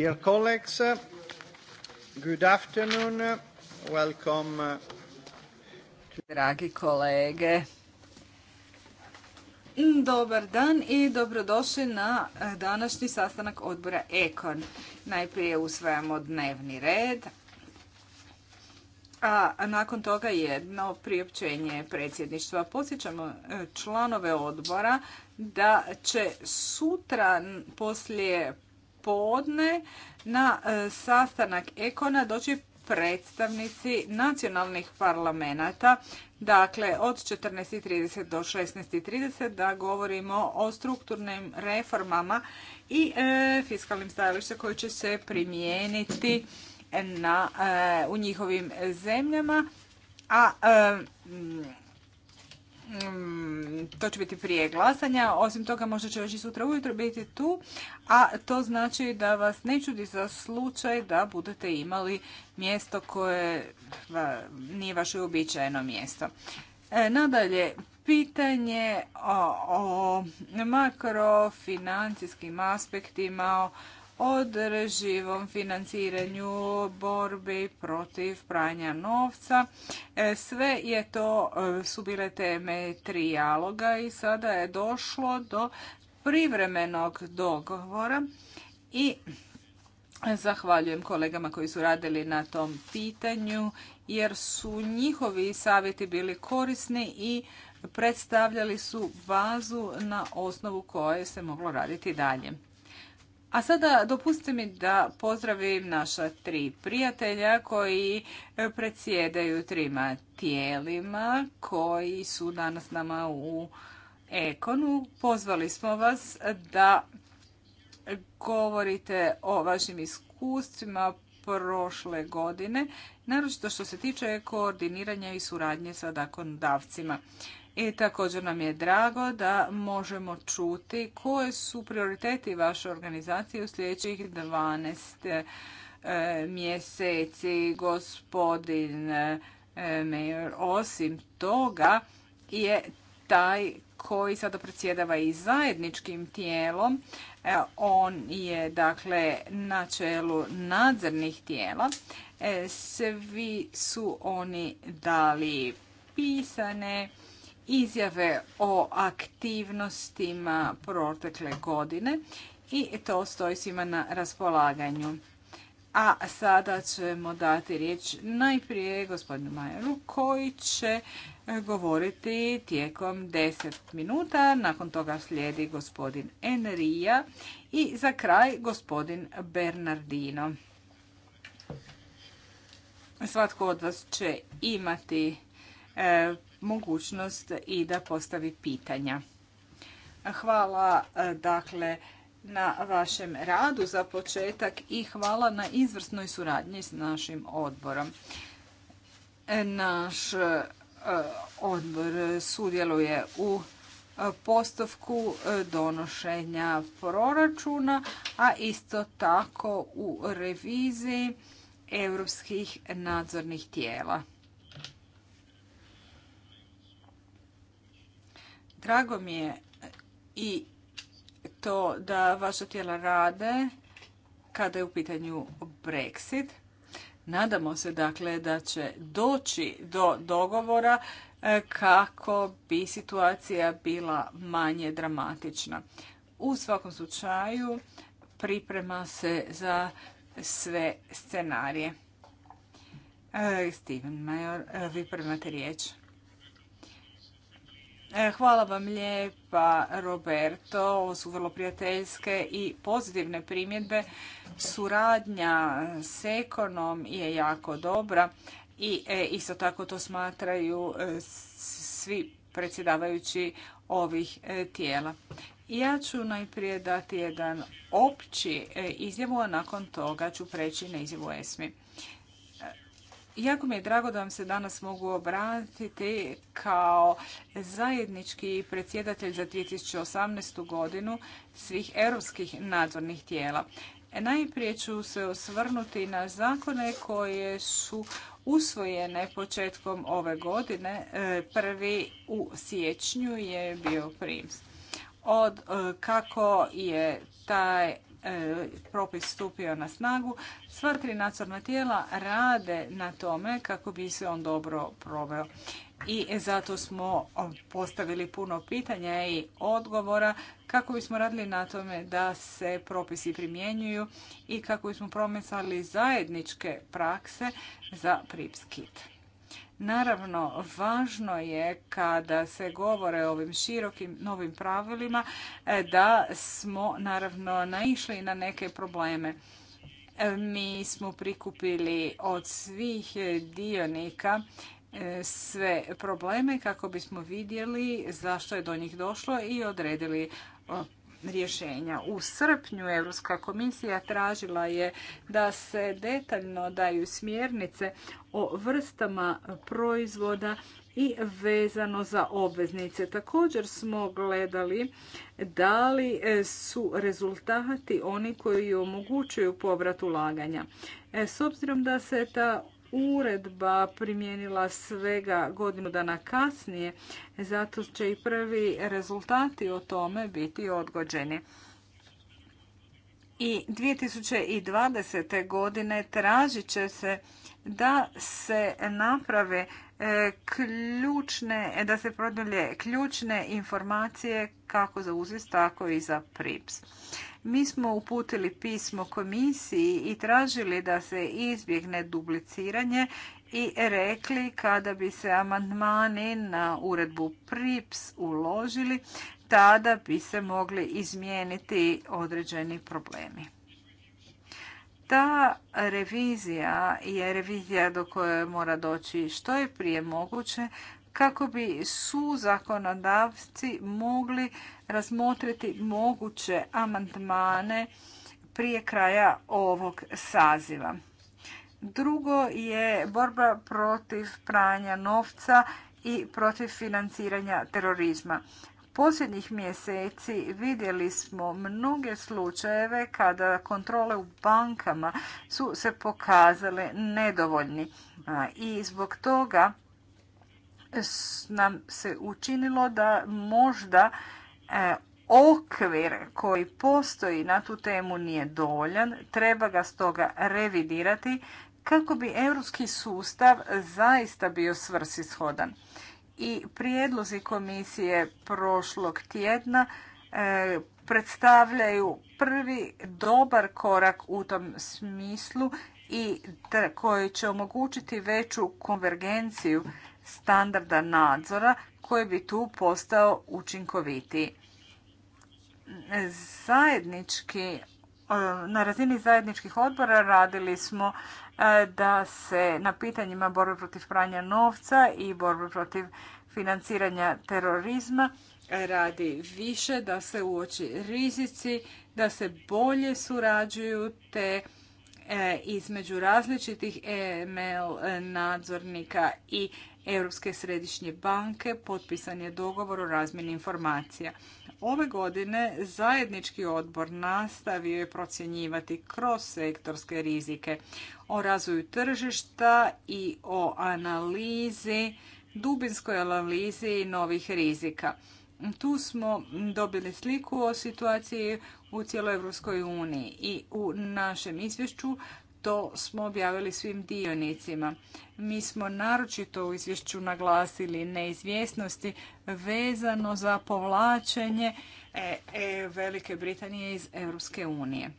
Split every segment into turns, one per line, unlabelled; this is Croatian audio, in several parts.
Dear colleagues, good afternoon. Welcome. Uh, Dragi kolege, Dobar dan i dobrodošli na e, današnji sastanak odbora Ekon. Najprije usvajamo dnevni red, a nakon toga jedno priopćenje predsjedništva. Posjećamo e, članove odbora da će sutra poslije podne na e, sastanak Ekona doći predstavnici nacionalnih parlamenta, dakle od 14.30 do 16.30 da govorimo o strukturnim reformama i e, fiskalnim stajališta koji će se primijeniti na, e, u njihovim zemljama, a Mm, to će biti prije glasanja. Osim toga možda će još i sutra ujutro biti tu, a to znači da vas ne čudi za slučaj da budete imali mjesto koje nije vaše uobičajeno mjesto. E, nadalje, pitanje o, o makrofinancijskim aspektima, o održivom financiranju borbi protiv pranja novca. E, sve je to, e, su bile teme trijaloga i sada je došlo do privremenog dogovora i Zahvaljujem kolegama koji su radili na tom pitanju jer su njihovi savjeti bili korisni i predstavljali su bazu na osnovu koje se moglo raditi dalje. A sada dopustite mi da pozdravim naša tri prijatelja koji e, predsjedaju trima tijelima koji su danas nama u Ekonu. Pozvali smo vas da govorite o vašim iskustvima prošle godine, naročito što se tiče koordiniranja i suradnje sa zakonodavcima. I također nam je drago da možemo čuti koje su prioriteti vaše organizacije u sljedećih 12 e, mjeseci gospodin e, Mayor. Osim toga je taj koji sada predsjedava i zajedničkim tijelom. E, on je dakle na čelu nadzornih tijela. Svi su oni dali pisane izjave o aktivnostima protekle godine i to stoji svima na raspolaganju. A sada ćemo dati riječ najprije gospodinu Majeru koji će e, govoriti tijekom 10 minuta. Nakon toga slijedi gospodin Enrija i za kraj gospodin Bernardino. Svatko od vas će imati e, mogućnost i da postavi pitanja. Hvala e, dakle na vašem radu za početak i hvala na izvrsnoj suradnji s našim odborom. E, naš e, odbor sudjeluje u postavku donošenja proračuna, a isto tako u reviziji europskih nadzornih tijela. Drago mi je e, i to da vaša tijela rade kada je u pitanju Brexit. Nadamo se dakle da će doći do dogovora e, kako bi situacija bila manje dramatična. U svakom slučaju priprema se za sve scenarije. E, Steven Major, vi primate riječ. E, hvala vam lijepa Roberto, ovo su vrlo prijateljske i pozitivne primjedbe. Suradnja s ekonom je jako dobra i e, isto tako to smatraju e, svi predsjedavajući ovih tijela. Ja ću najprije dati jedan opći izjavu, a nakon toga ću preći na izjavu ESMI. Jako mi je drago da vam se danas mogu obratiti kao zajednički predsjedatelj za 2018. godinu svih europskih nadzornih tijela. Najprije ću se osvrnuti na zakone koje su usvojene početkom ove godine. E, prvi u siječnju je bio prims. Od e, kako je taj E, propis stupio na snagu. Sva tri nadzorna tijela rade na tome kako bi se on dobro proveo. I zato smo postavili puno pitanja i odgovora kako bismo radili na tome da se propisi primjenjuju i kako bismo promicali zajedničke prakse za Pripskit. Naravno, važno je kada se govore o ovim širokim novim pravilima e, da smo naravno naišli na neke probleme. E, mi smo prikupili od svih dionika e, sve probleme kako bismo vidjeli zašto je do njih došlo i odredili rješenja. U srpnju Europska komisija tražila je da se detaljno daju smjernice o vrstama proizvoda i vezano za obveznice. Također smo gledali da li su rezultati oni koji omogućuju povrat ulaganja. E, s obzirom da se ta uredba primijenila svega godinu dana kasnije, zato će i prvi rezultati o tome biti odgođeni. I 2020. godine tražit će se da se naprave e, ključne, da se prodalje ključne informacije kako za uzis, tako i za PRIPS. Mi smo uputili pismo komisiji i tražili da se izbjegne dupliciranje i rekli kada bi se amandmani na uredbu PRIPS uložili, tada bi se mogli izmijeniti određeni problemi. Ta revizija je revizija do koje mora doći što je prije moguće kako bi su zakonodavci mogli razmotriti moguće amandmane prije kraja ovog saziva. Drugo je borba protiv pranja novca i protiv financiranja terorizma. Posljednjih mjeseci vidjeli smo mnoge slučajeve kada kontrole u bankama su se pokazale nedovoljni i zbog toga nam se učinilo da možda e, okvir koji postoji na tu temu nije dovoljan, treba ga stoga revidirati kako bi europski sustav zaista bio svrsishodan i prijedlozi komisije prošlog tjedna e, predstavljaju prvi dobar korak u tom smislu i koji će omogućiti veću konvergenciju standarda nadzora koji bi tu postao učinkovitiji. Zajednički, e, na razini zajedničkih odbora radili smo da se na pitanjima borbe protiv pranja novca i borbe protiv financiranja terorizma radi više, da se uoči rizici, da se bolje surađuju te e, između različitih EML nadzornika i Europske središnje banke potpisan je dogovor o razmjeni informacija. Ove godine zajednički odbor nastavio je procjenjivati kroz sektorske rizike o razvoju tržišta i o analizi, dubinskoj analizi novih rizika. Tu smo dobili sliku o situaciji u cijeloj Europskoj uniji i u našem izvješću to smo objavili svim dionicima. Mi smo naročito u izvješću naglasili neizvjesnosti vezano za povlačenje e, e, Velike Britanije iz Europske unije.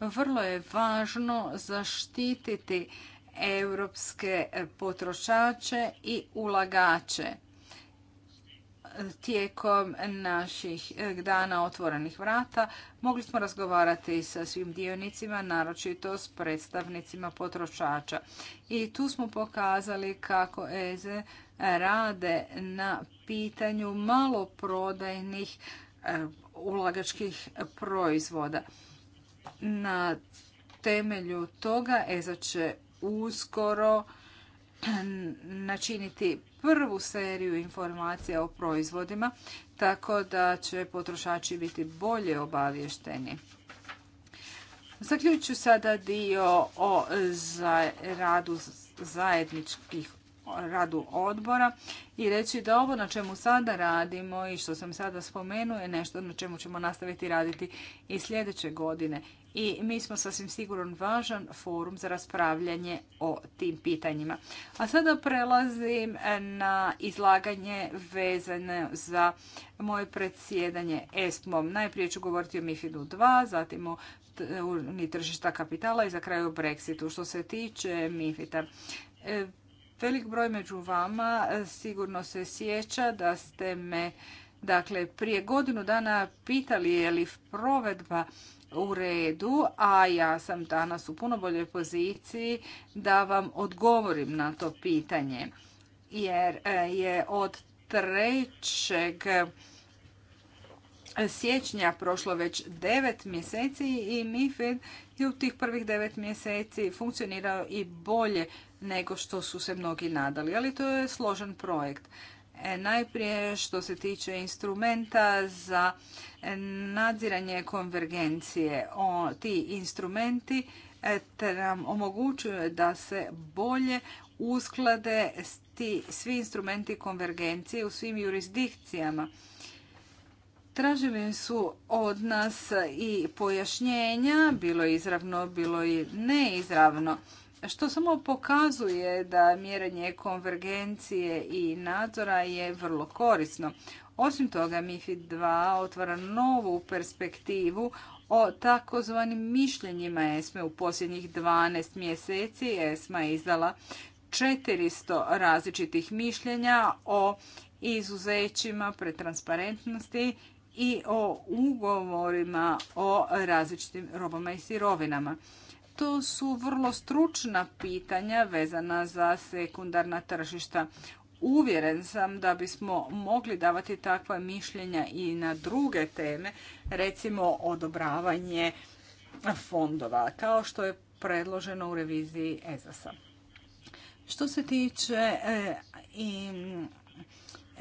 Vrlo je važno zaštititi europske potrošače i ulagače tijekom naših e, dana otvorenih vrata mogli smo razgovarati sa svim dionicima, naročito s predstavnicima potrošača. I tu smo pokazali kako EZE rade na pitanju maloprodajnih e, ulagačkih proizvoda. Na temelju toga EZE će uskoro načiniti prvu seriju informacija o proizvodima, tako da će potrošači biti bolje obavješteni. Zaključu sada dio o radu zajedničkih radu odbora i reći da ovo na čemu sada radimo i što sam sada spomenuo je nešto na čemu ćemo nastaviti raditi i sljedeće godine. I mi smo sasvim sigurno važan forum za raspravljanje o tim pitanjima. A sada prelazim na izlaganje vezane za moje predsjedanje ESPOM. Najprije ću govoriti o MIFID-u 2, zatim o tržišta kapitala i za kraj o Brexitu. Što se tiče MIFID-a, e, Velik broj među vama e, sigurno se sjeća da ste me dakle, prije godinu dana pitali je li provedba u redu, a ja sam danas u puno boljoj poziciji da vam odgovorim na to pitanje. Jer e, je od trećeg siječnja prošlo već devet mjeseci i MIFID je u tih prvih devet mjeseci funkcionirao i bolje nego što su se mnogi nadali, ali to je složen projekt. E, najprije što se tiče instrumenta za nadziranje konvergencije. ti instrumenti e, te nam omogućuju da se bolje usklade ti, svi instrumenti konvergencije u svim jurisdikcijama Tražili su od nas i pojašnjenja, bilo izravno, bilo i neizravno, što samo pokazuje da mjerenje konvergencije i nadzora je vrlo korisno. Osim toga, MIFID 2 otvara novu perspektivu o takozvanim mišljenjima ESME u posljednjih 12 mjeseci. ESMA je izdala 400 različitih mišljenja o izuzećima pretransparentnosti i o ugovorima o različitim robama i sirovinama. To su vrlo stručna pitanja vezana za sekundarna tržišta. Uvjeren sam da bismo mogli davati takva mišljenja i na druge teme, recimo odobravanje fondova, kao što je predloženo u reviziji EZAS-a. Što se tiče e,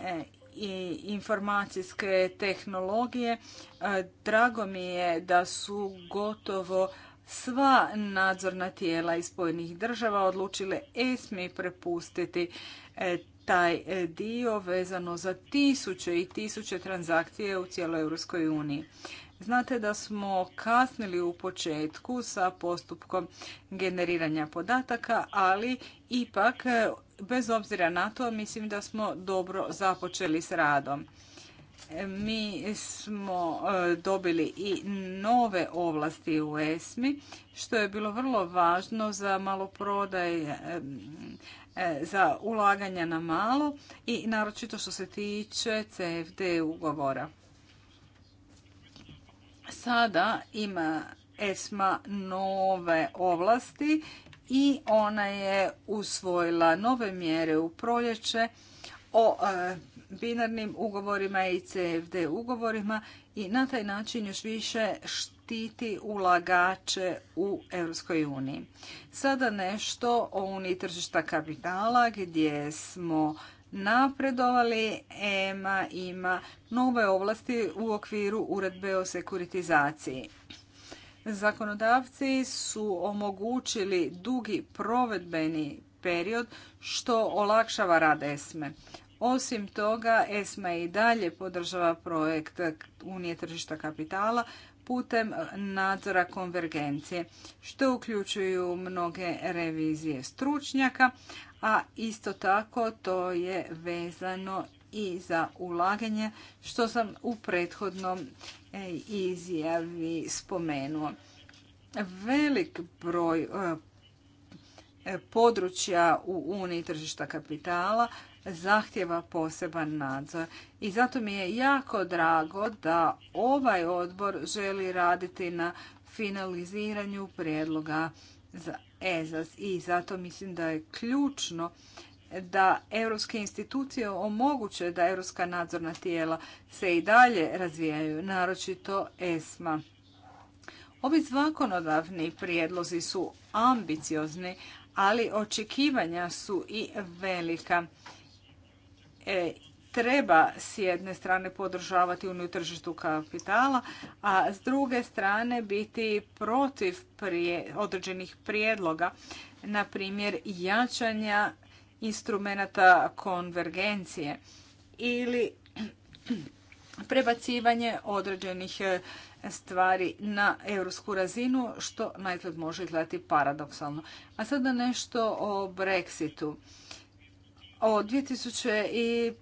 e, i informacijske tehnologije. E, drago mi je da su gotovo sva nadzorna tijela iz pojedinih država odlučile ESMI prepustiti e, taj e, dio vezano za tisuće i tisuće transakcije u cijeloj Europskoj uniji. Znate da smo kasnili u početku sa postupkom generiranja podataka, ali ipak, e, bez obzira na to, mislim da smo dobro započeli s radom. E, mi smo e, dobili i nove ovlasti u ESMI, što je bilo vrlo važno za maloprodaj, za ulaganja na malo i naročito što se tiče CFD ugovora. Sada ima ESMA nove ovlasti i ona je usvojila nove mjere u proljeće o e, binarnim ugovorima i CFD ugovorima i na taj način još više štiti ulagače u EU. Sada nešto o Uniji tržišta kapitala gdje smo napredovali. EMA ima nove ovlasti u okviru uredbe o sekuritizaciji. Zakonodavci su omogućili dugi provedbeni period što olakšava rad ESME. E. Osim toga, ESMA e i dalje podržava projekt Unije tržišta kapitala putem nadzora konvergencije, što uključuju mnoge revizije stručnjaka, a isto tako to je vezano i za ulaganje, što sam u prethodnom e, izjavi spomenuo. Velik broj e, područja u Uniji tržišta kapitala zahtjeva poseban nadzor. I zato mi je jako drago da ovaj odbor želi raditi na finaliziranju prijedloga za EZAS i zato mislim da je ključno da europske institucije omoguće da europska nadzorna tijela se i dalje razvijaju, naročito ESMA. Ovi zakonodavni prijedlozi su ambiciozni, ali očekivanja su i velika e, treba s jedne strane podržavati uniju tržištu kapitala, a s druge strane biti protiv određenih prijedloga, na primjer jačanja instrumenata konvergencije ili prebacivanje određenih e, stvari na europsku razinu, što najgled može izgledati paradoksalno. A sada nešto o Brexitu. Od 2015.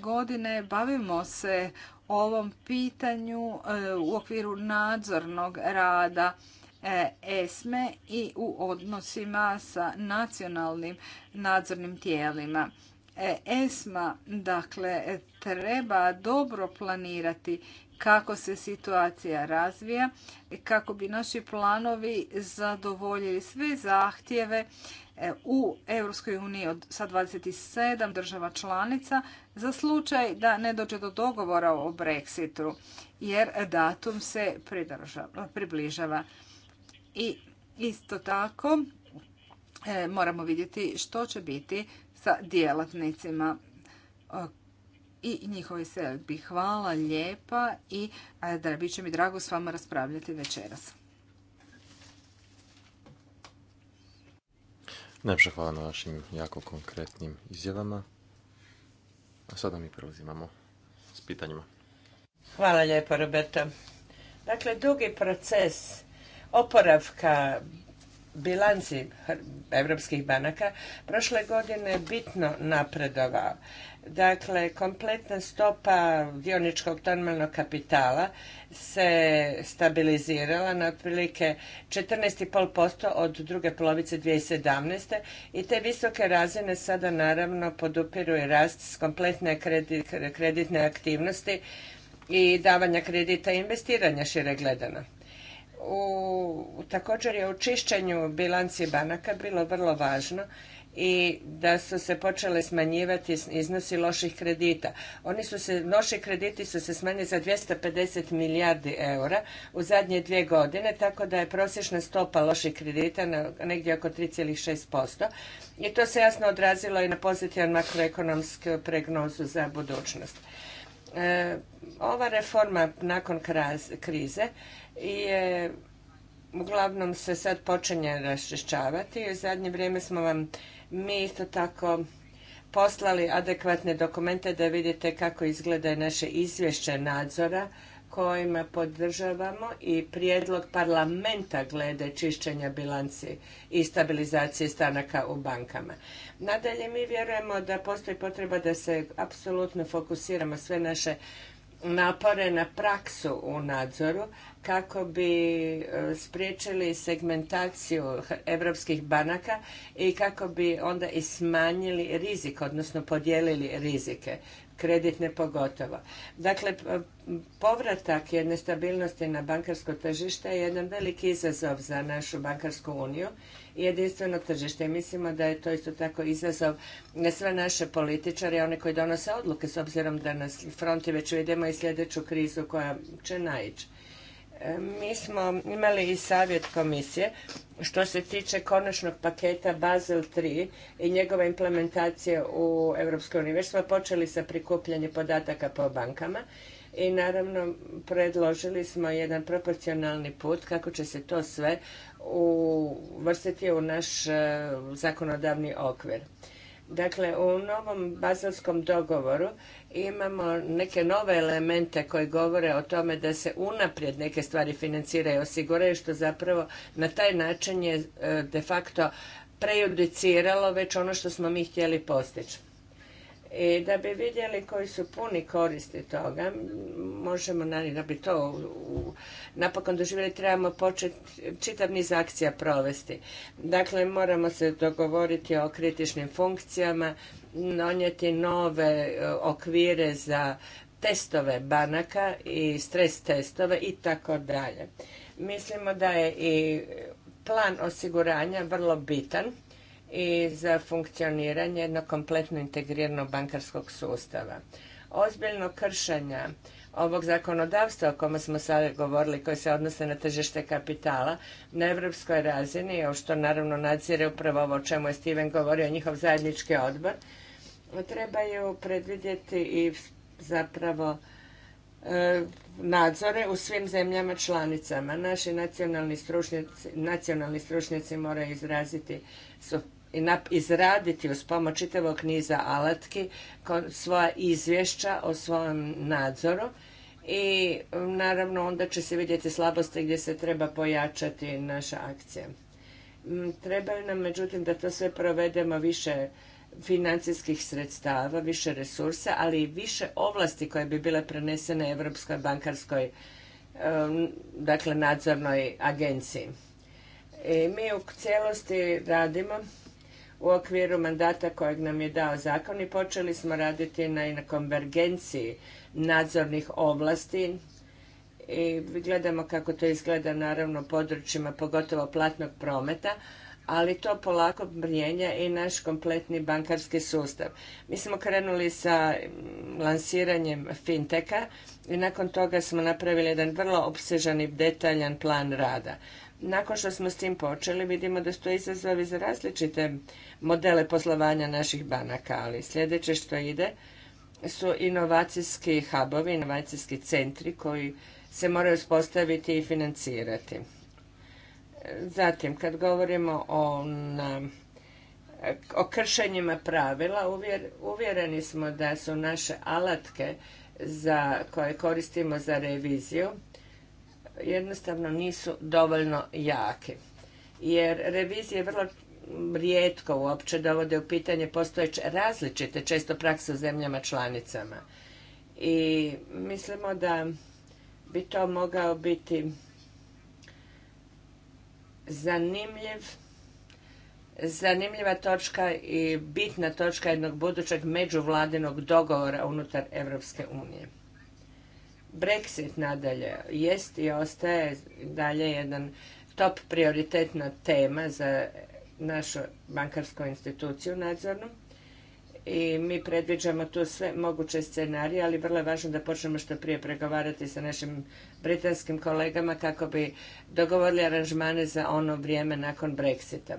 godine bavimo se ovom pitanju e, u okviru nadzornog rada e, ESME i u odnosima sa nacionalnim nadzornim tijelima. E, ESMA dakle treba dobro planirati kako se situacija razvija kako bi naši planovi zadovoljili sve zahtjeve E, u EU od sa 27 država članica za slučaj da ne dođe do dogovora o Brexitu jer datum se približava. I isto tako e, moramo vidjeti što će biti sa djelatnicima e, i njihovi bi Hvala lijepa i da bit će mi drago s vama raspravljati večeras.
Najpša hvala na vašim jako konkretnim izjavama. A sada mi preuzimamo s pitanjima.
Hvala lijepo, Roberta. Dakle, dugi proces oporavka bilanci europskih banaka prošle godine bitno napredovao. Dakle, kompletna stopa dioničkog normalnog kapitala se stabilizirala na otprilike 14,5% od druge polovice 2017. i te visoke razine sada naravno podupiruje rast rast kompletne kreditne aktivnosti i davanja kredita i investiranja šire gledano. U, također je u čišćenju bilanci banaka bilo vrlo važno i da su se počele smanjivati iznosi loših kredita. Oni su se, loši krediti su se smanjili za 250 milijardi eura u zadnje dvije godine, tako da je prosječna stopa loših kredita na negdje oko 3,6%. I to se jasno odrazilo i na pozitivan makroekonomsku prognozu za budućnost. E, ova reforma nakon krize je uglavnom se sad počinje raščišćavati. U zadnje vrijeme smo vam mi isto tako poslali adekvatne dokumente da vidite kako izgleda naše izvješće nadzora kojima podržavamo i prijedlog parlamenta glede čišćenja bilanci i stabilizacije stanaka u bankama. Nadalje, mi vjerujemo da postoji potreba da se apsolutno fokusiramo sve naše napore na praksu u nadzoru, kako bi e, spriječili segmentaciju europskih banaka i kako bi onda i smanjili rizik, odnosno podijelili rizike kreditne pogotovo. Dakle, povratak jedne stabilnosti na bankarsko tržište je jedan veliki izazov za našu bankarsku uniju i jedinstveno tržište. Mislimo da je to isto tako izazov na sve naše političare i one koji donose odluke s obzirom da nas fronti već vidimo i sljedeću krizu koja će naići. Mi smo imali i savjet komisije što se tiče konačnog paketa Basel 3 i njegove implementacije u EU. Već smo počeli sa prikupljanjem podataka po bankama i naravno predložili smo jedan proporcionalni put kako će se to sve uvrstiti u naš e, zakonodavni okvir. Dakle, u novom bazelskom dogovoru imamo neke nove elemente koji govore o tome da se unaprijed neke stvari financiraju i osiguraju što zapravo na taj način je e, de facto prejudiciralo već ono što smo mi htjeli postići. I da bi vidjeli koji su puni koristi toga, možemo, da bi to napokon doživjeli, trebamo početi čitav niz akcija provesti. Dakle, moramo se dogovoriti o kritičnim funkcijama, donijeti nove e, okvire za testove banaka i stres testove i tako dalje. Mislimo da je i plan osiguranja vrlo bitan i za funkcioniranje jednog kompletno integriranog bankarskog sustava. Ozbiljno kršenja ovog zakonodavstva o kome smo sada govorili, koji se odnose na tržište kapitala na evropskoj razini, što naravno nadzire upravo ovo o čemu je Steven govorio, njihov zajednički odbor, trebaju predvidjeti i zapravo e, nadzore u svim zemljama članicama. Naši nacionalni stručnjaci, nacionalni stručnjaci moraju izraziti i izraditi uz pomoć čitavog niza alatki svoja izvješća o svom nadzoru i naravno onda će se vidjeti slabosti gdje se treba pojačati naša akcija. Trebaju nam međutim da to sve provedemo više financijskih sredstava, više resursa, ali i više ovlasti koje bi bile prenesene Europskoj bankarskoj, dakle nadzornoj agenciji. mi u cijelosti radimo u okviru mandata kojeg nam je dao zakon i počeli smo raditi na, na konvergenciji nadzornih ovlasti i gledamo kako to izgleda naravno područjima pogotovo platnog prometa, ali to polako mijenja i naš kompletni bankarski sustav. Mi smo krenuli sa mm, lansiranjem finteka i nakon toga smo napravili jedan vrlo opsežan i detaljan plan rada. Nakon što smo s tim počeli, vidimo da su izazovi za različite modele poslovanja naših banaka, ali sljedeće što ide su inovacijski hubovi, inovacijski centri koji se moraju uspostaviti i financirati. Zatim, kad govorimo o, o kršenjima pravila, uvjer, uvjereni smo da su naše alatke za, koje koristimo za reviziju jednostavno nisu dovoljno jake. Jer revizije vrlo rijetko uopće dovode u pitanje postojeće različite često prakse u zemljama članicama. I mislimo da bi to mogao biti zanimljiv zanimljiva točka i bitna točka jednog budućeg međuvladinog dogovora unutar Europske unije. Brexit nadalje jest i ostaje dalje jedan top prioritetna tema za našu bankarsku instituciju nadzornu i mi predviđamo tu sve moguće scenarije, ali vrlo je važno da počnemo što prije pregovarati sa našim britanskim kolegama kako bi dogovorili aranžmane za ono vrijeme nakon Brexita.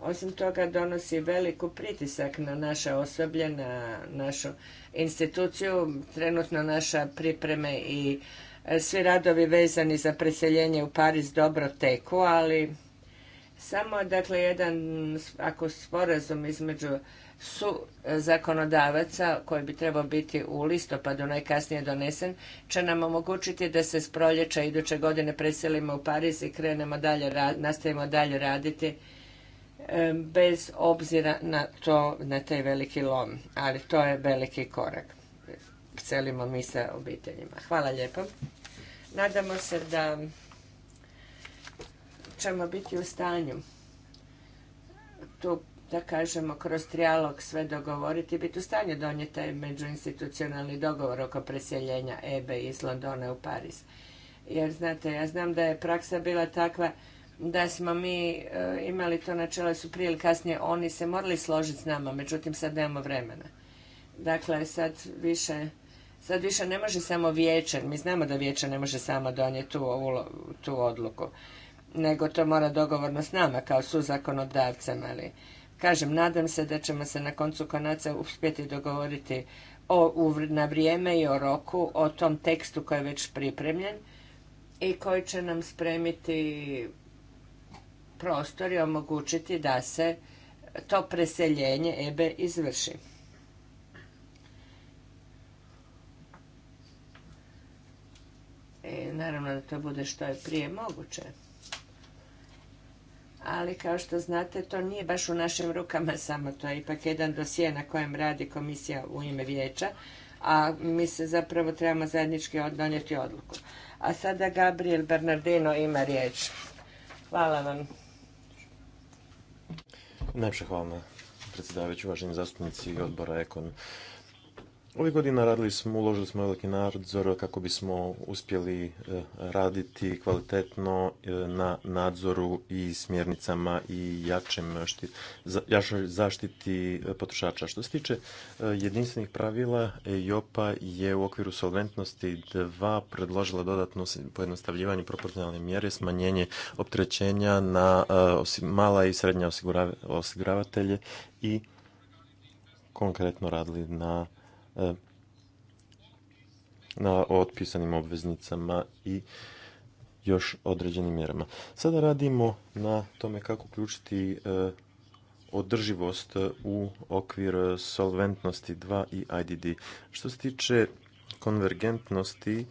Osim toga donosi veliku pritisak na naše osoblje, na našu instituciju. Trenutno naša pripreme i e, svi radovi vezani za preseljenje u Pariz dobro teku, ali samo dakle jedan ako sporazum između su e, zakonodavaca koji bi trebao biti u listopadu najkasnije donesen će nam omogućiti da se s proljeća iduće godine preselimo u Pariz i krenemo dalje, nastavimo dalje raditi e, bez obzira na to, na taj veliki lom. Ali to je veliki korak. Selimo mi sa obiteljima. Hvala lijepo. Nadamo se da ćemo biti u stanju tu da kažemo, kroz trijalog sve dogovoriti, biti u stanju donijeti taj međuinstitucionalni dogovor oko preseljenja EBE iz Londona u Pariz. Jer, znate, ja znam da je praksa bila takva da smo mi e, imali to načelo, su prije ili kasnije oni se morali složiti s nama, međutim sad nemamo vremena. Dakle, sad više, sad više ne može samo vijeće, mi znamo da vijeće ne može samo donijeti tu, ovu, tu odluku, nego to mora dogovorno s nama kao su zakonodavcem, ali Kažem, nadam se da ćemo se na koncu konaca uspjeti dogovoriti o, na vrijeme i o roku, o tom tekstu koji je već pripremljen i koji će nam spremiti prostor i omogućiti da se to preseljenje EBE izvrši. E, naravno da to bude što je prije moguće ali kao što znate to nije baš u našim rukama samo, to je ipak jedan dosije na kojem radi komisija u ime vijeća, a mi se zapravo trebamo zajednički donijeti odluku. A sada Gabriel Bernardino ima riječ. Hvala vam.
Najpše hvala predsjedavajući, uvaženi zastupnici odbora Ekon. Ovih godina radili smo, uložili smo veliki nadzor kako bismo uspjeli e, raditi kvalitetno e, na nadzoru i smjernicama i jačem jačoj zaštiti potrošača. Što se tiče e, jedinstvenih pravila, Jopa je u okviru solventnosti 2 predložila dodatno pojednostavljivanje proporcionalne mjere, smanjenje opterećenja na mala i srednja osiguravatelje i konkretno radili na E, na otpisanim obveznicama i još određenim mjerama. Sada radimo na tome kako uključiti e, održivost u okvir solventnosti 2 i IDD. Što se tiče konvergentnosti,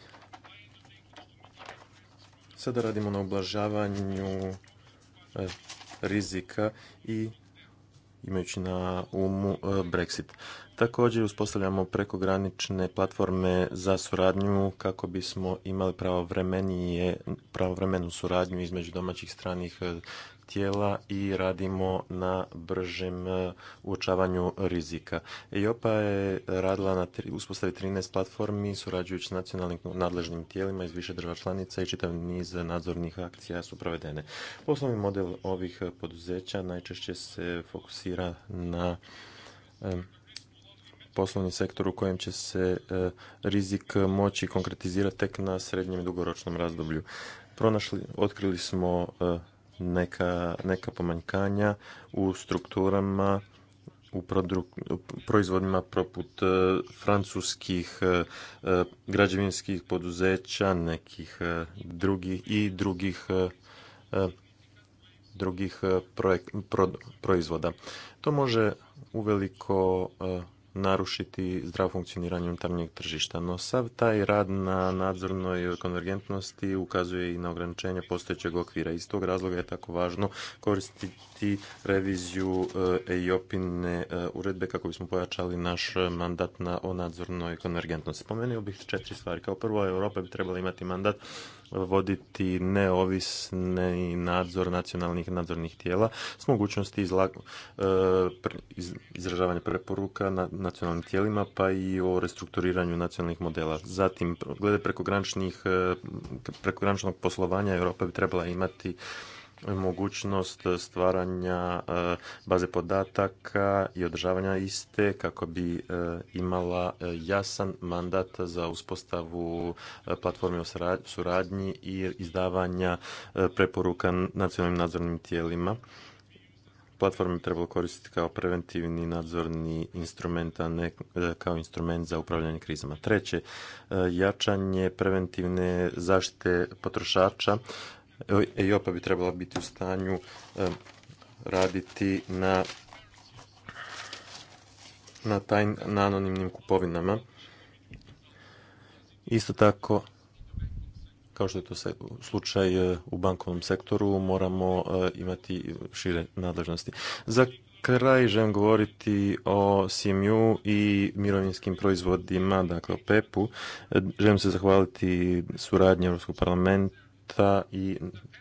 sada radimo na ublažavanju e, rizika i imajući na umu Brexit. Također uspostavljamo prekogranične platforme za suradnju kako bismo imali pravovremenije, pravovremenu suradnju između domaćih stranih e, tijela i radimo na bržem e, uočavanju rizika. EIOPA je radila na uspostavi 13 platformi surađujući s nacionalnim nadležnim tijelima iz više država članica i čitav niz nadzornih akcija su provedene. Poslovni model ovih e, poduzeća najčešće se fokusira na poslovni sektor u kojem će se e, rizik moći konkretizirati tek na srednjem i dugoročnom razdoblju. Pronašli, otkrili smo e, neka, neka pomanjkanja u strukturama u produ, proizvodima poput e, francuskih građevinskih poduzeća, nekih drugih i drugih drugih proizvoda. To može uveliko narušiti zdrav funkcioniranje unutarnjeg tržišta. No sav taj rad na nadzornoj konvergentnosti ukazuje i na ograničenje postojećeg okvira. Iz tog razloga je tako važno koristiti reviziju reviziju EIOPINE e, uredbe kako bismo pojačali naš mandat na, o nadzornoj konvergentnosti. Spomenuo bih četiri stvari. Kao prvo, Europa bi trebala imati mandat voditi neovisni nadzor nacionalnih nadzornih tijela s mogućnosti e, izražavanja preporuka na nacionalnim tijelima pa i o restrukturiranju nacionalnih modela. Zatim, glede prekograničnih e, prekograničnog poslovanja Europa bi trebala imati mogućnost stvaranja e, baze podataka i održavanja iste kako bi e, imala e, jasan mandat za uspostavu platforme o suradnji i izdavanja preporuka nacionalnim nadzornim tijelima. Platforme trebalo koristiti kao preventivni nadzorni instrument, a ne kao instrument za upravljanje krizama. Treće, jačanje preventivne zaštite potrošača EIOPA bi trebala biti u stanju raditi na na, taj, na anonimnim kupovinama. Isto tako, kao što je to slučaj e, u bankovnom sektoru, moramo e, imati šire nadležnosti. Za kraj želim govoriti o CMU i mirovinskim proizvodima, dakle o PEP-u. E, želim se zahvaliti suradnji Europskog parlamenta ta i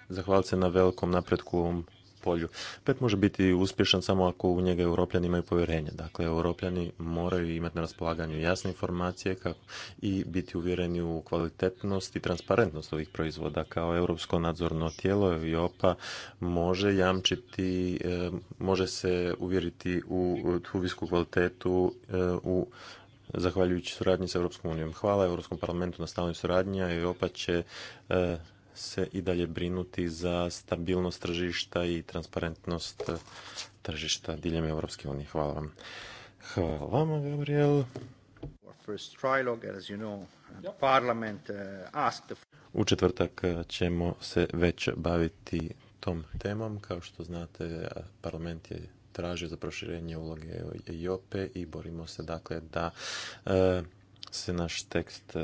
zahvaliti se na velikom napretku u ovom polju. Pet može biti uspješan samo ako u njega europljani imaju povjerenje. Dakle, europljani moraju imati na raspolaganju jasne informacije kako i biti uvjereni u kvalitetnost i transparentnost ovih proizvoda. Kao europsko nadzorno tijelo EIOPA može jamčiti, e, može se uvjeriti u tu visku kvalitetu e, u zahvaljujući suradnji s Europskom unijom. Hvala Europskom parlamentu na stalnoj suradnji a će e, se i dalje brinuti za stabilnost tržišta i transparentnost tržišta diljem Europske unije. Hvala vam. Hvala Gabriel.
Uh,
U četvrtak ćemo se već baviti tom temom. Kao što znate, parlament je tražio za proširenje uloge EIOPE i borimo se dakle da uh, se naš tekst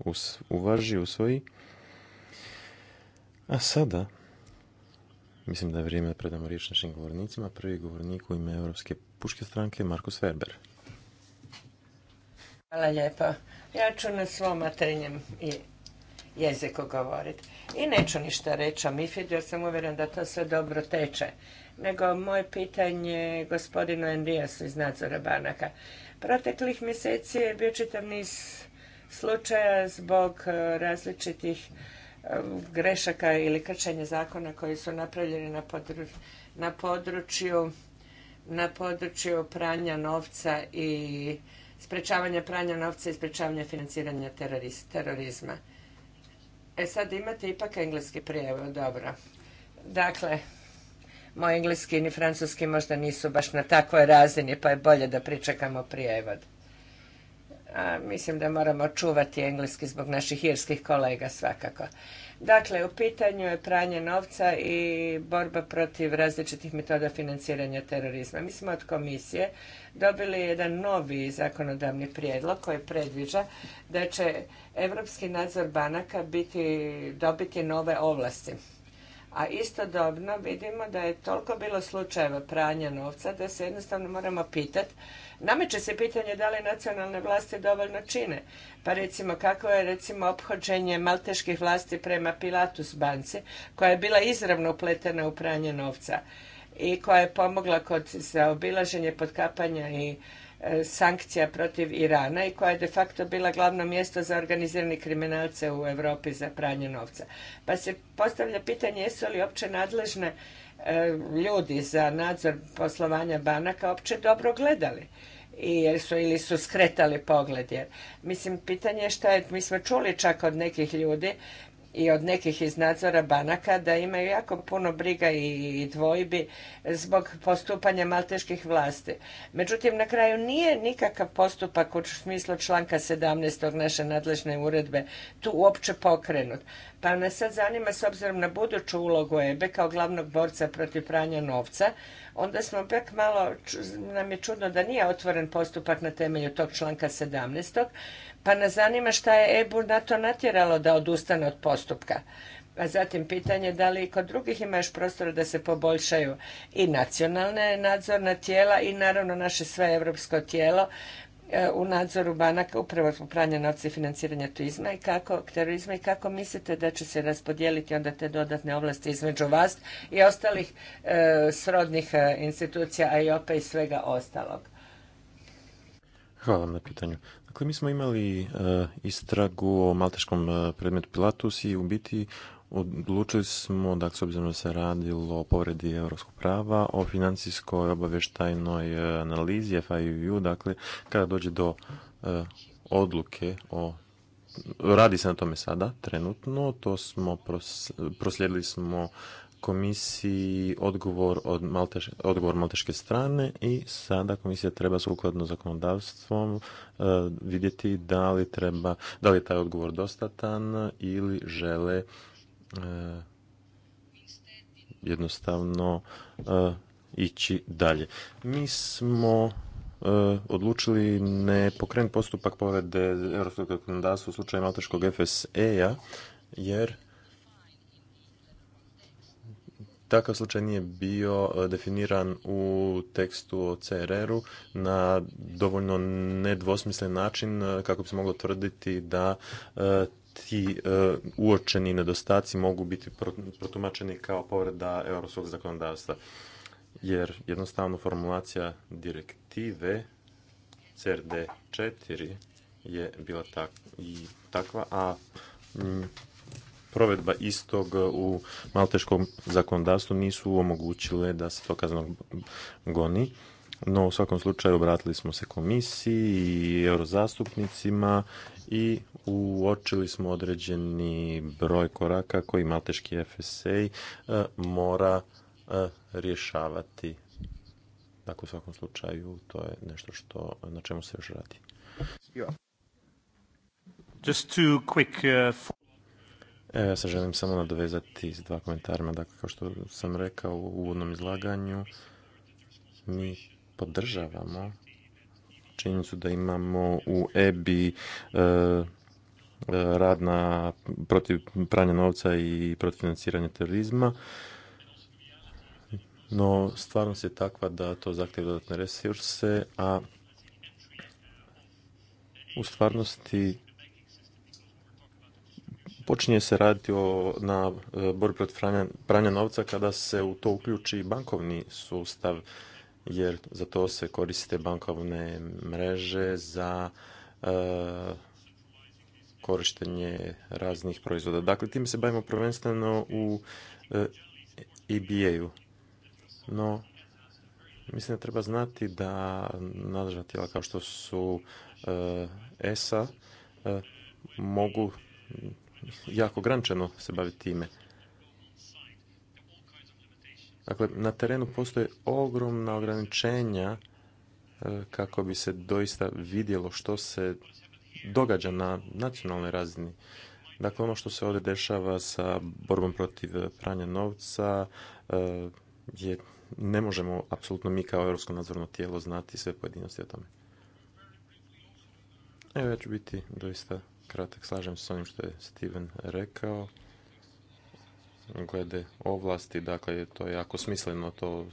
uh, uvaži, usvoji. A sada, mislim da je vrijeme da predamo riječ našim govornicima. Prvi govornik u ime Europske puške stranke, Markus Ferber.
Hvala lijepo. Ja ću na svom materinjem jeziku govoriti. I neću ništa reći o MIFID jer sam uvjeren da to sve dobro teče. Nego moje pitanje gospodinu Endijasu iz nadzora banaka. Proteklih mjeseci je bio čitav niz slučaja zbog e, različitih grešaka ili kršenje zakona koji su napravljeni na, na području na pranja novca i sprečavanja pranja novca i sprečavanja financiranja terorizma. E sad imate ipak engleski prijevod, dobro. Dakle, moj engleski ni francuski možda nisu baš na takvoj razini, pa je bolje da pričekamo prijevod mislim da moramo čuvati engleski zbog naših irskih kolega svakako. Dakle, u pitanju je pranje novca i borba protiv različitih metoda financiranja terorizma. Mi smo od komisije dobili jedan novi zakonodavni prijedlog koji predviđa da će europski nadzor banaka biti, dobiti nove ovlasti. A istodobno vidimo da je toliko bilo slučajeva pranja novca da se jednostavno moramo pitati Nameće se pitanje da li nacionalne vlasti dovoljno čine. Pa recimo kako je recimo ophođenje malteških vlasti prema Pilatus banci koja je bila izravno upletena u pranje novca i koja je pomogla kod zaobilaženje potkapanja i e, sankcija protiv Irana i koja je de facto bila glavno mjesto za organizirani kriminalce u Europi za pranje novca. Pa se postavlja pitanje jesu li opće nadležne e, ljudi za nadzor poslovanja banaka opće dobro gledali jer su ili su skretali pogled jer mislim pitanje je šta je, mi smo čuli čak od nekih ljudi i od nekih iz nadzora banaka da imaju jako puno briga i dvojbi zbog postupanja malteških vlasti. Međutim, na kraju nije nikakav postupak u smislu članka 17. naše nadležne uredbe tu uopće pokrenut. Pa nas sad zanima, s obzirom na buduću ulogu EBE e kao glavnog borca protiv pranja novca, onda smo pek malo, nam je čudno da nije otvoren postupak na temelju tog članka 17 pa nas zanima šta je EBU na to natjeralo da odustane od postupka. A zatim pitanje da li kod drugih ima još prostora da se poboljšaju i nacionalne nadzorna tijela i naravno naše sve europsko tijelo e, u nadzoru banaka upravo zbog pranja novca i financiranja turizma i kako, terorizma i kako mislite da će se raspodijeliti onda te dodatne ovlasti između vas i ostalih e, srodnih e, institucija a i svega ostalog?
Hvala vam na pitanju. Dakle, mi smo imali e, istragu o malteškom e, predmetu Pilatus i u biti odlučili smo, dakle, s obzirom da se radilo o povredi evropskog prava, o financijskoj obavještajnoj e, analizi FIU, dakle, kada dođe do odluke o Radi se na tome sada, trenutno, to smo proslijedili smo komisiji odgovor od odgovor malteške strane i sada komisija treba sukladno zakonodavstvom e, vidjeti da li treba, da li je taj odgovor dostatan ili žele e, jednostavno e, ići dalje. Mi smo odlučili ne pokrenuti postupak povrede europskog zakonodavstva u slučaju malteškog FSE-a jer takav slučaj nije bio e, definiran u tekstu o CRR-u na dovoljno nedvosmislen način e, kako bi se moglo tvrditi da e, ti uočeni nedostaci mogu biti protumačeni kao povreda europskog zakonodavstva. Jer jednostavno formulacija direktive CRD 4 je bila tak, i takva, a provedba istog e, u malteškom zakonodavstvu nisu omogućile da se to kazneno goni. No, u svakom slučaju obratili smo se komisiji i eurozastupnicima i uočili smo određeni broj koraka koji malteški FSA e, mora e, rješavati. Dakle, u svakom slučaju to je nešto što, na čemu se još radi. Just two quick, Evo ja se želim samo nadovezati s dva komentarima. Dakle, kao što sam rekao u uvodnom izlaganju, mi podržavamo činjenicu da imamo u EBI e, rad na protiv pranja novca i protiv financiranja terorizma. No, stvarnost je takva da to zahtjeva dodatne resurse, a u stvarnosti počinje se raditi na e, borbi protiv pranja, novca kada se u to uključi bankovni sustav jer za to se koriste bankovne mreže za e, korištenje raznih proizvoda. Dakle, tim se bavimo prvenstveno u e, EBA-u. No, mislim da treba znati da nadležna tijela kao što su ESA e mogu jako grančeno se baviti time. Dakle, na terenu postoje ogromna ograničenja e, kako bi se doista vidjelo što se događa na nacionalnoj razini. Dakle, ono što se ovdje dešava sa borbom protiv pranja novca e, je ne možemo apsolutno mi kao Europsko nadzorno tijelo znati sve pojedinosti o tome. Evo ja ću biti doista kratak, slažem se s onim što je Steven rekao. Glede ovlasti, dakle, to je jako smisleno to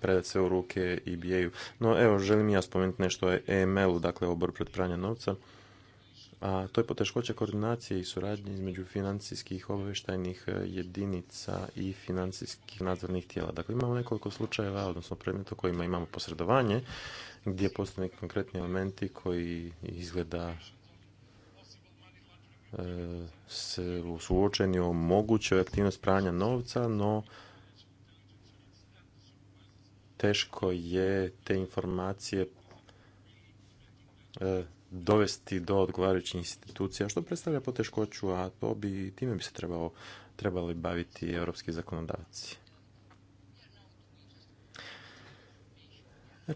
predati sve u ruke i e u No, evo, želim ja spomenuti nešto o EML-u, dakle, obor pred pranja novca. A to je poteškoća koordinacije i suradnje između financijskih obavještajnih e, jedinica i financijskih nadzornih tijela. Dakle, imamo nekoliko slučajeva, odnosno predmeta u kojima imamo posredovanje, gdje postoje konkretni elementi koji izgleda se suočeni o mogućoj aktivnosti pranja novca, no teško je te informacije e, dovesti do odgovarajućih institucija, što predstavlja poteškoću, a to bi, time bi se trebalo trebali baviti europski zakonodavci.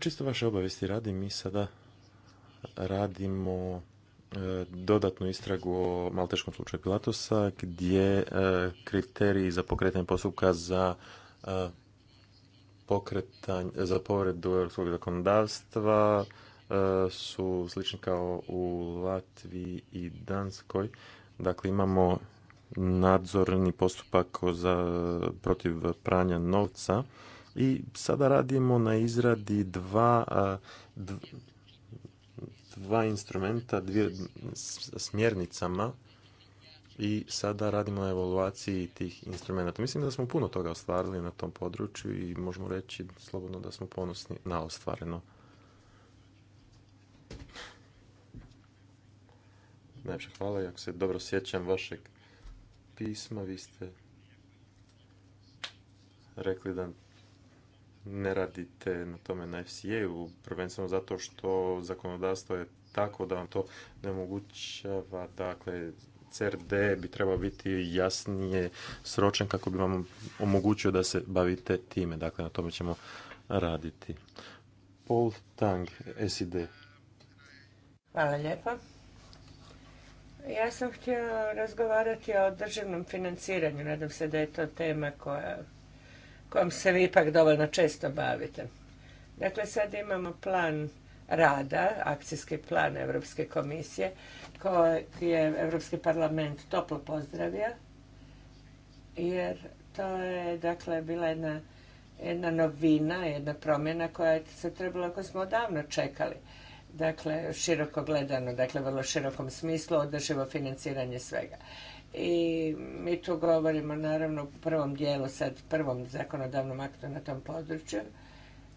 čisto vaše obavijesti radi, mi sada radimo E, dodatnu istragu o malteškom slučaju Pilatusa gdje e, kriteriji za pokretanje postupka za e, pokretanje, za povredu europskog zakonodavstva su slični kao u Latviji i Danskoj. Dakle, imamo nadzorni postupak za, protiv pranja novca i sada radimo na izradi dva dva instrumenta dvije, smjernicama i sada radimo na evaluaciji tih instrumenta. Mislim da smo puno toga ostvarili na tom području i možemo reći slobodno da smo ponosni na ostvareno. Najviše hvala i ako se dobro sjećam vašeg pisma, vi ste rekli da ne radite na tome na FCA-u, prvenstveno zato što zakonodavstvo je tako da vam to ne omogućava, dakle, CRD bi trebao biti jasnije sročen kako bi vam omogućio da se bavite time. Dakle, na tome ćemo raditi. Paul Tang, SID.
Hvala lijepo. Ja sam htjela razgovarati o državnom financiranju. Nadam se da je to tema koja kojom se vi ipak dovoljno često bavite. Dakle, sad imamo plan rada, akcijski plan Europske komisije, koji je Europski parlament toplo pozdravio, jer to je, dakle, bila jedna, jedna novina, jedna promjena koja je se trebala, koju smo odavno čekali. Dakle, široko gledano, dakle, vrlo širokom smislu, održivo financiranje svega i mi tu govorimo naravno u prvom dijelu sad, prvom zakonodavnom aktu na tom području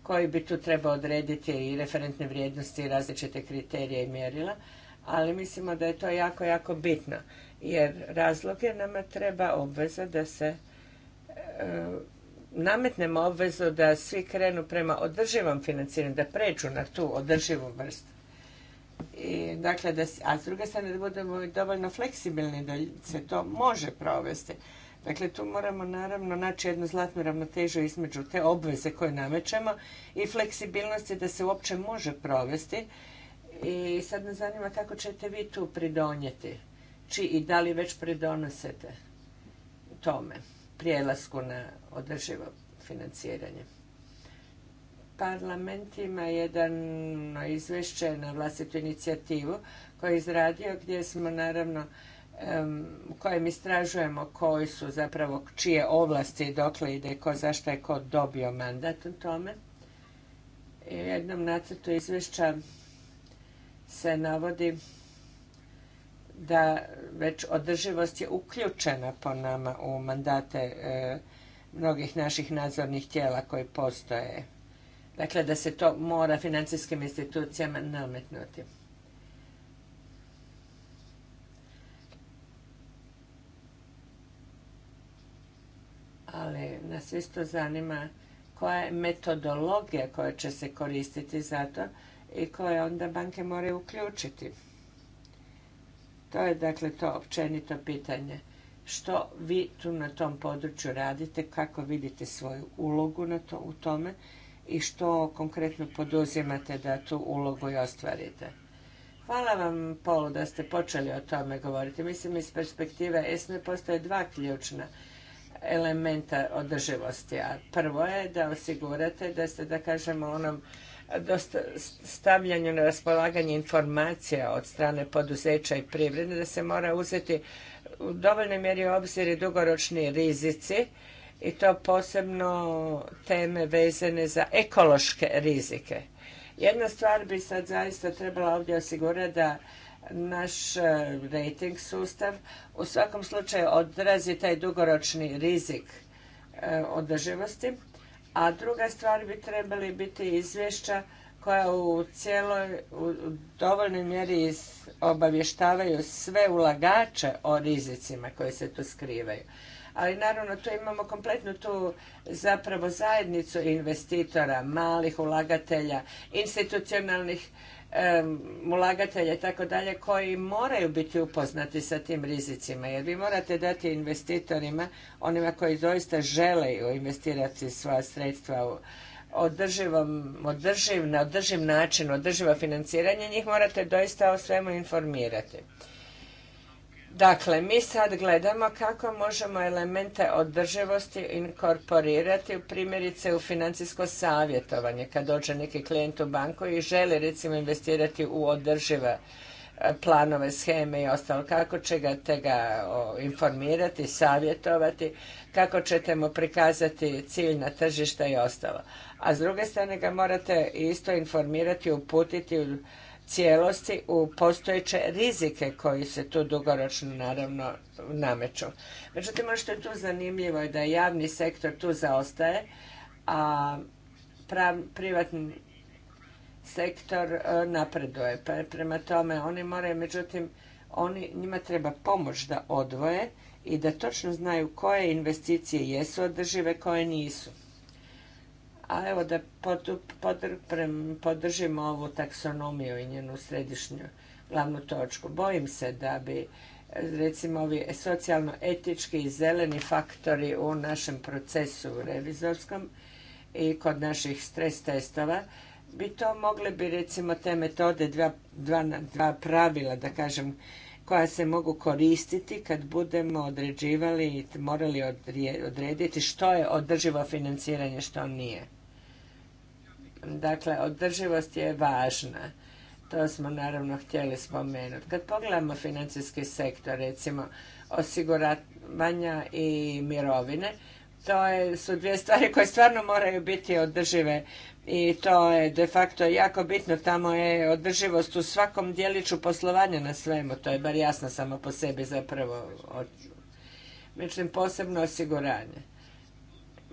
koji bi tu trebao odrediti i referentne vrijednosti i različite kriterije i mjerila, ali mislimo da je to jako, jako bitno jer razlog je nama treba obveza da se e, nametnemo obvezu da svi krenu prema održivom financiranju, da pređu na tu održivu vrstu. I, dakle, da, a s druge strane da budemo dovoljno fleksibilni da se to može provesti. Dakle, tu moramo naravno naći jednu zlatnu ravnotežu između te obveze koje namećemo i fleksibilnosti da se uopće može provesti. I sad me zanima kako ćete vi tu pridonijeti či i da li već pridonosete tome, prijelasku na održivo financiranje. Parlament ima jedan izvješće na vlastitu inicijativu koju je izradio gdje smo naravno u kojem istražujemo koji su zapravo čije ovlasti i dokle ide ko zašto je ko dobio mandat u tome. I u jednom nacrtu izvješća se navodi da već održivost je uključena po nama u mandate e, mnogih naših nadzornih tijela koji postoje Dakle, da se to mora financijskim institucijama nametnuti. Ali nas isto zanima koja je metodologija koja će se koristiti za to i koje onda banke moraju uključiti. To je dakle to općenito pitanje. Što vi tu na tom području radite, kako vidite svoju ulogu na to, u tome i što konkretno poduzimate da tu ulogu i ostvarite. Hvala vam, Polo, da ste počeli o tome govoriti. Mislim, iz perspektive ESME postoje dva ključna elementa održivosti. A prvo je da osigurate da ste, da kažemo, onom stavljanju na raspolaganje informacija od strane poduzeća i privrede, da se mora uzeti u dovoljnoj mjeri u obzir i dugoročni rizici i to posebno teme vezane za ekološke rizike. Jedna stvar bi sad zaista trebala ovdje osigurati da naš e, rating sustav u svakom slučaju odrazi taj dugoročni rizik e, održivosti, a druga stvar bi trebali biti izvješća koja u cijeloj, dovoljnoj mjeri obavještavaju sve ulagače o rizicima koji se tu skrivaju ali naravno tu imamo kompletnu tu zapravo zajednicu investitora, malih ulagatelja, institucionalnih ulagatelja i tako dalje koji moraju biti upoznati sa tim rizicima jer vi morate dati investitorima, onima koji doista žele investirati svoja sredstva u održivom, održiv, na održiv način, održivo financiranje, njih morate doista o svemu informirati. Dakle, mi sad gledamo kako možemo elemente održivosti inkorporirati u primjerice u financijsko savjetovanje. Kad dođe neki klijent u banku i želi recimo investirati u održive e, planove, scheme i ostalo, kako će ga te informirati, savjetovati, kako ćete mu prikazati cilj na tržišta i ostalo. A s druge strane ga morate isto informirati, uputiti, cijelosti u postojeće rizike koji se tu dugoročno naravno nameću. Međutim, ono što je tu zanimljivo je da javni sektor tu zaostaje, a privatni sektor e, napreduje. Pa, prema tome oni moraju, međutim, oni, njima treba pomoć da odvoje i da točno znaju koje investicije jesu održive, koje nisu. A evo da podržimo ovu taksonomiju i njenu središnju glavnu točku. Bojim se da bi recimo ovi socijalno-etički i zeleni faktori u našem procesu revizorskom i kod naših stres testova bi to mogle bi recimo te metode, dva, dva pravila da kažem, koja se mogu koristiti kad budemo određivali i morali odrediti što je održivo financiranje, što nije. Dakle, održivost je važna. To smo naravno htjeli spomenuti. Kad pogledamo financijski sektor, recimo osiguravanja i mirovine, to je, su dvije stvari koje stvarno moraju biti održive i to je de facto jako bitno. Tamo je održivost u svakom dijeliću poslovanja na svemu. To je bar jasno samo po sebi zapravo. Mislim, posebno osiguranje.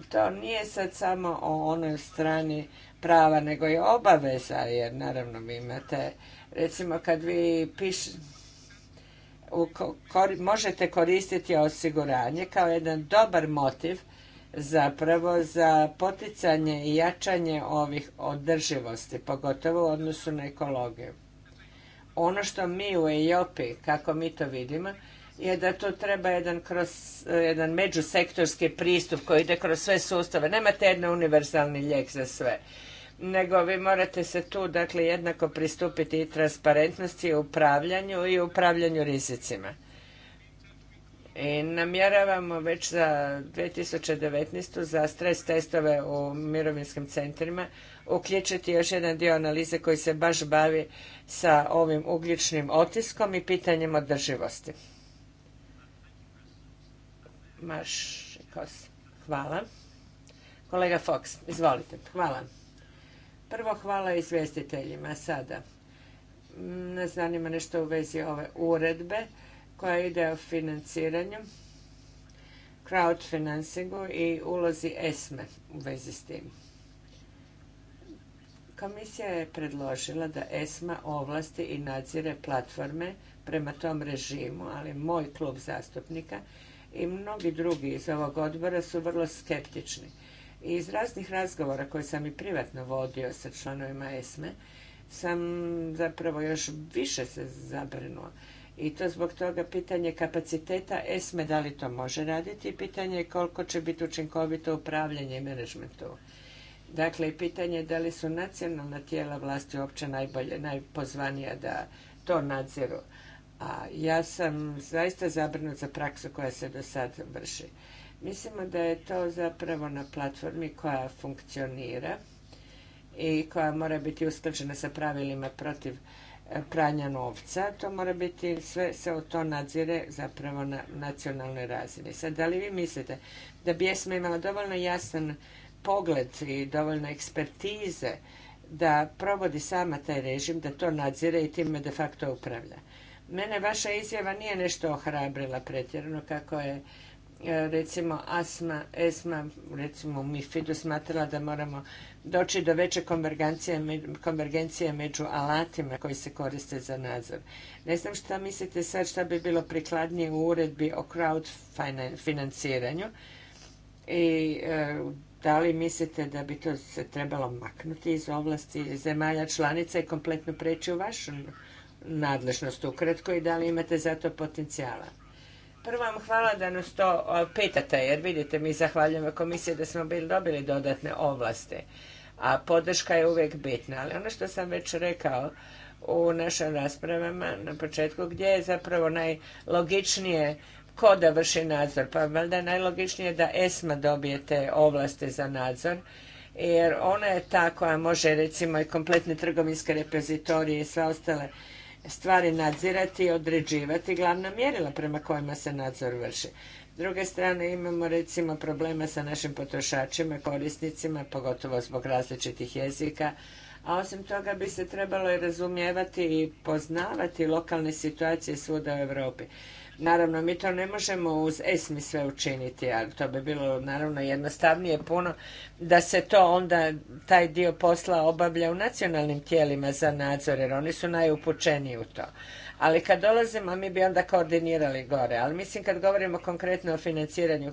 To nije sad samo o onoj strani prava, nego i obaveza, jer naravno vi imate, recimo kad vi pišete, možete koristiti osiguranje kao jedan dobar motiv zapravo za poticanje i jačanje ovih održivosti, pogotovo u odnosu na ekologiju. Ono što mi u Ejopi kako mi to vidimo, je da tu treba jedan, kroz, eh, jedan međusektorski pristup koji ide kroz sve sustave. Nemate jedan univerzalni lijek za sve nego vi morate se tu dakle jednako pristupiti i transparentnosti i upravljanju i upravljanju rizicima. I namjeravamo već za 2019. za stres testove u mirovinskim centrima uključiti još jedan dio analize koji se baš bavi sa ovim ugljičnim otiskom i pitanjem održivosti. Maš Hvala. Kolega Fox, izvolite. Hvala. Prvo hvala izvjestiteljima sada. Ne zanima nešto u vezi ove uredbe koja ide o financiranju, crowdfinancingu i ulozi ESME u vezi s tim. Komisija je predložila da ESMA ovlasti i nadzire platforme prema tom režimu, ali moj klub zastupnika i mnogi drugi iz ovog odbora su vrlo skeptični. I iz raznih razgovora koje sam i privatno vodio sa članovima ESME, sam zapravo još više se zabrinuo. I to zbog toga pitanje kapaciteta ESME, da li to može raditi, i pitanje je koliko će biti učinkovito upravljanje i Dakle, i pitanje je da li su nacionalna tijela vlasti uopće najbolje, najpozvanija da to nadziru. A ja sam zaista zabrinut za praksu koja se do sad vrši. Mislimo da je to zapravo na platformi koja funkcionira i koja mora biti usklađena sa pravilima protiv e, pranja novca. To mora biti, sve se o to nadzire zapravo na nacionalnoj razini. Sad, da li vi mislite da bi jesmo imala dovoljno jasan pogled i dovoljno ekspertize da provodi sama taj režim, da to nadzire i time de facto upravlja? Mene vaša izjava nije nešto ohrabrila pretjerano kako je e, recimo ASMA, ESMA, recimo mifid smatrala da moramo doći do veće konvergencije među alatima koji se koriste za nadzor. Ne znam šta mislite sad šta bi bilo prikladnije u uredbi o crowd financiranju i e, da li mislite da bi to se trebalo maknuti iz ovlasti zemalja članica i kompletno preći u vašu nadležnost ukratko i da li imate za to potencijala. Prvo vam hvala da nas to pitate, jer vidite, mi zahvaljujemo komisiji da smo bili dobili dodatne ovlasti, a podrška je uvijek bitna. Ali ono što sam već rekao u našim raspravama na početku, gdje je zapravo najlogičnije ko da vrši nadzor, pa valjda je najlogičnije da ESMA dobije te ovlasti za nadzor, jer ona je ta koja može recimo i kompletne trgovinske repozitorije i sve ostale stvari nadzirati i određivati glavna mjerila prema kojima se nadzor vrši. S druge strane imamo recimo problema sa našim potrošačima, korisnicima, pogotovo zbog različitih jezika, a osim toga bi se trebalo i razumijevati i poznavati lokalne situacije svuda u Europi. Naravno, mi to ne možemo uz ESMI sve učiniti, ali to bi bilo naravno jednostavnije puno da se to onda, taj dio posla obavlja u nacionalnim tijelima za nadzor, jer oni su najupučeniji u to. Ali kad dolazimo, mi bi onda koordinirali gore. Ali mislim kad govorimo konkretno o financiranju,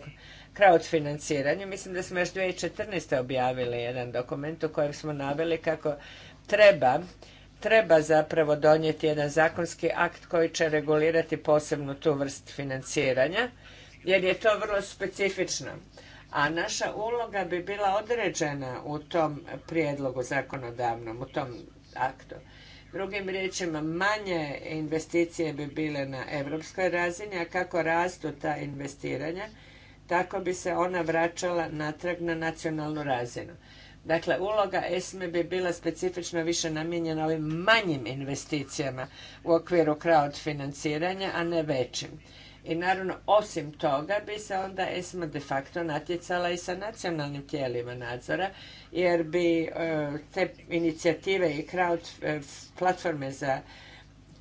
financiranju, mislim da smo još 2014. objavili jedan dokument u kojem smo naveli kako treba treba zapravo donijeti jedan zakonski akt koji će regulirati posebnu tu vrst financiranja, jer je to vrlo specifično. A naša uloga bi bila određena u tom prijedlogu zakonodavnom, u tom aktu. Drugim riječima, manje investicije bi bile na europskoj razini, a kako rastu ta investiranja, tako bi se ona vraćala natrag na nacionalnu razinu. Dakle, uloga ESME bi bila specifično više namijenjena ovim manjim investicijama u okviru crowd financiranja, a ne većim. I naravno, osim toga bi se onda ESMA de facto natjecala i sa nacionalnim tijelima nadzora, jer bi e, te inicijative i crowd e, platforme za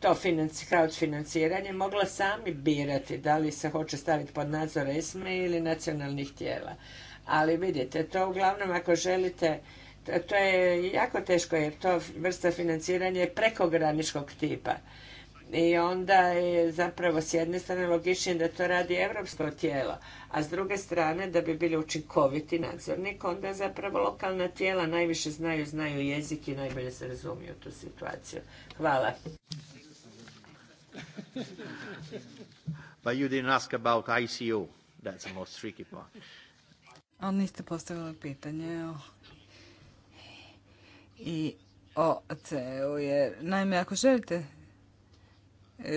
to financiranje mogla sami birati da li se hoće staviti pod nadzor ESME ili nacionalnih tijela. Ali vidite, to uglavnom ako želite, to, je jako teško jer to vrsta financiranja je prekograničkog tipa. I onda je zapravo s jedne strane logičnije da to radi evropsko tijelo, a s druge strane da bi bili učinkoviti nadzornik, onda zapravo lokalna tijela najviše znaju, znaju jezik i najbolje se razumiju tu situaciju. Hvala. But you didn't ask about ICO. That's the
ali niste postavili pitanje o i o CEU. Jer, naime, ako želite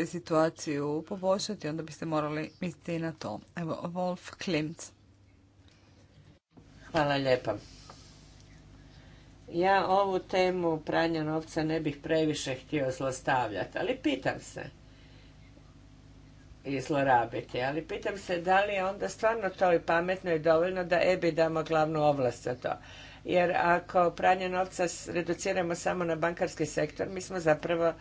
situaciju poboljšati, onda biste morali misliti i na to. Evo, Wolf Klimt. Hvala lijepa.
Ja ovu temu pranja novca ne bih previše htio zlostavljati, ali pitam se i zlorabiti. Ali pitam se da li je onda stvarno to i pametno i dovoljno da EBI damo glavnu ovlast za to. Jer ako pranje novca reduciramo samo na bankarski sektor, mi smo zapravo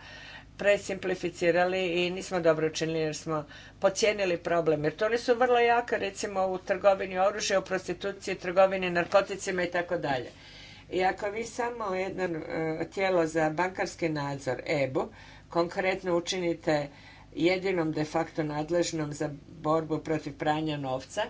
presimplificirali i nismo dobro učinili jer smo pocijenili problem. Jer to nisu su vrlo jaka recimo u trgovini oružja, u prostituciji, trgovini narkoticima i tako dalje. I ako vi samo jedno e, tijelo za bankarski nadzor, EBU, konkretno učinite jedinom de facto nadležnom za borbu protiv pranja novca,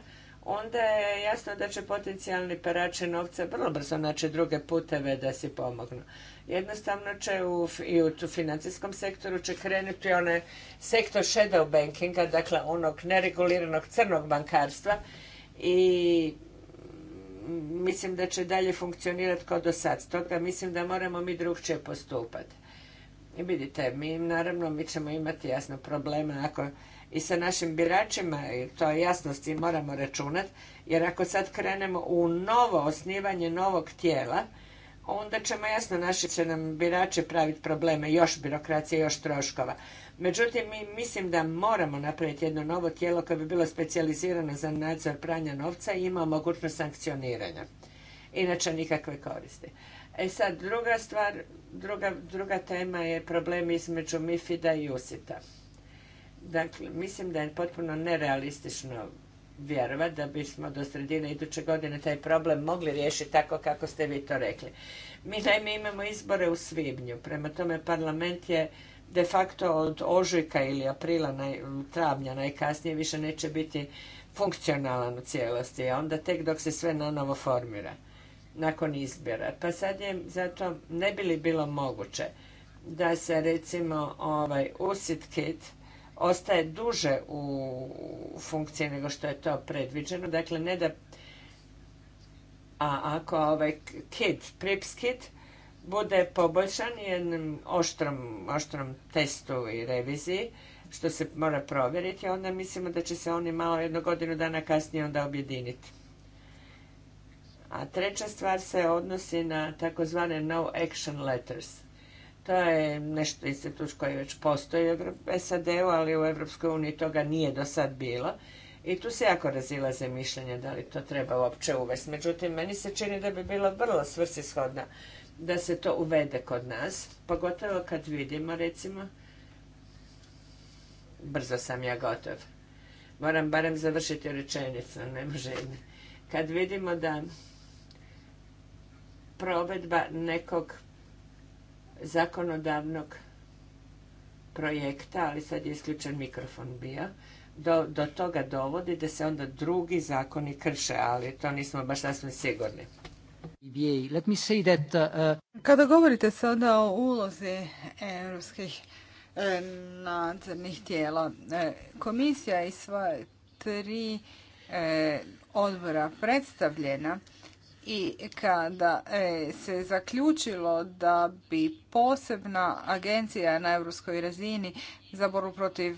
onda je jasno da će potencijalni parače novca vrlo brzo naći druge puteve da si pomognu. Jednostavno će u, i u tu financijskom sektoru će krenuti onaj sektor shadow bankinga, dakle onog nereguliranog crnog bankarstva i mislim da će dalje funkcionirati kao do sad. Stoga mislim da moramo mi drugčije postupati. I vidite, mi naravno mi ćemo imati jasno problema ako i sa našim biračima, to jasnosti jasno, moramo računati, jer ako sad krenemo u novo osnivanje novog tijela, onda ćemo jasno naši će nam birači praviti probleme, još birokracije, još troškova. Međutim, mi mislim da moramo napraviti jedno novo tijelo koje bi bilo specijalizirano za nadzor pranja novca i ima mogućnost sankcioniranja. Inače nikakve koristi. E sad, druga stvar, druga, druga tema je problem između Mifida i Usita. Dakle, mislim da je potpuno nerealistično vjerovat da bismo do sredine iduće godine taj problem mogli riješiti tako kako ste vi to rekli. Mi naime imamo izbore u svibnju, prema tome parlament je de facto od ožujka ili aprila, naj, travnja najkasnije više neće biti funkcionalan u cijelosti, a onda tek dok se sve novo formira nakon izbjera. Pa sad je zato ne bi li bilo moguće da se recimo ovaj usit kit ostaje duže u funkciji nego što je to predviđeno. Dakle, ne da a ako ovaj kit, prips kit, bude poboljšan jednom oštrom, testu i reviziji, što se mora provjeriti, onda mislimo da će se oni malo jednu godinu dana kasnije onda objediniti. A treća stvar se odnosi na takozvane no action letters. To je nešto institut koji već postoji u SAD-u, ali u Evropskoj uniji toga nije do sad bilo. I tu se jako razilaze mišljenja da li to treba uopće uvesti. Međutim, meni se čini da bi bilo vrlo svrsishodno da se to uvede kod nas, pogotovo kad vidimo, recimo, brzo sam ja gotov. Moram barem završiti rečenicu, ne može. Kad vidimo da provedba nekog zakonodavnog projekta, ali sad je isključen mikrofon bio, do, do toga dovodi da se onda drugi zakoni krše, ali to nismo baš sasvim sigurni.
Uh, uh, Kada govorite sada o ulozi europskih e, nadzornih tijela, e, komisija i sva tri e, odbora predstavljena i kada e, se zaključilo da bi posebna agencija na europskoj razini za borbu protiv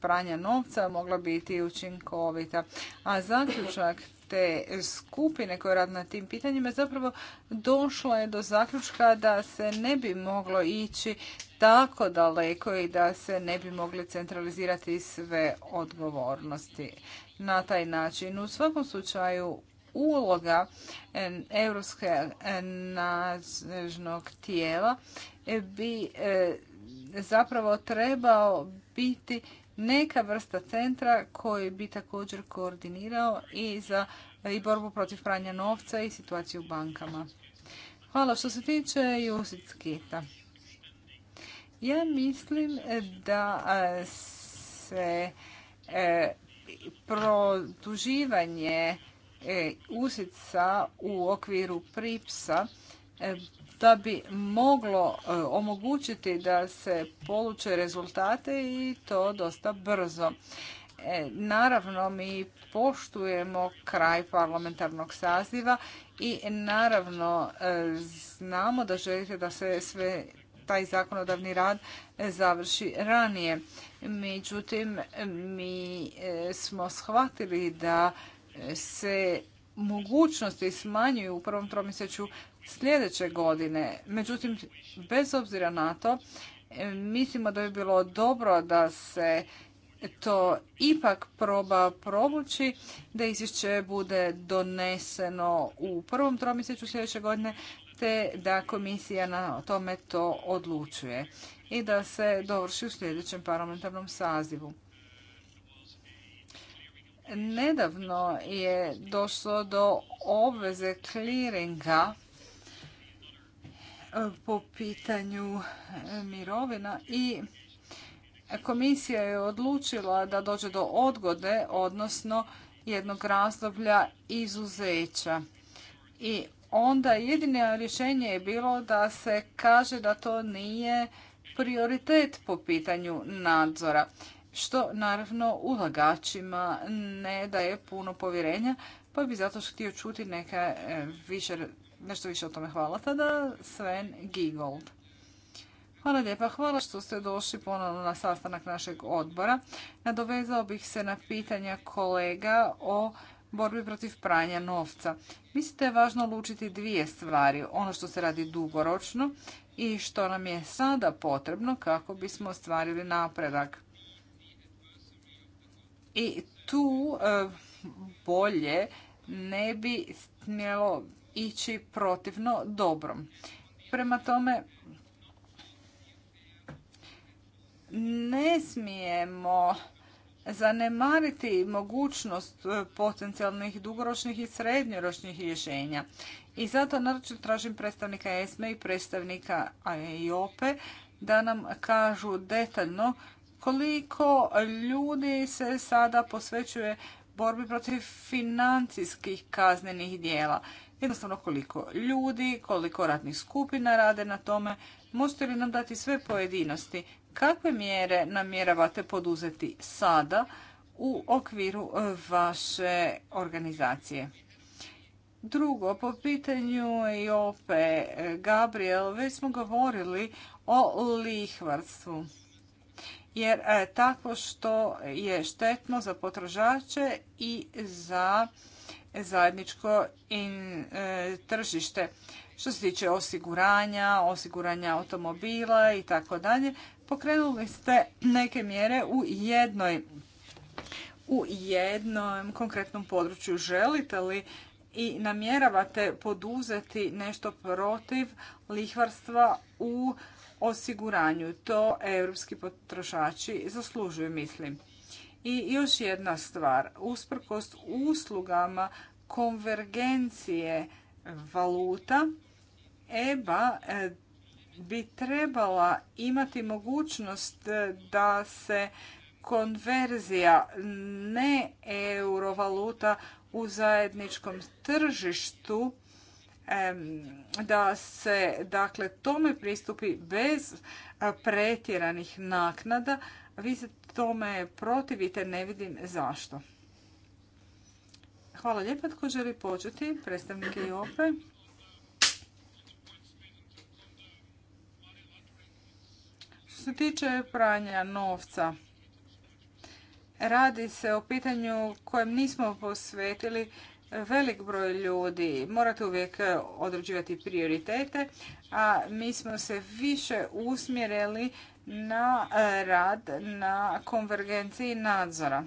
pranja novca mogla biti učinkovita. A zaključak te skupine koje radi na tim pitanjima zapravo došlo je do zaključka da se ne bi moglo ići tako daleko i da se ne bi mogli centralizirati sve odgovornosti na taj način. U svakom slučaju uloga e, Europske e, nadležnog tijela e, bi zapravo trebao biti neka vrsta centra koji bi također koordinirao i za i borbu protiv pranja novca i situaciju u bankama. Hvala. Što se tiče i ja mislim da se e, produživanje E, usica u okviru pripsa e, da bi moglo e, omogućiti da se poluče rezultate i to dosta brzo. Naravno, mi poštujemo kraj parlamentarnog saziva i naravno znamo da želite da se sve taj zakonodavni rad završi ranije. Međutim, mi smo shvatili da se mogućnosti smanjuju u prvom tromjesečju sljedeće godine. Međutim, bez obzira na to, e, mislimo da bi bilo dobro da se to ipak proba provući, da izvješće bude doneseno u prvom tromjesečju sljedeće godine, te da komisija na tome to odlučuje i da se dovrši u sljedećem parlamentarnom sazivu. Nedavno je došlo do obveze kliringa e, po pitanju e, mirovina i komisija je odlučila da dođe do odgode, odnosno jednog razdoblja izuzeća. I onda jedino rješenje je bilo da se kaže da to nije prioritet po pitanju nadzora što naravno ulagačima ne daje puno povjerenja, pa bi zato htio čuti neka e, više, nešto više o tome. Hvala tada, Sven Gigold. Hvala lijepa, hvala što ste došli ponovno na sastanak našeg odbora. Nadovezao bih se na pitanja kolega o borbi protiv pranja novca. Mislite je važno lučiti dvije stvari, ono što se radi dugoročno i što nam je sada potrebno kako bismo ostvarili napredak. I tu e, bolje ne bi smjelo ići protivno dobrom. Prema tome, ne smijemo zanemariti mogućnost e, potencijalnih dugoročnih i srednjoročnih rješenja. I zato naročito tražim predstavnika ESME i predstavnika IOPE e da nam kažu detaljno koliko ljudi se sada posvećuje borbi protiv financijskih kaznenih dijela. Jednostavno koliko ljudi, koliko ratnih skupina rade na tome, možete li nam dati sve pojedinosti? Kakve mjere namjeravate poduzeti sada u okviru e, vaše organizacije? Drugo, po pitanju IOPE, e, Gabriel, već smo govorili o lihvarstvu jer e, tako što je štetno za potrošače i za zajedničko e, tržište. Što se tiče osiguranja, osiguranja automobila i tako dalje, pokrenuli ste neke mjere u jednoj u jednom konkretnom području. Želite li i namjeravate poduzeti nešto protiv lihvarstva u osiguranju. To europski potrošači zaslužuju, mislim. I još jedna stvar, Usprkost uslugama konvergencije valuta, EBA e, bi trebala imati mogućnost e, da se konverzija ne eurovaluta u zajedničkom tržištu da se dakle tome pristupi bez pretjeranih naknada. Vi se tome protivite, ne vidim zašto. Hvala lijepa. Tko želi početi? Predstavnike ope. Što se tiče pranja novca, radi se o pitanju kojem nismo posvetili velik broj ljudi. Morate uvijek određivati prioritete, a mi smo se više usmjerili na e, rad na konvergenciji nadzora.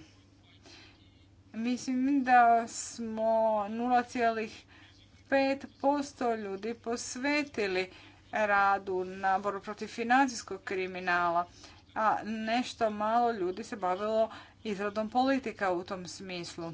Mislim da smo 0,5% ljudi posvetili radu na boru protiv financijskog kriminala, a nešto malo ljudi se bavilo izradom politika u tom smislu.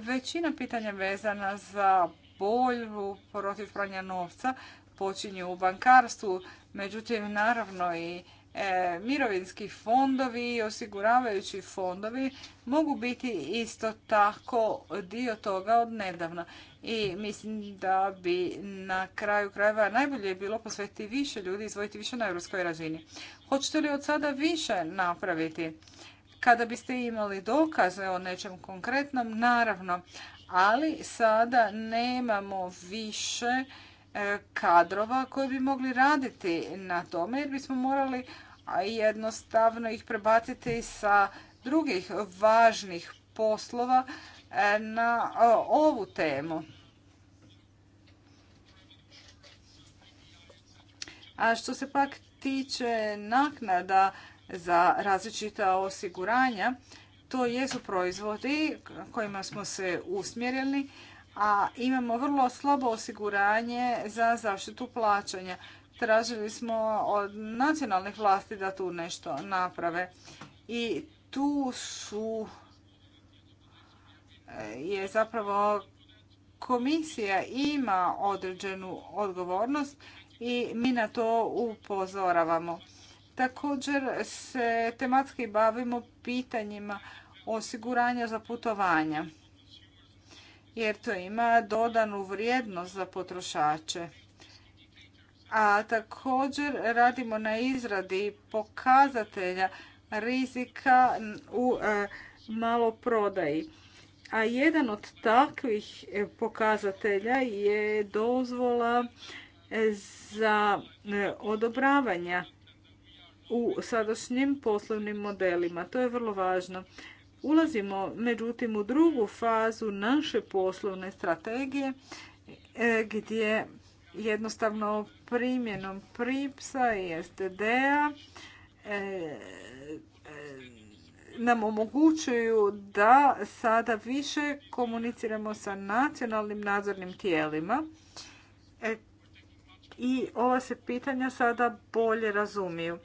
Većina pitanja vezana za bolju protiv pranja novca počinju u bankarstvu, međutim naravno i e, mirovinski fondovi i osiguravajući fondovi mogu biti isto tako dio toga od nedavna. I mislim da bi na kraju krajeva najbolje bilo posvetiti više ljudi, izvojiti više na europskoj razini. Hoćete li od sada više napraviti? kada biste imali dokaze o nečem konkretnom, naravno, ali sada nemamo više e, kadrova koji bi mogli raditi na tome jer bismo morali jednostavno ih prebaciti sa drugih važnih poslova e, na ovu temu. A što se pak tiče naknada za različita osiguranja. To jesu proizvodi kojima smo se usmjerili, a imamo vrlo slabo osiguranje za zaštitu plaćanja. Tražili smo od nacionalnih vlasti da tu nešto naprave. I tu su e, je zapravo komisija ima određenu odgovornost i mi na to upozoravamo. Također se tematski bavimo pitanjima osiguranja za putovanja, jer to ima dodanu vrijednost za potrošače. A također radimo na izradi pokazatelja rizika u e, maloprodaji. A jedan od takvih e, pokazatelja je dozvola za e, odobravanja u sadašnjim poslovnim modelima. To je vrlo važno. Ulazimo međutim u drugu fazu naše poslovne strategije e, gdje jednostavno primjenom PRIPSA i STD-a e, e, nam omogućuju da sada više komuniciramo sa nacionalnim nadzornim tijelima i ova se pitanja sada bolje razumiju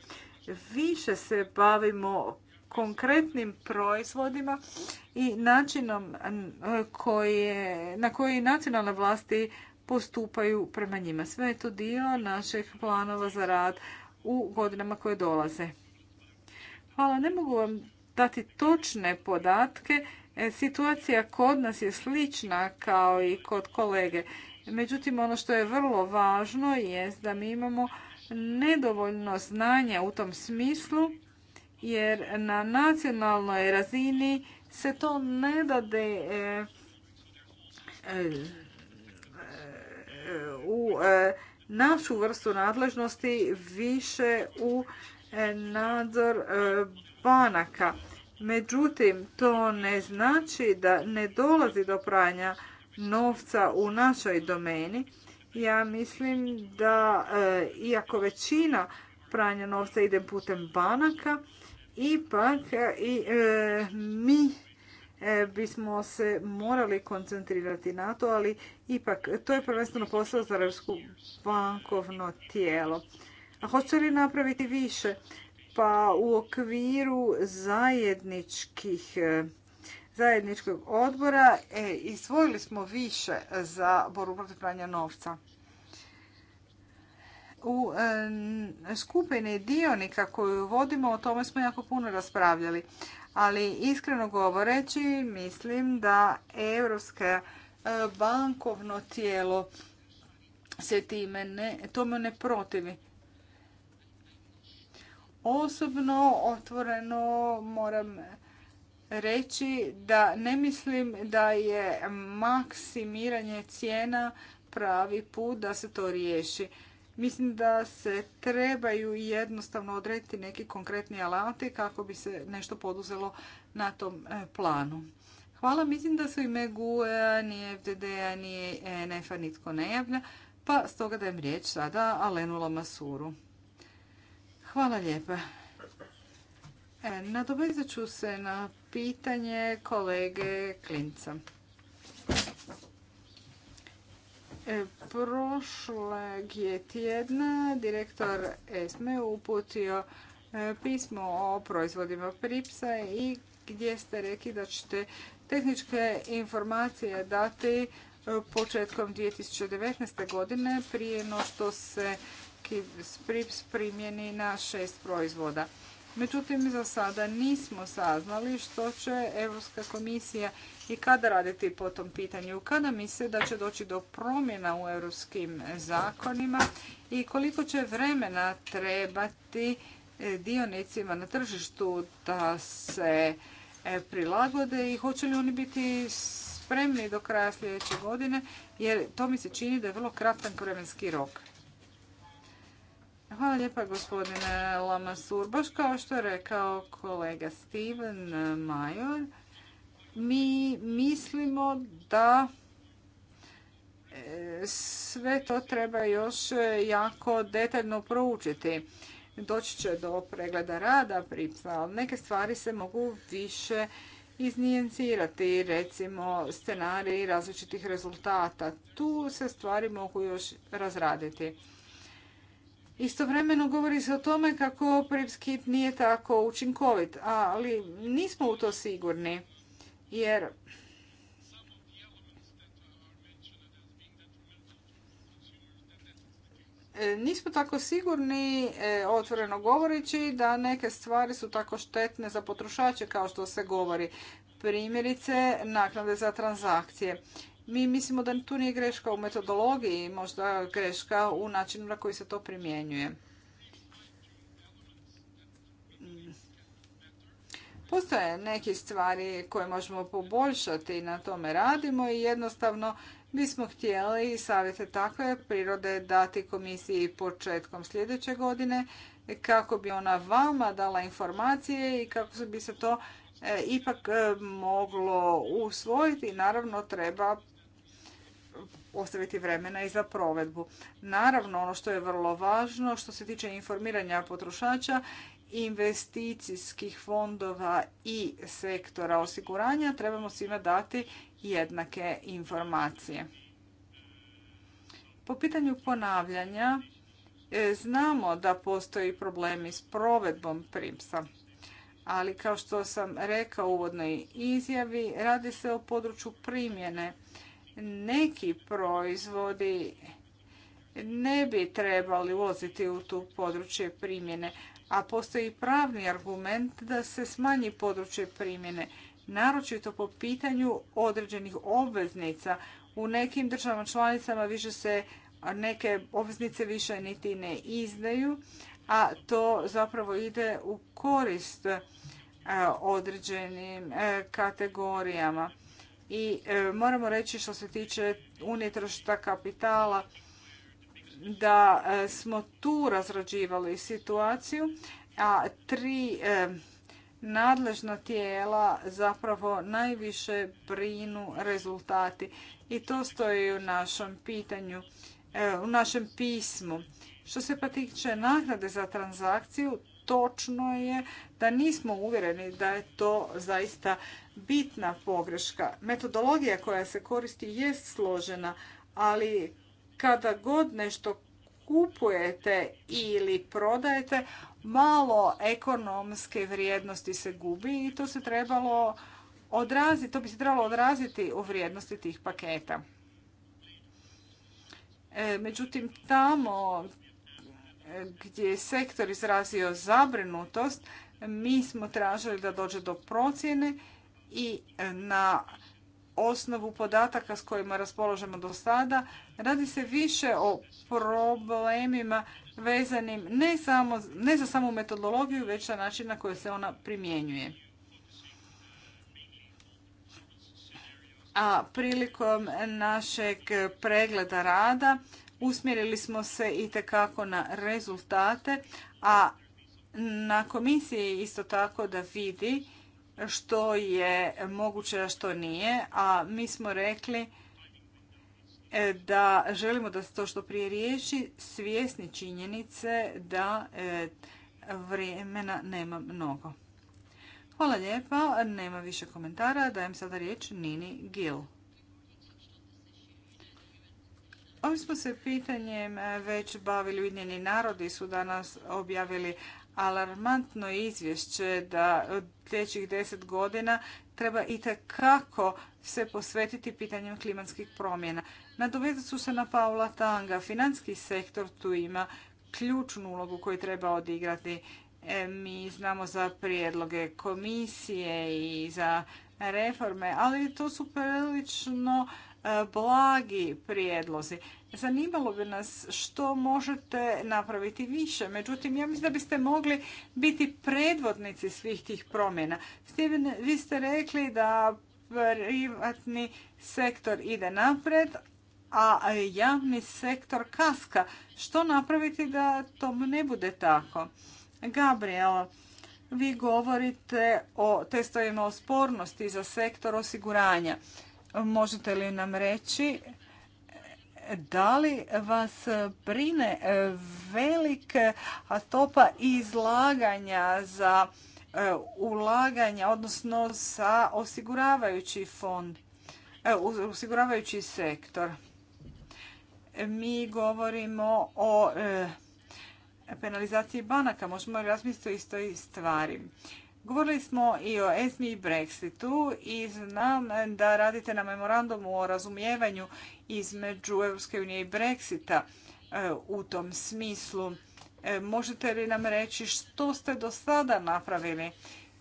više se bavimo konkretnim proizvodima i načinom koje, na koji nacionalne vlasti postupaju prema njima. Sve je to dio naših planova za rad u godinama koje dolaze. Hvala, ne mogu vam dati točne podatke. E, situacija kod nas je slična kao i kod kolege. Međutim, ono što je vrlo važno je da mi imamo nedovoljno znanja u tom smislu jer na nacionalnoj razini se to ne dade e, e, e, u našu vrstu nadležnosti više u nadzor banaka. Međutim, to ne znači da ne dolazi do pranja novca u našoj domeni, ja mislim da, e, iako većina pranja novca ide putem banaka, ipak e, i e, mi bismo se morali koncentrirati na to, ali ipak to je prvenstveno posao za Europsku bankovno tijelo. A hoće li napraviti više? Pa u okviru zajedničkih zajedničkog odbora e, isvojili smo više za borbu protiv pranja novca. U e, skupini dionika koju vodimo o tome smo jako puno raspravljali, ali iskreno govoreći mislim da Europska e, bankovno tijelo se time ne, tome ne protivi. Osobno otvoreno moram reći da ne mislim da je maksimiranje cijena pravi put da se to riješi. Mislim da se trebaju jednostavno odrediti neki konkretni alati kako bi se nešto poduzelo na tom e, planu. Hvala, mislim da su i Megua, ni FDD-a, ni NF-a nitko ne javlja, pa stoga dajem riječ sada Alenu Lamasuru. Hvala lijepa. E, nadovezat ću se na pitanje kolege Klinca. E, Prošle je tjedna direktor ESME uputio e, pismo o proizvodima Pripsa i gdje ste rekli da ćete tehničke informacije dati početkom 2019. godine prije no što se Prips primjeni na šest proizvoda. Međutim, za sada nismo saznali što će Europska komisija i kada raditi po tom pitanju, kada misle da će doći do promjena u europskim zakonima i koliko će vremena trebati e, dionicima na tržištu da se e, prilagode i hoće li oni biti spremni do kraja sljedeće godine, jer to mi se čini da je vrlo kratan vremenski rok. Hvala lijepa gospodine Lama Surbaš. Kao što je rekao kolega Steven Major, mi mislimo da e, sve to treba još jako detaljno proučiti. Doći će do pregleda rada, ali neke stvari se mogu više iznijencirati, recimo scenarij različitih rezultata. Tu se stvari mogu još razraditi. Istovremeno govori se o tome kako skip nije tako učinkovit, ali nismo u to sigurni jer nismo tako sigurni, e, otvoreno govoreći, da neke stvari su tako štetne za potrošače kao što se govori. Primjerice, naknade za transakcije. Mi mislimo da tu nije greška u metodologiji, možda greška u načinu na koji se to primjenjuje. Postoje neke stvari koje možemo poboljšati i na tome radimo i jednostavno bismo htjeli savjete takve prirode dati komisiji početkom sljedeće godine kako bi ona vama dala informacije i kako bi se to e, ipak e, moglo usvojiti. Naravno treba ostaviti vremena i za provedbu. Naravno, ono što je vrlo važno što se tiče informiranja potrošača, investicijskih fondova i sektora osiguranja trebamo svima dati jednake informacije. Po pitanju ponavljanja, e, znamo da postoji problemi s provedbom PRIMSA, ali kao što sam rekao u uvodnoj izjavi, radi se o području primjene neki proizvodi ne bi trebali ulaziti u tu područje primjene, a postoji pravni argument da se smanji područje primjene, naročito po pitanju određenih obveznica. U nekim državama članicama više se neke obveznice više niti ne izdaju, a to zapravo ide u korist određenim kategorijama i e, moramo reći što se tiče unije kapitala da e, smo tu razrađivali situaciju, a tri e, nadležna tijela zapravo najviše brinu rezultati. I to stoji u našem pitanju, u našem pismu. Što se pa tiče naknade za transakciju, točno je da nismo uvjereni da je to zaista bitna pogreška. Metodologija koja se koristi jest složena, ali kada god nešto kupujete ili prodajete, malo ekonomske vrijednosti se gubi i to se trebalo odraziti, to bi se trebalo odraziti u vrijednosti tih paketa. E, međutim, tamo gdje je sektor izrazio zabrinutost, mi smo tražili da dođe do procjene i e, na osnovu podataka s kojima raspoložemo do sada radi se više o problemima vezanim ne, samo, ne za samu metodologiju, već na način na koji se ona primjenjuje. A prilikom našeg pregleda rada usmjerili smo se i tekako na rezultate, a na komisiji isto tako da vidi što je moguće, a što nije, a mi smo rekli e, da želimo da se to što prije riješi, svjesni činjenice da e, vremena nema mnogo. Hvala lijepa, nema više komentara, dajem sada riječ Nini Gil. Ovim smo se pitanjem već bavili Ujedinjeni narodi su danas objavili alarmantno izvješće da od sljedećih deset godina treba i kako se posvetiti pitanjem klimatskih promjena. Nadovezat su se na Paula Tanga. Finanski sektor tu ima ključnu ulogu koju treba odigrati. E, mi znamo za prijedloge komisije i za reforme, ali to su prilično e, blagi prijedlozi. Zanimalo bi nas što možete napraviti više. Međutim, ja mislim da biste mogli biti predvodnici svih tih promjena. Steven, vi ste rekli da privatni sektor ide napred, a javni sektor kaska. Što napraviti da to ne bude tako? Gabriel, vi govorite o testovima spornosti za sektor osiguranja. Možete li nam reći da li vas brine e, velik e, stopa izlaganja za e, ulaganja, odnosno sa osiguravajući fond, osiguravajući sektor. Mi govorimo o penalizaciji banaka, možemo razmisliti o istoj stvari. Govorili smo i o ESMI i Brexitu i znam da radite na memorandumu o razumijevanju između EU i Brexita e, u tom smislu. E, možete li nam reći što ste do sada napravili?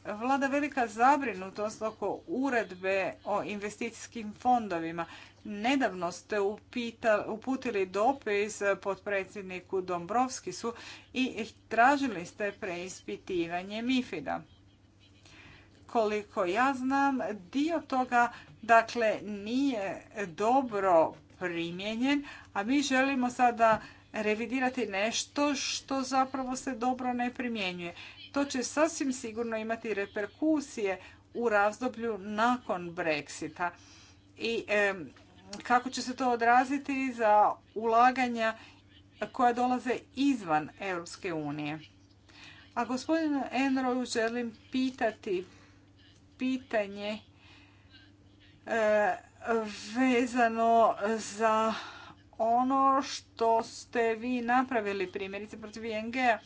Vlada velika zabrinutost oko uredbe o investicijskim fondovima. Nedavno ste uputili dopis potpredsjedniku Dombrovskisu i tražili ste preispitivanje MIFID-a koliko ja znam, dio toga dakle nije dobro primijenjen, a mi želimo sada revidirati nešto što zapravo se dobro ne primjenjuje. To će sasvim sigurno imati reperkusije u razdoblju nakon Brexita. I kako će se to odraziti za ulaganja koja dolaze izvan Europske unije. A gospodinu Enroju želim pitati pitanje e, vezano za ono što ste vi napravili primjerice protiv ING-a.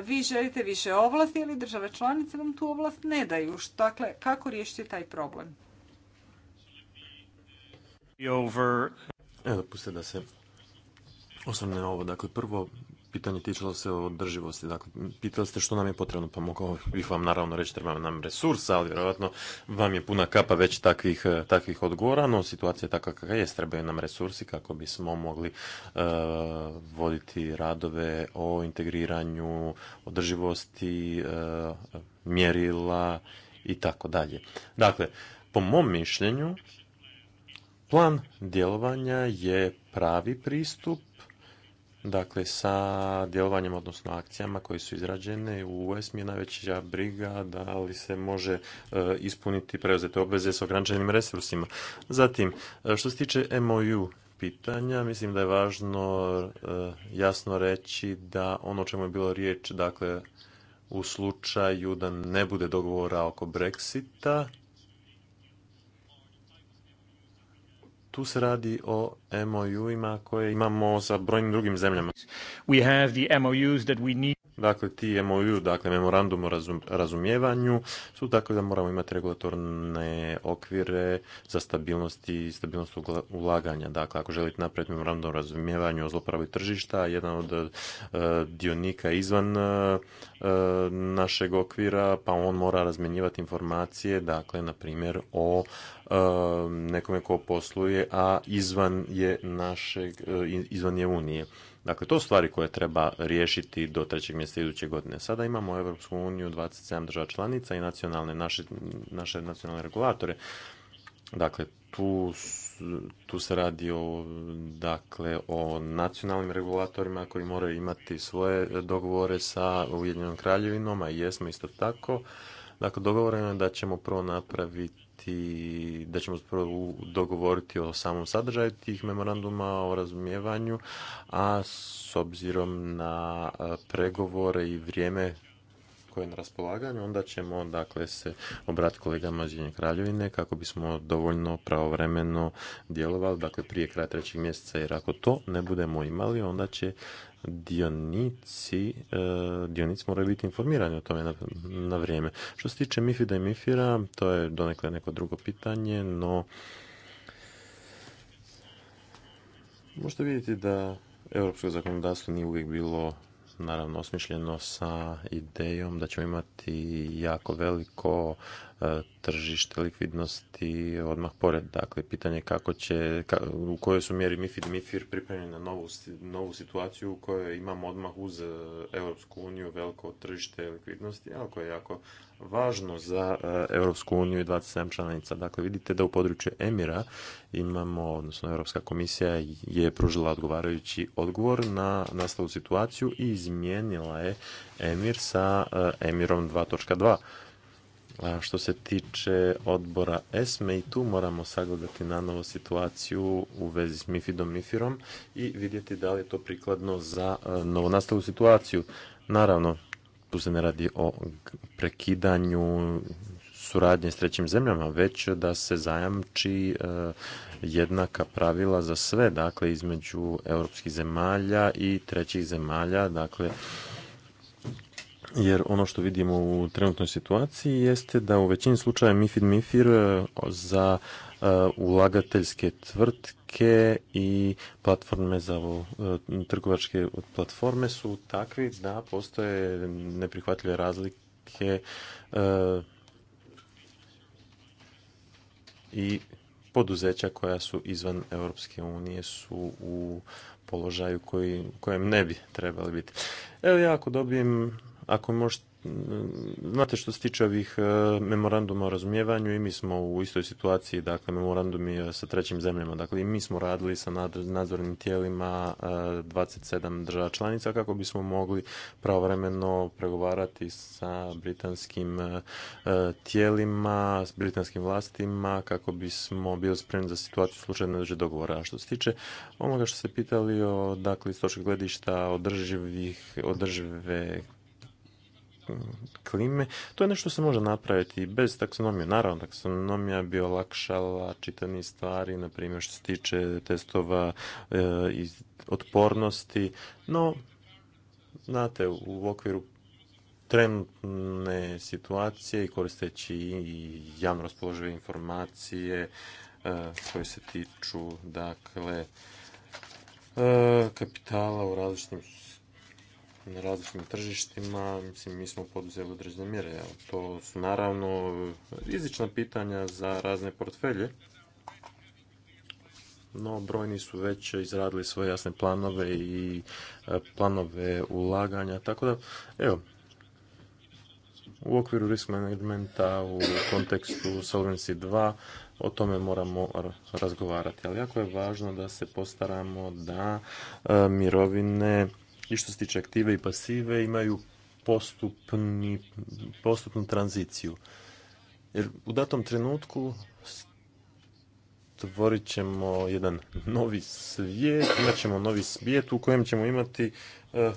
Vi želite više ovlasti, ili države članice vam tu ovlast ne daju. Dakle, kako riješiti taj problem?
Evo, da se osnovne ovo. Dakle, prvo, pitanje tičilo se održivosti. Dakle, pitali ste što nam je potrebno, pa mogu bih vam naravno reći treba nam resursa, ali vjerojatno vam je puna kapa već takvih, eh, takvih odgovora, no situacija je takva kakva je, trebaju nam resursi kako bismo mogli eh, voditi radove o integriranju održivosti, uh, mjerila i tako dalje. Dakle, po mom mišljenju, plan djelovanja je pravi pristup Dakle, sa djelovanjem, odnosno akcijama koje su izrađene u US mi je najveća briga da li se može e, ispuniti preuzete obveze s ograničenim resursima. Zatim, e, što se tiče MOU pitanja, mislim da je važno e, jasno reći da ono o čemu je bilo riječ, dakle, u slučaju da ne bude dogovora oko Brexita, tu se radi o MOU-ima koje imamo sa brojnim drugim zemljama. We have the MOUs that we need Dakle, ti MOU, dakle, memorandum o razumijevanju, su dakle da moramo imati regulatorne okvire za stabilnost i stabilnost ulaganja. Dakle, ako želite napraviti memorandum o razumijevanju o zlopravi tržišta, jedan od e, dionika izvan e, našeg okvira, pa on mora razmjenjivati informacije, dakle, na primjer, o e, nekome ko posluje, a izvan je našeg, izvan je Unije. Dakle, to su stvari koje treba riješiti do trećeg mjeseca iduće godine. Sada imamo Europsku uniju, 27 država članica i nacionalne, naše, naše nacionalne regulatore. Dakle, tu, tu se radi o, dakle, o nacionalnim regulatorima koji moraju imati svoje dogovore sa Ujedinjenom kraljevinom, a jesmo isto tako. Dakle, dogovoreno je da ćemo prvo napraviti i da ćemo prvo dogovoriti o samom sadržaju tih memoranduma o razumijevanju, a s obzirom na pregovore i vrijeme koje je na raspolaganju, onda ćemo dakle se obratiti kolegama iz Kraljevine kako bismo dovoljno pravovremeno djelovali, dakle prije kraja trećeg mjeseca, jer ako to ne budemo imali, onda će dionici, e, dionici moraju biti informirani o tome na, vrijeme. Što se tiče Mifida i Mifira, to je donekle neko drugo pitanje, no možete vidjeti da europsko zakonodavstvo nije uvijek bilo naravno osmišljeno sa idejom da ćemo imati jako veliko e, tržište likvidnosti odmah pored. Dakle, pitanje kako će, u kojoj su mjeri MIFID i MIFIR pripremljeni na novu, situaciju u kojoj imamo odmah uz e, Europsku uniju veliko tržište likvidnosti, ali koje je jako važno za eh, Europsku uniju i 27 članica. Dakle, vidite da u području Emira imamo, odnosno Europska komisija je pružila odgovarajući odgovor na nastavu situaciju i izmijenila je Emir sa eh, Emirom 2.2. što se tiče odbora ESME i tu moramo sagledati na novo situaciju u vezi s Mifidom Mifirom i vidjeti da li je to prikladno za eh, novonastavu situaciju. Naravno, tu se ne radi o prekidanju suradnje s trećim zemljama, već da se zajamči e, jednaka pravila za sve, dakle između europskih zemalja i trećih zemalja, dakle jer ono što vidimo u trenutnoj situaciji jeste da u većini slučaja MIFID MIFIR e, za E, ulagateljske tvrtke i platforme za e, trgovačke platforme su takvi da postoje neprihvatljive razlike e, i poduzeća koja su izvan Europske unije su u položaju koji, kojem ne bi trebali biti. Evo ja ako dobijem, ako možete Znate što se tiče ovih e, memoranduma o razumijevanju i mi smo u istoj situaciji, dakle memorandumi e, sa trećim zemljama, dakle i mi smo radili sa nadzornim tijelima 27 e, država članica kako bismo mogli pravovremeno pregovarati sa britanskim tijelima, s britanskim vlastima kako bismo bili spremni za situaciju slučajno dođe dogovora. A što se tiče onoga što ste pitali o dakle iz točnog gledišta održivih, održive klime. To je nešto se može napraviti bez taksonomije. Naravno, taksonomija bi olakšala čitani stvari, na primjer što se tiče testova e, iz otpornosti, no, znate, u okviru trenutne situacije i koristeći i javno raspoložive informacije e, koje se tiču, dakle, e, kapitala u različitim na različitim tržištima, mislim, mi smo poduzeli određene mjere. To su naravno rizična pitanja za razne portfelje, no brojni su već izradili svoje jasne planove i e, planove ulaganja, tako da, evo, u okviru risk managementa, u kontekstu Solvency 2, o tome moramo razgovarati. Ali jako je važno da se postaramo da e, mirovine i što se tiče aktive i pasive imaju postupni, postupnu tranziciju. Jer u datom trenutku stvorit ćemo jedan novi svijet, imat ćemo novi svijet u kojem ćemo imati e,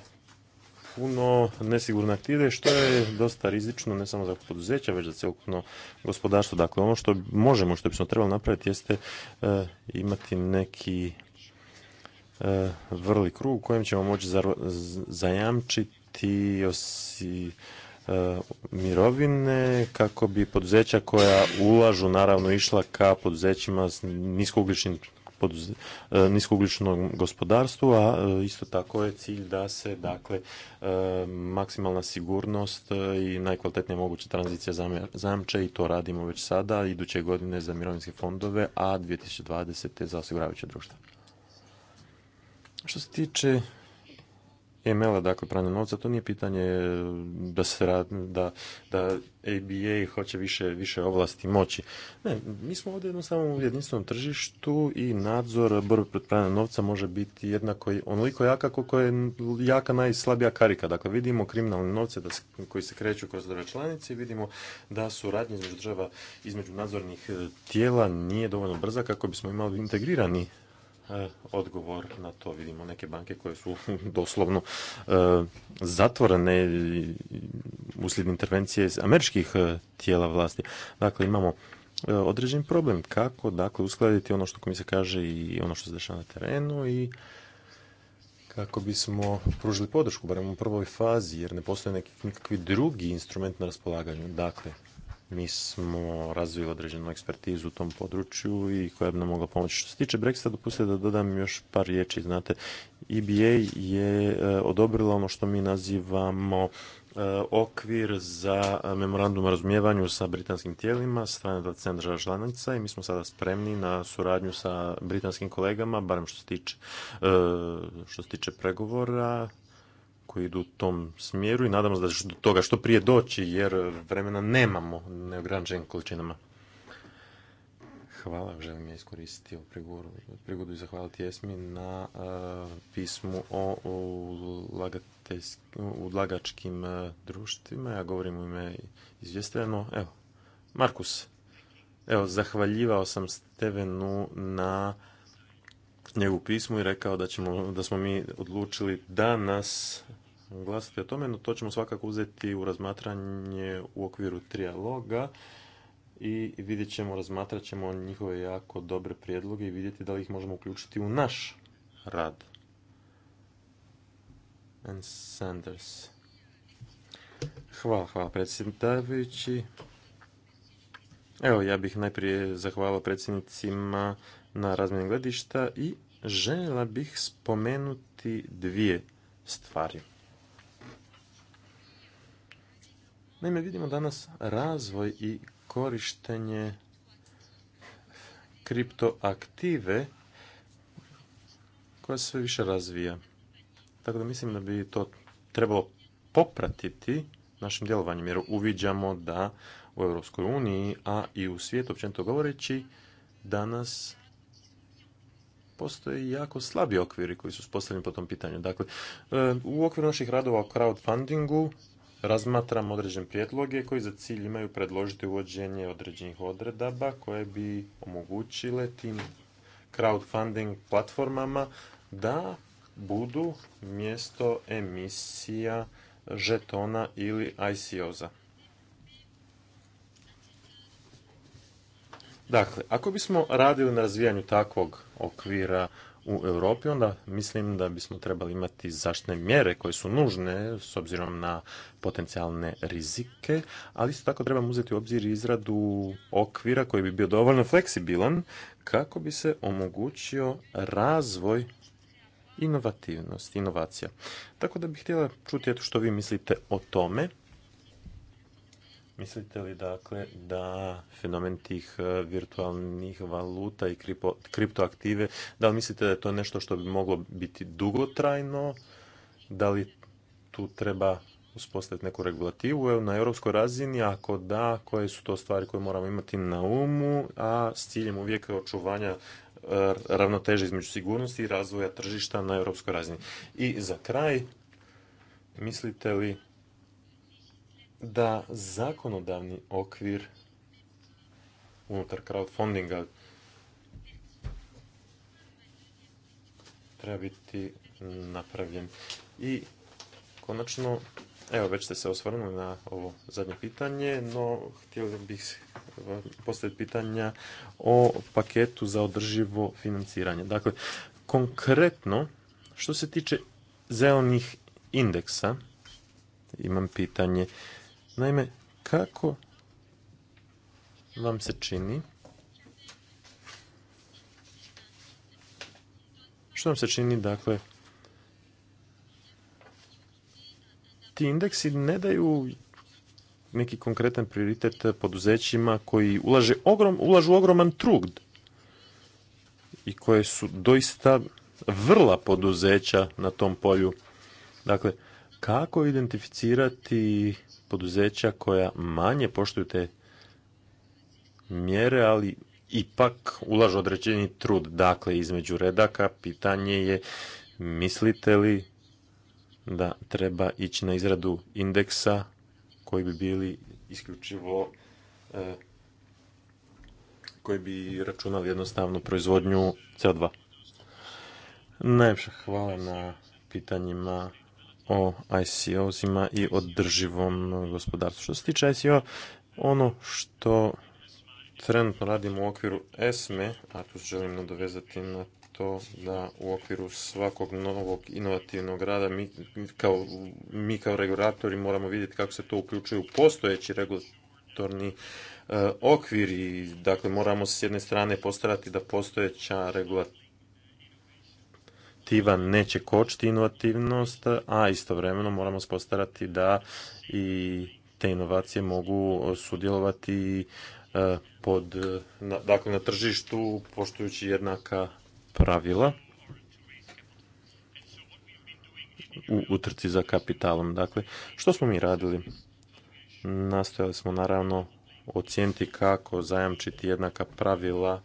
puno nesigurne aktive, što je dosta rizično ne samo za poduzeća, već za cijelokupno gospodarstvo. Dakle, ono što možemo, što bismo trebali napraviti jeste e, imati neki E, vrli krug u kojem ćemo moći zajamčiti osi, e, mirovine kako bi poduzeća koja ulažu naravno išla ka poduzećima s niskougličnim e, gospodarstvu, a isto tako je cilj da se dakle maksimalna sigurnost i najkvalitetnija moguća tranzicija zajamče i to radimo već sada, iduće godine za mirovinske fondove, a 2020. za osiguravajuće društva. Što se tiče ml a dakle pranja novca, to nije pitanje e, da se rad, da, da ABA hoće više, više ovlasti moći. Ne, mi smo ovdje jednostavno u jedinstvenom tržištu i nadzor borbe protiv pranja novca može biti jednako onoliko jaka koliko je jaka najslabija karika. Dakle, vidimo kriminalne novce da koji se kreću kroz države članice i vidimo da suradnja između država između nadzornih e, tijela nije dovoljno brza kako bismo imali integrirani E, odgovor na to. Vidimo neke banke koje su doslovno e, zatvorene uslijed intervencije američkih e, tijela vlasti. Dakle, imamo određen problem kako dakle uskladiti ono što komisija kaže i ono što se dešava na terenu i kako bismo pružili podršku barem u prvoj fazi jer ne postoje neki, drugi instrument na raspolaganju. Dakle, mi smo razvili određenu ekspertizu u tom području i koja bi nam mogla pomoći. Što se tiče Brexita, dopustite da dodam još par riječi. Znate, EBA je e, odobrila ono što mi nazivamo e, okvir za memorandum o razumijevanju sa britanskim tijelima, strane 27 država članica i mi smo sada spremni na suradnju sa britanskim kolegama, barem što se tiče, e, što se tiče pregovora koji idu u tom smjeru i nadamo se da će do toga što prije doći jer vremena nemamo neograničenim količinama. Hvala, želim ja iskoristiti ovu prigodu, prigodu i zahvaliti Jesmi na e, pismu o ulagačkim uh, društvima. Ja govorim u ime izvjesteno. Evo, Markus, evo, zahvaljivao sam Stevenu na njegovu pismu i rekao da, ćemo, da smo mi odlučili da nas glasati o tome, no to ćemo svakako uzeti u razmatranje u okviru trijaloga i vidjet ćemo, razmatrat ćemo njihove jako dobre prijedloge i vidjeti da li ih možemo uključiti u naš rad. And Sanders. Hvala, hvala predsjedavajući. Evo, ja bih najprije zahvalio predsjednicima na razmjeni gledišta i željela bih spomenuti dvije stvari. Naime, vidimo danas razvoj i korištenje kriptoaktive koja se sve više razvija. Tako da mislim da bi to trebalo popratiti našim djelovanjem, jer uviđamo da u Europskoj uniji, a i u svijetu, općenito govoreći, danas postoje jako slabi okviri koji su postavljeni po tom pitanju. Dakle, e, u okviru naših radova o crowdfundingu razmatram određene prijedloge koji za cilj imaju predložiti uvođenje određenih odredaba koje bi omogućile tim crowdfunding platformama da budu mjesto emisija žetona ili ICO-za. Dakle, ako bismo radili na razvijanju takvog okvira u Europi, onda mislim da bismo trebali imati zaštne mjere koje su nužne s obzirom na potencijalne rizike, ali isto tako trebamo uzeti u obzir izradu okvira koji bi bio dovoljno fleksibilan kako bi se omogućio razvoj inovativnosti, inovacija. Tako da bih htjela čuti što vi mislite o tome Mislite li dakle da fenomen tih e, virtualnih valuta i kriptoaktive, da li mislite da je to nešto što bi moglo biti dugotrajno? Da li tu treba uspostaviti neku regulativu na europskoj razini, ako da, koje su to stvari koje moramo imati na umu, a s ciljem uvijek očuvanja e, ravnoteže između sigurnosti i razvoja tržišta na europskoj razini. I za kraj, mislite li da zakonodavni okvir unutar crowdfundinga treba biti napravljen. I konačno, evo već ste se osvrnuli na ovo zadnje pitanje, no htio bih postaviti pitanja o paketu za održivo financiranje. Dakle, konkretno, što se tiče zelenih indeksa, imam pitanje Naime, kako vam se čini? Što vam se čini, dakle, ti indeksi ne daju neki konkretan prioritet poduzećima koji ulaže ulažu ogroman trud i koje su doista vrla poduzeća na tom polju. Dakle, kako identificirati poduzeća koja manje poštuju te mjere, ali ipak ulažu određeni trud. Dakle, između redaka pitanje je mislite li da treba ići na izradu indeksa koji bi bili isključivo e, koji bi računali jednostavnu proizvodnju CO2. Najpša hvala na pitanjima o ICO-zima i održivom gospodarstvu. Što se tiče ICO, ono što trenutno radimo u okviru ESME, e, a tu želim nadovezati na to da u okviru svakog novog inovativnog rada mi kao, regulatori moramo vidjeti kako se to uključuje u postojeći regulatorni okviri. E, okvir i dakle moramo s jedne strane postarati da postojeća regulatorna inovativan neće kočiti inovativnost, a istovremeno moramo spostarati da i te inovacije mogu sudjelovati e, pod, dakle, na tržištu poštujući jednaka pravila u utrci za kapitalom. Dakle, što smo mi radili? Nastojali smo naravno ocijeniti kako zajamčiti jednaka pravila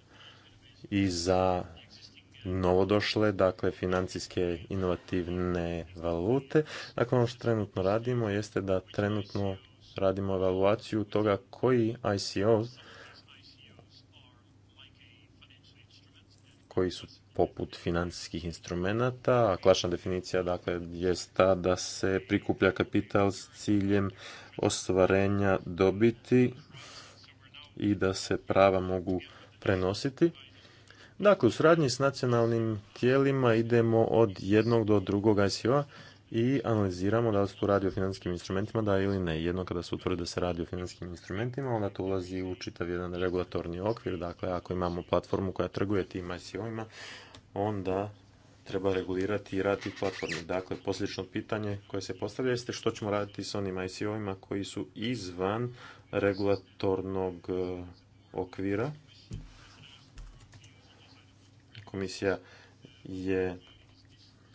i za novodošle, dakle financijske inovativne valute. Dakle, ono što trenutno radimo jeste da trenutno radimo evaluaciju toga koji ICO koji su poput financijskih instrumenata, a klasična definicija dakle je ta da se prikuplja kapital s ciljem ostvarenja dobiti i da se prava mogu prenositi. Dakle, u suradnji s nacionalnim tijelima idemo od jednog do drugog ICO-a i analiziramo da li se tu radi o financijskim instrumentima, da ili ne. Jedno kada se utvrdi da se radi o financijskim instrumentima, onda to ulazi u čitav jedan regulatorni okvir. Dakle, ako imamo platformu koja trguje tim ICO-ima, onda treba regulirati i rad tih platformi. Dakle, posljedično pitanje koje se postavlja jeste što ćemo raditi s onim ICO-ima koji su izvan regulatornog eh, okvira komisija je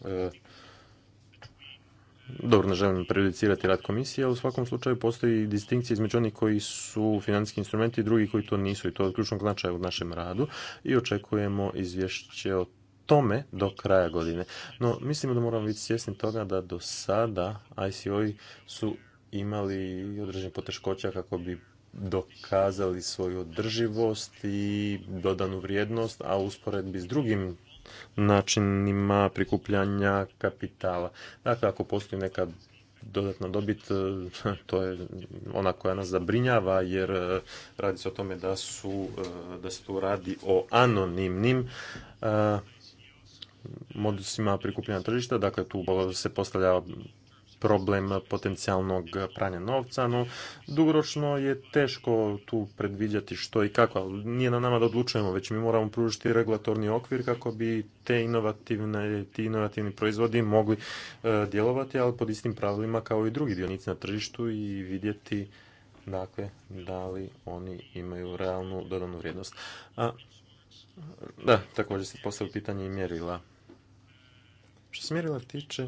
e, dobro, ne želim prejudicirati rad komisije, ali u svakom slučaju postoji distinkcija između onih koji su financijski instrumenti i drugi koji to nisu i to je od ključnog značaja u našem radu i očekujemo izvješće o tome do kraja godine. No, mislimo da moramo biti svjesni toga da do sada ICO su imali određene poteškoća kako bi dokazali svoju održivost i dodanu vrijednost, a usporedbi s drugim načinima prikupljanja kapitala. Dakle, ako postoji neka dodatna dobit, to je ona koja nas zabrinjava jer e, radi se o tome da su, e, da se tu radi o anonimnim e, modusima prikupljanja tržišta, dakle tu se postavlja problem potencijalnog pranja novca, no dugoročno je teško tu predviđati što i kako, ali nije na nama da odlučujemo, već mi moramo pružiti regulatorni okvir kako bi te inovativne, ti inovativni proizvodi mogli e, djelovati, ali pod istim pravilima kao i drugi dionici na tržištu i vidjeti dakle, da li oni imaju realnu dodanu vrijednost. A, da, također se postavio pitanje i mjerila. Što se mjerila tiče,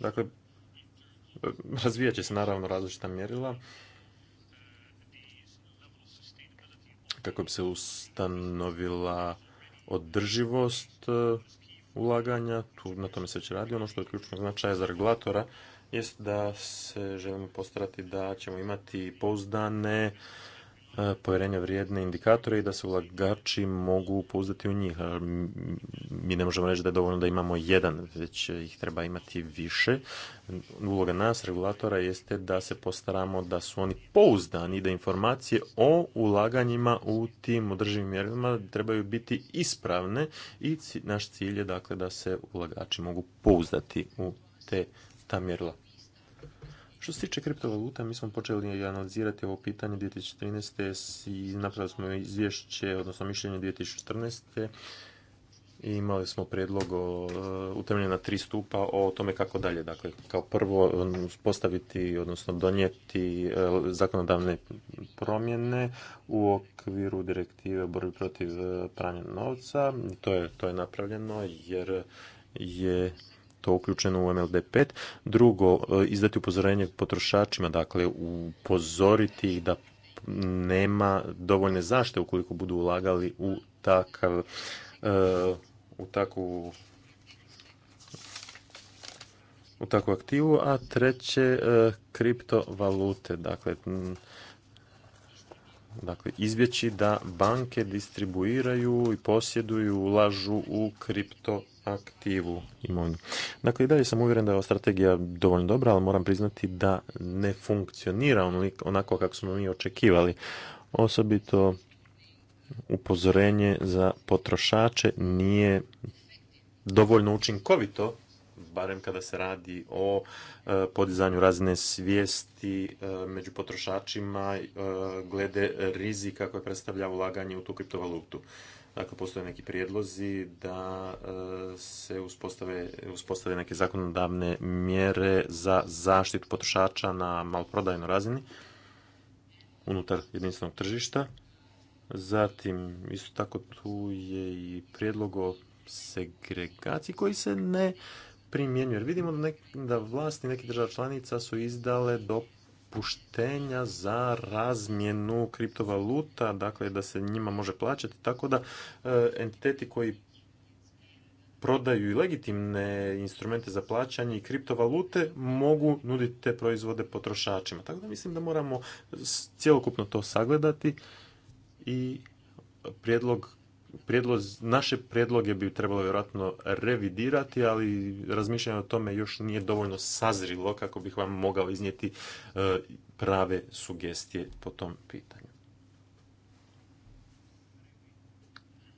Dakle, razvijat će se naravno različita mjerila kako bi se ustanovila održivost e, ulaganja, tu na tome se već radi. Ono što je ključno značaja za regulatora jest da se želimo postarati da ćemo imati pouzdane povjerenja vrijedne indikatore i da se ulagači mogu pouzdati u njih. Mi ne možemo reći da je dovoljno da imamo jedan, već ih treba imati više. Uloga nas, regulatora, jeste da se postaramo da su oni pouzdani, da informacije o ulaganjima u tim održivim mjerilima trebaju biti ispravne i naš cilj je dakle da se ulagači mogu pouzdati u te ta mjerila. Što se tiče kriptovaluta, mi smo počeli analizirati ovo pitanje 2013. i napravili smo izvješće, odnosno mišljenje 2014. I imali smo prijedlog o, na tri stupa o tome kako dalje. Dakle, kao prvo um, postaviti, odnosno donijeti e, zakonodavne promjene u okviru direktive o borbi protiv e, pranja novca. To je, to je napravljeno jer je to uključeno u MLD5. Drugo, e, izdati upozorenje potrošačima, dakle upozoriti ih da nema dovoljne zašte ukoliko budu ulagali u takav e, u takvu u takvu aktivu, a treće e, kriptovalute. Dakle, dakle, izbjeći da banke distribuiraju i posjeduju, ulažu u kripto aktivu imovinu. Dakle, i dalje sam uvjeren da je ova strategija dovoljno dobra, ali moram priznati da ne funkcionira onako kako smo mi očekivali. Osobito upozorenje za potrošače nije dovoljno učinkovito, barem kada se radi o e, podizanju razine svijesti e, među potrošačima e, glede rizika koje predstavlja ulaganje u tu kriptovalutu. Dakle, postoje neki prijedlozi da e, se uspostave, uspostave neke zakonodavne mjere za zaštitu potrošača na maloprodajnoj razini unutar jedinstvenog tržišta. Zatim, isto tako tu je i prijedlog o segregaciji koji se ne primjenjuje. Jer vidimo da, nek, da vlasti nekih država članica su izdale do dopuštenja za razmjenu kriptovaluta, dakle da se njima može plaćati, tako da e, entiteti koji prodaju i legitimne instrumente za plaćanje i kriptovalute mogu nuditi te proizvode potrošačima. Tako da mislim da moramo cjelokupno to sagledati i prijedlog naše predloge bi trebalo vjerojatno revidirati, ali razmišljanje o tome još nije dovoljno sazrilo kako bih vam mogao iznijeti e, prave sugestije po tom pitanju.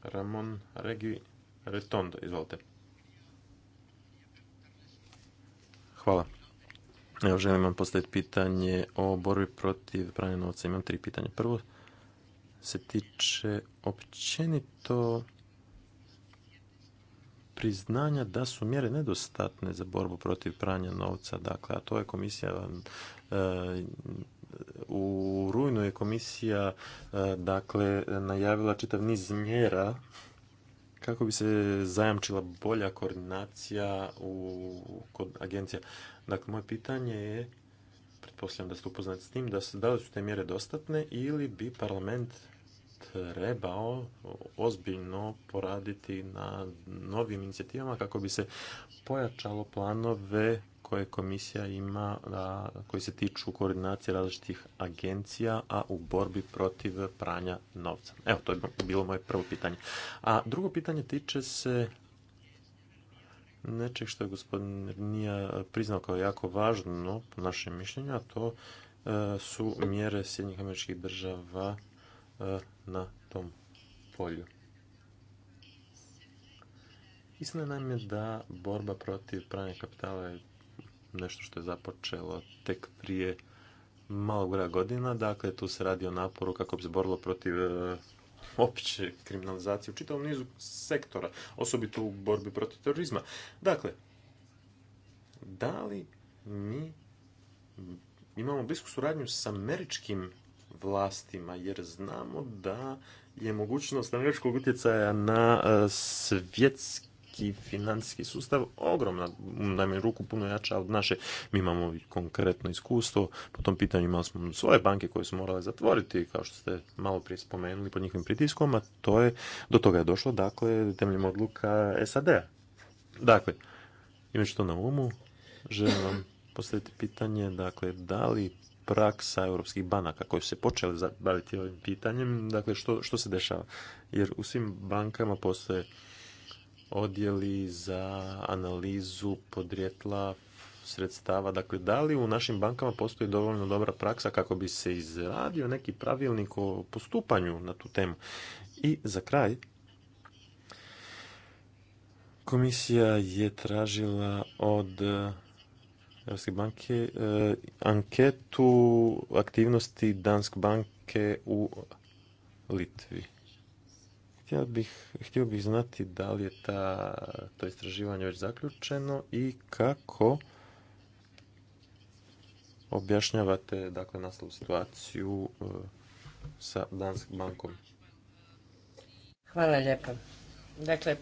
Ramon Regi Retondo, izvolite. Hvala. Evo, želim vam postaviti pitanje o borbi protiv pranja novca. Imam tri pitanja. Prvo, se tiče općenito priznanja da su mjere nedostatne za borbu protiv pranja novca. Dakle, a to je komisija e, u rujnu je komisija e, dakle najavila čitav niz mjera kako bi se zajamčila bolja koordinacija u, kod agencija. Dakle, moje pitanje je, pretpostavljam da ste upoznati s tim, da, se, da li su te mjere dostatne ili bi parlament trebao ozbiljno poraditi na novim inicijativama kako bi se pojačalo planove koje komisija ima koji se tiču koordinacije različitih agencija, a u borbi protiv pranja novca. Evo, to je bilo moje prvo pitanje. A drugo pitanje tiče se nečeg što je gospodin Nija priznao kao jako važno po našem mišljenju, a to e, su mjere Sjednjih američkih država E, na tom polju. Istina nam je da borba protiv pranja kapitala je nešto što je započelo tek prije malog broja godina. Dakle, tu se radi o naporu kako bi se borilo protiv e, opće kriminalizacije u čitavom nizu sektora, osobito u borbi protiv terorizma. Dakle, da li mi imamo blisku suradnju s američkim vlastima, jer znamo da je mogućnost američkog utjecaja na e, svjetski financijski sustav ogromna, je ruku puno jača od naše. Mi imamo konkretno iskustvo, po tom pitanju imali smo svoje banke koje su morale zatvoriti, kao što ste malo prije spomenuli pod njihovim pritiskom, a to je, do toga je došlo, dakle, temeljem odluka SAD-a. Dakle, imajući to na umu, želim vam postaviti pitanje, dakle, da li praksa europskih banaka koji su se počeli baviti ovim pitanjem, dakle što, što se dešava? Jer u svim bankama postoje odjeli za analizu podrijetla sredstava. Dakle, da li u našim bankama postoji dovoljno dobra praksa kako bi se izradio neki pravilnik o postupanju na tu temu? I za kraj, komisija je tražila od Europske banke e, anketu aktivnosti Dansk banke u Litvi. Htio bih, znati da li je ta, to istraživanje već zaključeno i kako objašnjavate dakle situaciju e, sa Dansk bankom.
Hvala lijepa. Dakle,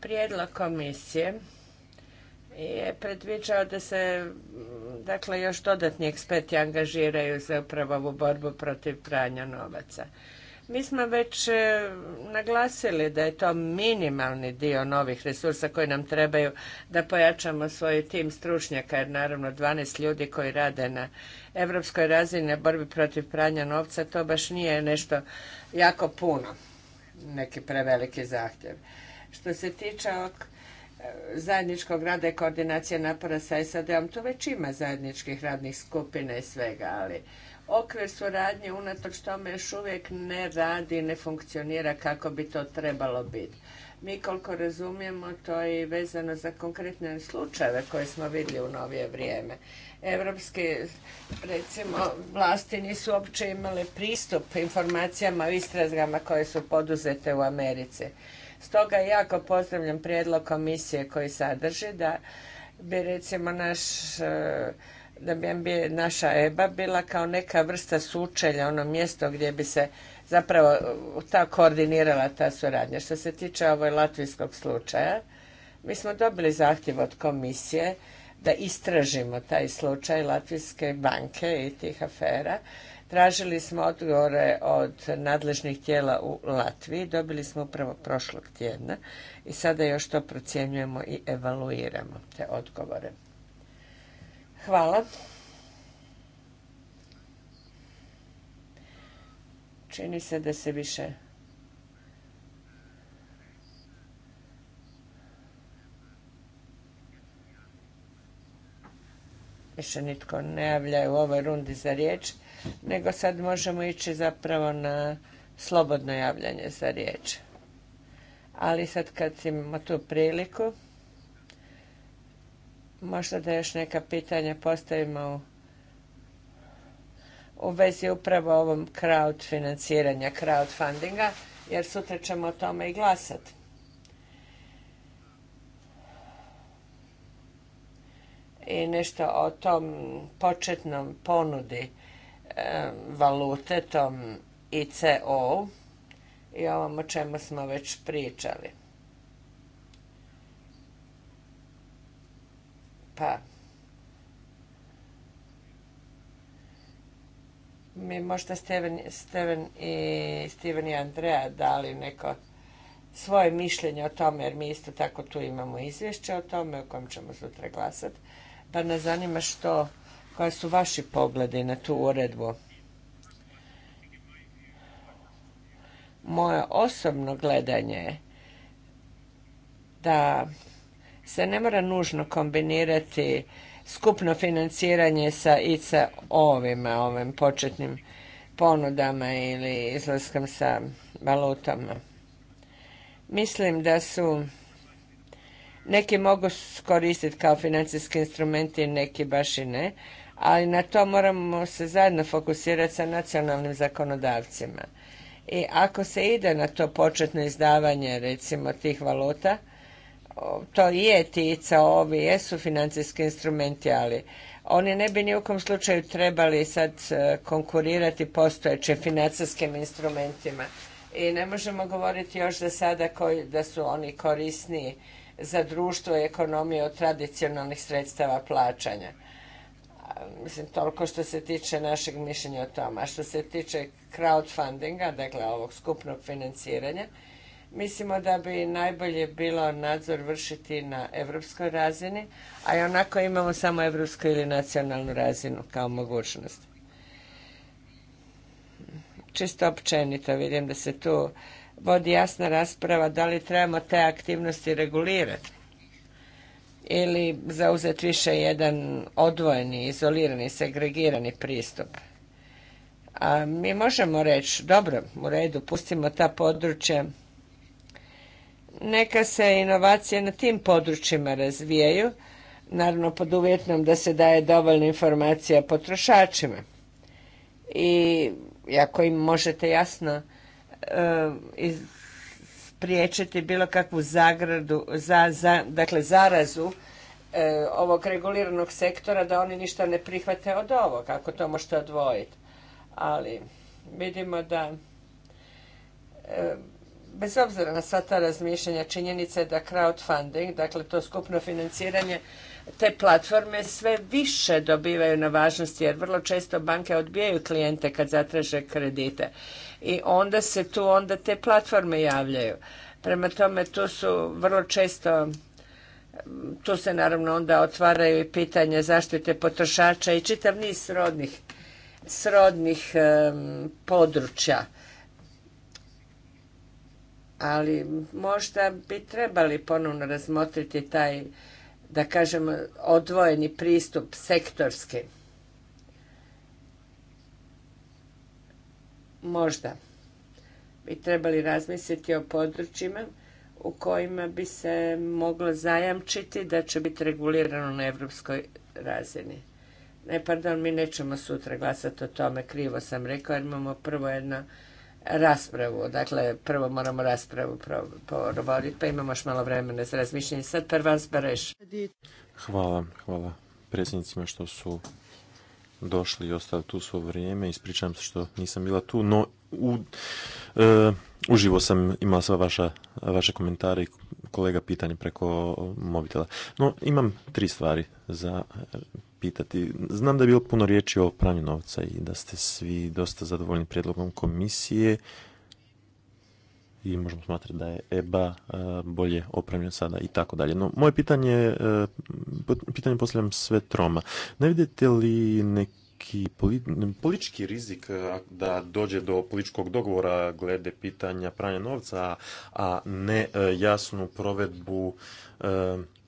prijedlog komisije je predviđao da se dakle još dodatni eksperti angažiraju za upravo ovu borbu protiv pranja novaca. Mi smo već e, naglasili da je to minimalni dio novih resursa koji nam trebaju da pojačamo svoj tim stručnjaka, jer naravno 12 ljudi koji rade na evropskoj razini na borbi protiv pranja novca, to baš nije nešto jako puno, neki preveliki zahtjev. Što se tiče zajedničkog rada i koordinacije napora sa SAD-om. Tu već ima zajedničkih radnih skupina i svega, ali okvir suradnje unatoč tome još uvijek ne radi, ne funkcionira kako bi to trebalo biti. Mi koliko razumijemo to je i vezano za konkretne slučajeve koje smo vidjeli u novije vrijeme. Evropske, recimo, vlasti nisu uopće imale pristup informacijama o istrazgama koje su poduzete u Americi. Stoga jako pozdravljam prijedlog komisije koji sadrži da bi recimo naš eh, da bi naša EBA bila kao neka vrsta sučelja, ono mjesto gdje bi se zapravo eh, ta koordinirala ta suradnja. Što se tiče ovog latvijskog slučaja, mi smo dobili zahtjev od komisije da istražimo taj slučaj Latvijske banke i tih afera Tražili smo odgovore od nadležnih tijela u Latviji, dobili smo upravo prošlog tjedna i sada još to procjenjujemo i evaluiramo, te odgovore. Hvala. Čini se da se više... Više nitko ne javlja u ovoj rundi za riječ nego sad možemo ići zapravo na slobodno javljanje za riječ. Ali sad kad imamo tu priliku, možda da još neka pitanja postavimo u, u vezi upravo ovom crowd financiranja, crowdfundinga, jer sutra ćemo o tome i glasati. i nešto o tom početnom ponudi E, valute, i ICO i ovom o čemu smo već pričali. Pa, mi možda Steven, Steven i Steven i Andreja dali neko svoje mišljenje o tome, jer mi isto tako tu imamo izvješće o tome o kojem ćemo sutra glasati. Pa nas zanima što koji su vaši pogledi na tu uredbu? Moje osobno gledanje je da se ne mora nužno kombinirati skupno financiranje sa ICA ovima, ovim početnim ponudama ili izlaskom sa valutama. Mislim da su neki mogu koristiti kao financijski instrumenti, neki baš i ne, ali na to moramo se zajedno fokusirati sa nacionalnim zakonodavcima. I ako se ide na to početno izdavanje recimo tih valuta, to je tica, ovi jesu financijski instrumenti, ali oni ne bi ni u kom slučaju trebali sad e, konkurirati postojećim financijskim instrumentima. I ne možemo govoriti još za sada koji, da su oni korisniji za društvo i ekonomiju od tradicionalnih sredstava plaćanja. Mislim, toliko što se tiče našeg mišljenja o tom. A što se tiče crowdfundinga, dakle ovog skupnog financiranja, mislimo da bi najbolje bilo nadzor vršiti na evropskoj razini, a i onako imamo samo evropsku ili nacionalnu razinu kao mogućnost. Čisto općenito vidim da se tu vodi jasna rasprava da li trebamo te aktivnosti regulirati ili zauzeti više jedan odvojeni, izolirani, segregirani pristup. A mi možemo reći, dobro, u redu, pustimo ta područja, neka se inovacije na tim područjima razvijaju, naravno pod uvjetnom da se daje dovoljna informacija potrošačima. I ako im možete jasno E, spriječiti bilo kakvu zagradu, za, za, dakle zarazu e, ovog reguliranog sektora da oni ništa ne prihvate od ovog, ako to možete odvojiti. Ali vidimo da e, bez obzira na sva ta razmišljanja, činjenica je da crowdfunding, dakle to skupno financiranje, te platforme sve više dobivaju na važnosti jer vrlo često banke odbijaju klijente kad zatraže kredite i onda se tu onda te platforme javljaju. Prema tome tu su vrlo često tu se naravno onda otvaraju i pitanje zaštite potrošača i čitav niz srodnih, srodnih područja. Ali možda bi trebali ponovno razmotriti taj da kažemo, odvojeni pristup sektorski. Možda bi trebali razmisliti o područjima u kojima bi se moglo zajamčiti da će biti regulirano na evropskoj razini. Ne, pardon, mi nećemo sutra glasati o tome, krivo sam rekao, jer imamo prvo jedno raspravu. Dakle, prvo moramo raspravu provoditi, pa imamo još malo vremena za razmišljanje. Sad Pervans Bareš.
Hvala, hvala predsjednicima što su došli i ostali tu svo vrijeme. Ispričavam se što nisam bila tu, no u, e, uživo sam imala sva vaša, vaše komentare i kolega pitanje preko mobitela. No, imam tri stvari za e, pitati. Znam da je bilo puno riječi o pranju novca i da ste svi dosta zadovoljni prijedlogom komisije i možemo smatrati da je EBA e, bolje opremljen sada i tako dalje. No, moje pitanje, e, pitanje postavljam sve troma. Ne vidite li neki i politički rizik eh, da dođe do političkog dogovora glede pitanja pranja novca, a ne eh, jasnu provedbu eh,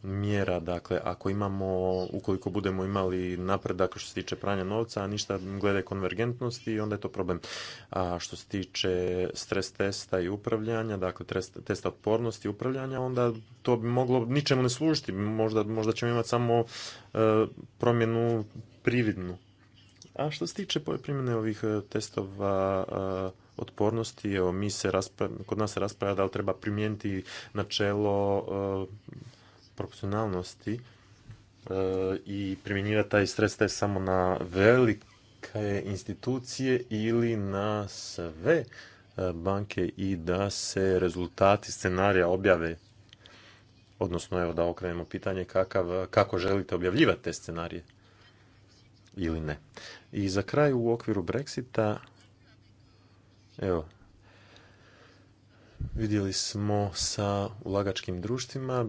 mjera. Dakle, ako imamo, ukoliko budemo imali napredak što se tiče pranja novca, a ništa glede konvergentnosti, onda je to problem. A što se tiče stres testa i upravljanja, dakle, testa otpornosti i upravljanja, onda to bi moglo ničemu ne služiti. Možda, ćemo imati samo promjenu prividnu. A što se tiče primjene ovih e, testova e, otpornosti, evo, mi se kod nas se raspravlja da li treba primijeniti načelo e, profesionalnosti proporcionalnosti i primjenjivati taj stres test samo na velike institucije ili na sve banke i da se rezultati scenarija objave odnosno evo da okrenemo pitanje kakav, kako želite objavljivati te scenarije ili ne. I za kraj u okviru Brexita, evo, vidjeli smo sa ulagačkim društvima,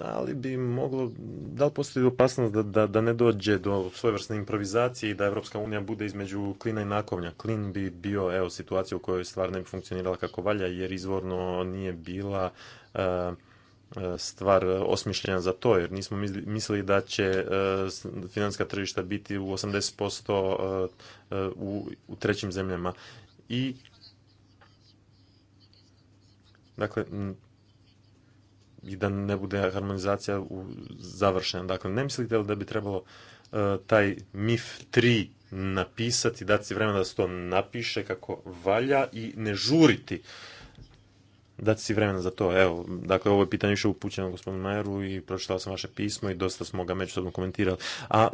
ali bi moglo, da li postoji opasnost da, da, da ne dođe do svojevrsne improvizacije i da Evropska unija bude između klina i nakovnja. Klin bi bio, evo, situacija u kojoj stvar ne bi funkcionirala kako valja, jer izvorno nije bila... Eh, E, stvar e, osmišljena za to, jer nismo mislili da će e, financijska tržišta biti u 80% u, u trećim zemljama. I dakle, i da ne bude harmonizacija završena. Dakle, ne mislite li da bi trebalo taj MIF 3 napisati, dati si vremena da se to napiše kako valja i ne žuriti dati si vremena za to. Evo, dakle, ovo je pitanje više upućeno gospodinu Majeru i pročitao sam vaše pismo i dosta smo ga međusobno komentirali. A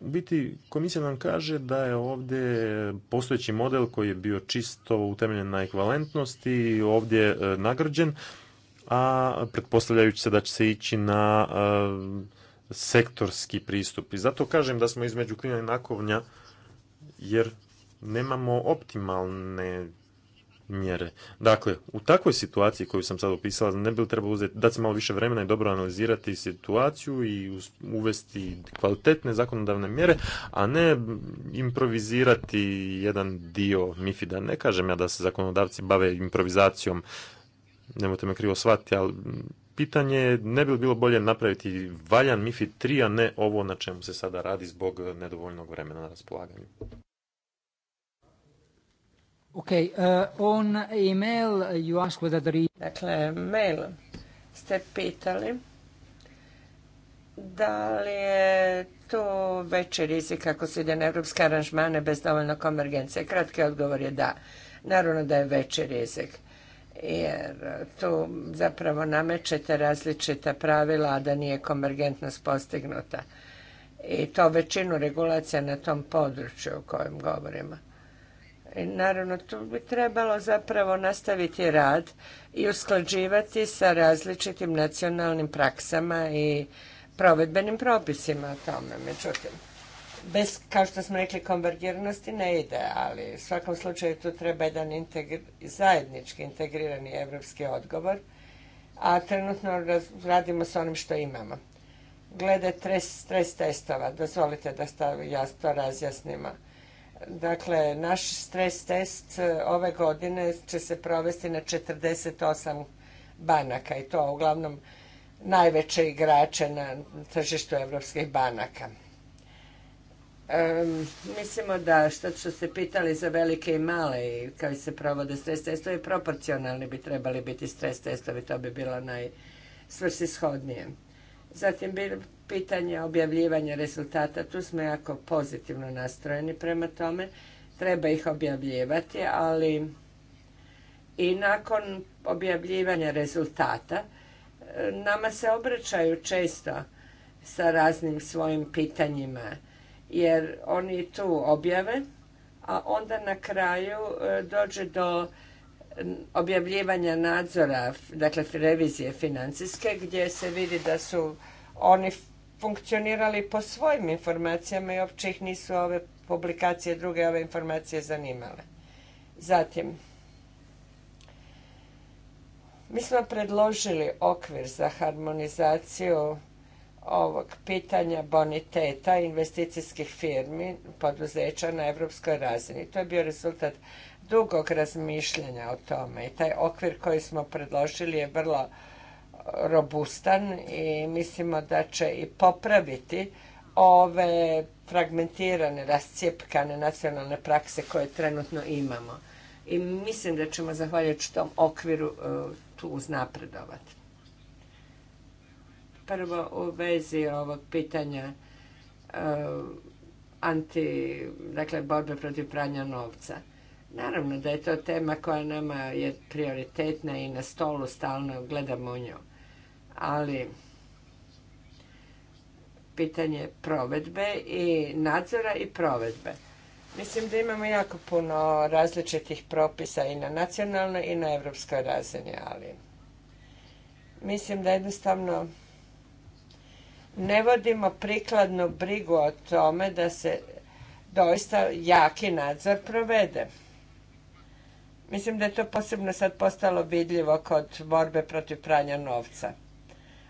u biti, komisija nam kaže da je ovdje postojeći model koji je bio čisto utemeljen na ekvalentnosti, ovdje e, nagrađen, a pretpostavljajući se da će se ići na e, sektorski pristup. I zato kažem da smo između klina i nakovnja, jer nemamo optimalne mjere. Dakle, u takvoj situaciji koju sam sad opisala, ne bi li trebalo uzeti, da se malo više vremena i dobro analizirati situaciju i uvesti kvalitetne zakonodavne mjere, a ne improvizirati jedan dio MIFID-a. Ne kažem ja da se zakonodavci bave improvizacijom, nemojte me krivo shvatiti, ali pitanje je ne bi li bilo bolje napraviti valjan MIFID 3, a ne ovo na čemu se sada radi zbog nedovoljnog vremena na raspolaganju.
Okay, eh, on
email you whether Dakle, mail ste pitali da li je tu veći rizik ako se ide na evropske aranžmane bez dovoljno konvergencije? Kratki odgovor je da. Naravno da je veći rizik. Jer tu zapravo namećete različita pravila, a da nije konvergentnost postignuta. I to većinu regulacija na tom području o kojem govorimo. I naravno, tu bi trebalo zapravo nastaviti rad i usklađivati sa različitim nacionalnim praksama i provedbenim propisima o tome. Međutim, bez, kao što smo rekli, konvergiranosti ne ide, ali u svakom slučaju tu treba jedan zajednički integrirani evropski odgovor, a trenutno radimo s onim što imamo. Glede stres testova, dozvolite da stav, ja to razjasnimo Dakle, naš stres test e, ove godine će se provesti na 48 banaka i to uglavnom najveće igrače na tržištu evropskih banaka. mislimo da što što ste pitali za velike i male i kao se provode stres testovi, proporcionalni bi trebali biti stres testovi, to bi bilo najsvrsishodnije. Zatim bilo pitanje objavljivanja rezultata, tu smo jako pozitivno nastrojeni prema tome, treba ih objavljivati, ali i nakon objavljivanja rezultata e, nama se obraćaju često sa raznim svojim pitanjima, jer oni tu objave, a onda na kraju e, dođe do objavljivanja nadzora, dakle revizije financijske, gdje se vidi da su oni funkcionirali po svojim informacijama i uopće ih nisu ove publikacije, druge ove informacije zanimale. Zatim, mi smo predložili okvir za harmonizaciju ovog pitanja boniteta investicijskih firmi, poduzeća na evropskoj razini. To je bio rezultat dugog razmišljanja o tome i taj okvir koji smo predložili je vrlo robustan i mislimo da će i popraviti ove fragmentirane, rascijepkane nacionalne prakse koje trenutno imamo. I mislim da ćemo zahvaljujući tom okviru e, tu uznapredovati. Prvo u vezi ovog pitanja e, anti, dakle borbe protiv pranja novca. Naravno da je to tema koja nama je prioritetna i na stolu stalno gledamo nju. Ali pitanje provedbe i nadzora i provedbe. Mislim da imamo jako puno različitih propisa i na nacionalnoj i na evropskoj razini, ali mislim da jednostavno ne vodimo prikladnu brigu o tome da se doista jaki nadzor provede. Mislim da je to posebno sad postalo vidljivo kod borbe protiv pranja novca.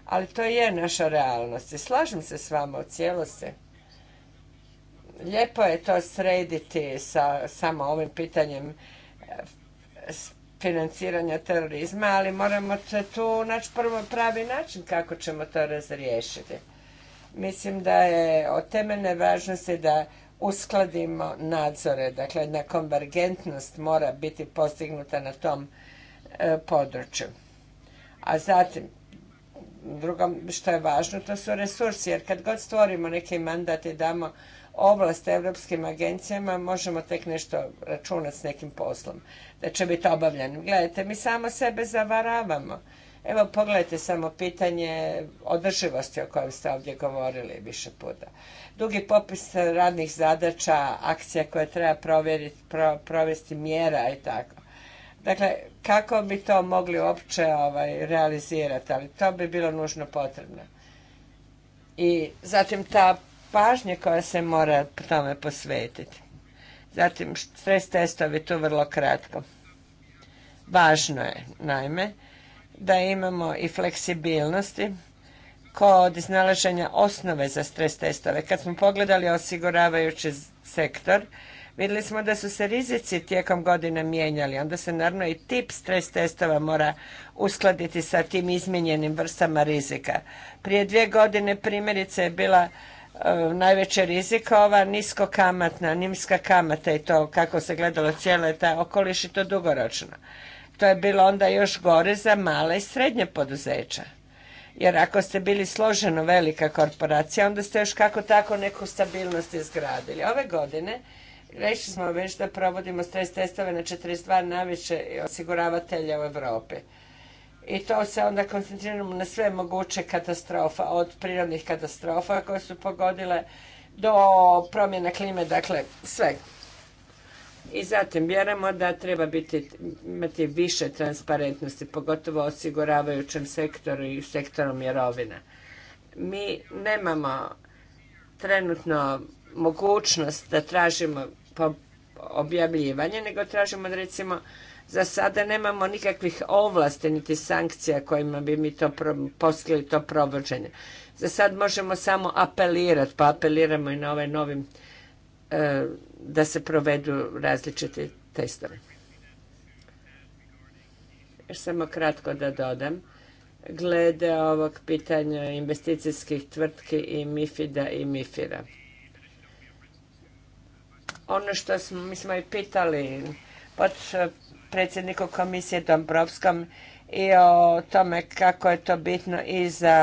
Ali to je naša realnost i slažem se s vama u cijelosti. Lijepo je to srediti sa samo ovim pitanjem e, financiranja terorizma, ali moramo se tu naći prvo pravi način kako ćemo to razriješiti. Mislim da je od temeljne važnosti da uskladimo nadzore. Dakle, jedna konvergentnost mora biti postignuta na tom e, području. A zatim, drugo što je važno, to su resursi, jer kad god stvorimo neki mandat i damo ovlast europskim agencijama, možemo tek nešto računati s nekim poslom, da će biti obavljen. Gledajte, mi samo sebe zavaravamo. Evo pogledajte samo pitanje održivosti o kojem ste ovdje govorili više puta. Dugi popis radnih zadaća, akcija koje treba provjeriti, provesti mjera i tako. Dakle, kako bi to mogli uopće ovaj, realizirati, ali to bi bilo nužno potrebno. I zatim ta pažnja koja se mora tome posvetiti. Zatim, stres testovi tu vrlo kratko. Važno je, naime, da imamo i fleksibilnosti kod iznalaženja osnove za stres testove. Kad smo pogledali osiguravajući sektor, vidjeli smo da su se rizici tijekom godina mijenjali. Onda se naravno i tip stres testova mora uskladiti sa tim izmijenjenim vrstama rizika. Prije dvije godine primjerice je bila e, najveća rizika ova nisko kamatna, nimska kamata i to kako se gledalo cijela ta okoliš i to dugoročno. To je bilo onda još gore za male i srednje poduzeća. Jer ako ste bili složeno velika korporacija, onda ste još kako tako neku stabilnost izgradili. Ove godine Reći smo već da provodimo stres testove na 42 najveće osiguravatelja u Europi. I to se onda koncentriramo na sve moguće katastrofa, od prirodnih katastrofa koje su pogodile do promjena klime, dakle sve. I zatim vjerujemo da treba biti, imati više transparentnosti, pogotovo osiguravajućem sektoru i sektoru mjerovina. Mi nemamo trenutno mogućnost da tražimo objavljivanje, nego tražimo da recimo za sada nemamo nikakvih ovlasti niti sankcija kojima bi mi to poslili to provođenje. Za sad možemo samo apelirati, pa apeliramo i na ovaj novim e, da se provedu različiti testove. Još samo kratko da dodam. Glede ovog pitanja investicijskih tvrtki i MIFID-a i MIFIR-a. Ono što smo, mi smo i pitali pod predsjedniku komisije Dombrovskom i o tome kako je to bitno i za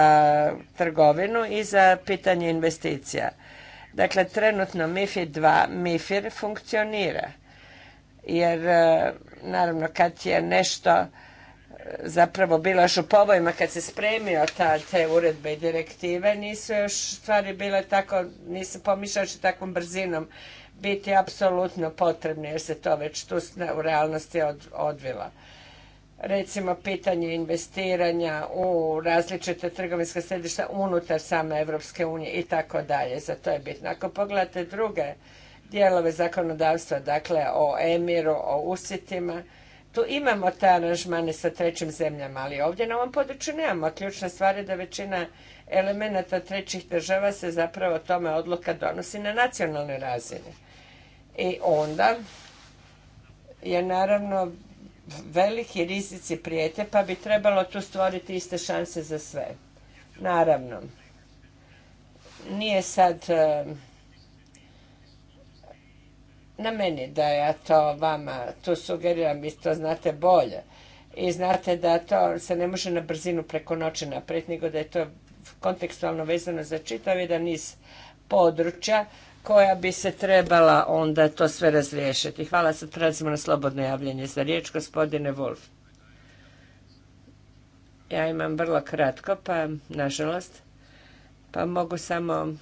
trgovinu i za pitanje investicija. Dakle, trenutno MIFID 2, MIFIR funkcionira. Jer, e, naravno, kad je nešto e, zapravo bilo još u povojima kad se spremio ta, te uredbe i direktive, nisu još stvari bile tako, nisu pomišljao će takvom brzinom biti apsolutno potrebni jer se to već tu u realnosti od, odvila recimo pitanje investiranja u različite trgovinska središta unutar same Europske unije i tako dalje. Za to je bitno. Ako pogledate druge dijelove zakonodavstva, dakle o emiru, o usjetima, tu imamo te aranžmane sa trećim zemljama, ali ovdje na ovom području nemamo. Ključna stvar je da većina elemenata trećih država se zapravo tome odluka donosi na nacionalnoj razini. I onda je naravno veliki rizici prijete pa bi trebalo tu stvoriti iste šanse za sve. Naravno, nije sad e, na meni da ja to vama tu sugeriram, vi to znate bolje. I znate da to se ne može na brzinu preko noći napraviti, nego da je to kontekstualno vezano za čitav jedan niz područja koja bi se trebala onda to sve razriješiti. Hvala, sad prelazimo na slobodno javljanje za riječ, gospodine Wolf. Ja imam vrlo kratko, pa nažalost, pa mogu samo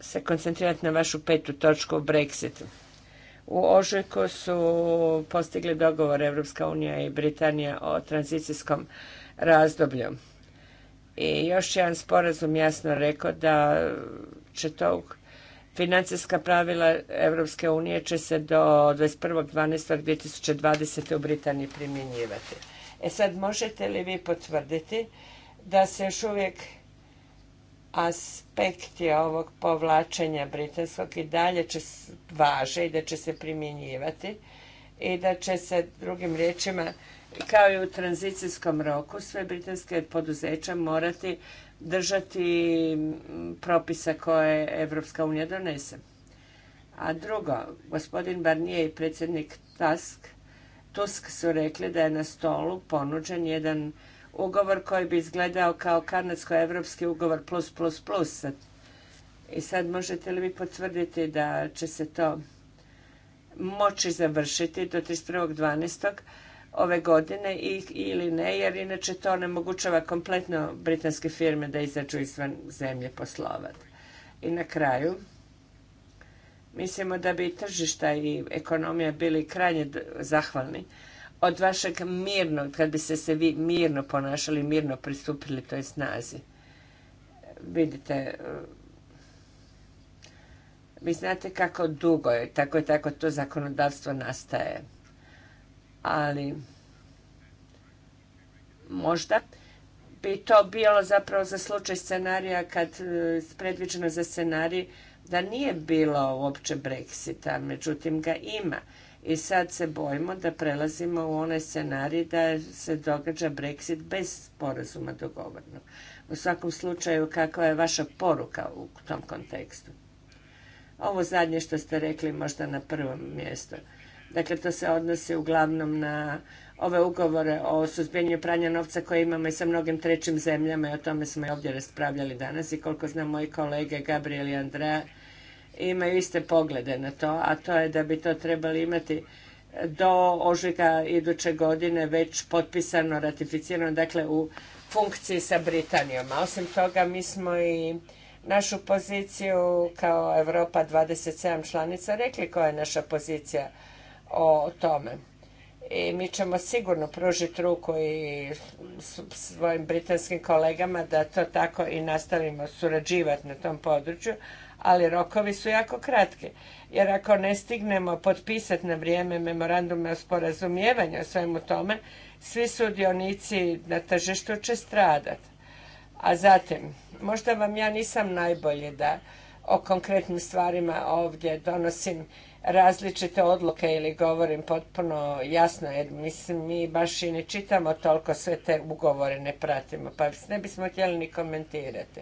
se koncentrirati na vašu petu točku u Brexitu. U ožujku su postigli dogovor Evropska unija i Britanija o tranzicijskom razdoblju i još jedan sporazum jasno rekao da će to financijska pravila Europske unije će se do 21.12.2020. u Britaniji primjenjivati. E sad, možete li vi potvrditi da se još uvijek aspekti ovog povlačenja britanskog i dalje će važe i da će se primjenjivati i da će se drugim riječima kao i u tranzicijskom roku sve britanske poduzeća morati držati propisa koje Evropska unija donese. A drugo, gospodin Barnier i predsjednik Tusk, Tusk su rekli da je na stolu ponuđen jedan ugovor koji bi izgledao kao kanadsko-evropski ugovor plus plus plus. I sad možete li vi potvrditi da će se to moći završiti do 31.12 ove godine ili ne, jer inače to onemogućava kompletno britanske firme da izađu izvan zemlje poslovati. I na kraju, mislimo da bi tržišta i ekonomija bili krajnje zahvalni od vašeg mirnog, kad bi se se vi mirno ponašali, mirno pristupili toj snazi. Vidite, vi znate kako dugo je, tako i tako to zakonodavstvo nastaje ali možda bi to bilo zapravo za slučaj scenarija kad e, predviđeno za scenarij da nije bilo uopće Brexita, međutim ga ima. I sad se bojimo da prelazimo u onaj scenarij da se događa Brexit bez sporazuma dogovornog. U svakom slučaju, kakva je vaša poruka u tom kontekstu? Ovo zadnje što ste rekli možda na prvom mjestu. Dakle, to se odnosi uglavnom na ove ugovore o suzbijanju pranja novca koje imamo i sa mnogim trećim zemljama i o tome smo i ovdje raspravljali danas i koliko znam moji kolege Gabriel i andrea imaju iste poglede na to, a to je da bi to trebali imati do ožujka iduće godine već potpisano, ratificirano, dakle u funkciji sa Britanijom. A osim toga mi smo i našu poziciju kao Europa 27 članica rekli koja je naša pozicija o tome. I mi ćemo sigurno pružiti ruku i svojim britanskim kolegama da to tako i nastavimo surađivati na tom području, ali rokovi su jako kratki. Jer ako ne stignemo potpisati na vrijeme memorandume o sporazumijevanju o svemu tome, svi sudionici na tržištu će stradati. A zatim, možda vam ja nisam najbolji da o konkretnim stvarima ovdje donosim različite odluke ili govorim potpuno jasno jer mislim mi baš i ne čitamo toliko sve te ugovore ne pratimo pa ne bismo htjeli ni komentirati.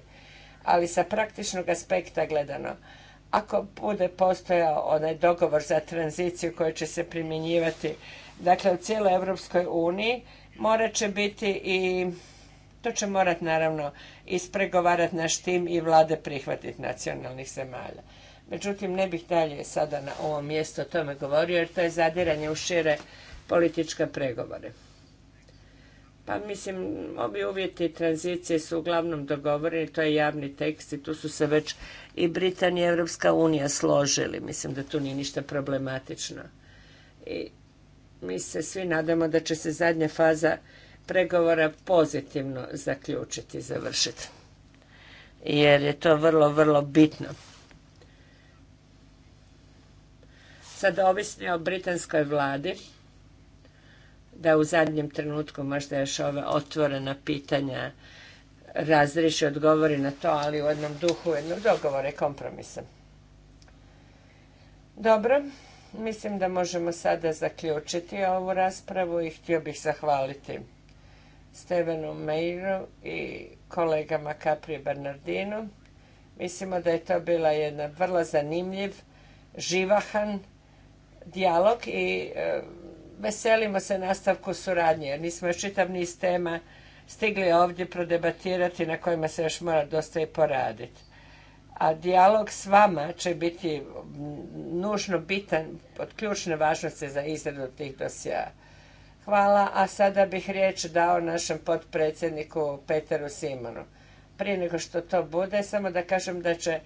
Ali sa praktičnog aspekta gledano ako bude postojao onaj dogovor za tranziciju koji će se primjenjivati dakle u cijeloj Europskoj uniji morat će biti i to će morat naravno ispregovarat naš tim i vlade prihvatiti nacionalnih zemalja. Međutim, ne bih dalje sada na ovom mjestu o tome govorio jer to je zadiranje u šire političke pregovore. Pa mislim, ovi uvjeti tranzicije su uglavnom dogovoreni, to je javni tekst i tu su se već i Britanija i Europska unija složili. Mislim da tu nije ništa problematično. I mi se svi nadamo da će se zadnja faza pregovora pozitivno zaključiti, i završiti. Jer je to vrlo, vrlo bitno. Sada ovisni o britanskoj vladi da u zadnjem trenutku možda još ove otvorena pitanja razriješi, odgovori na to, ali u jednom duhu, u jednom dogovore, kompromisa. Dobro, mislim da možemo sada zaključiti ovu raspravu i htio bih zahvaliti Stevenu Mayeru i kolegama Capri Bernardinu. Mislimo da je to bila jedna vrlo zanimljiv, živahan dijalog i e, veselimo se nastavku suradnje jer nismo još čitav niz tema stigli ovdje prodebatirati na kojima se još mora dosta i poraditi. A dijalog s vama će biti nužno bitan od ključne važnosti za izradu tih dosjea. Hvala, a sada bih riječ dao našem potpredsjedniku Peteru Simonu. Prije nego što to bude, samo da kažem da će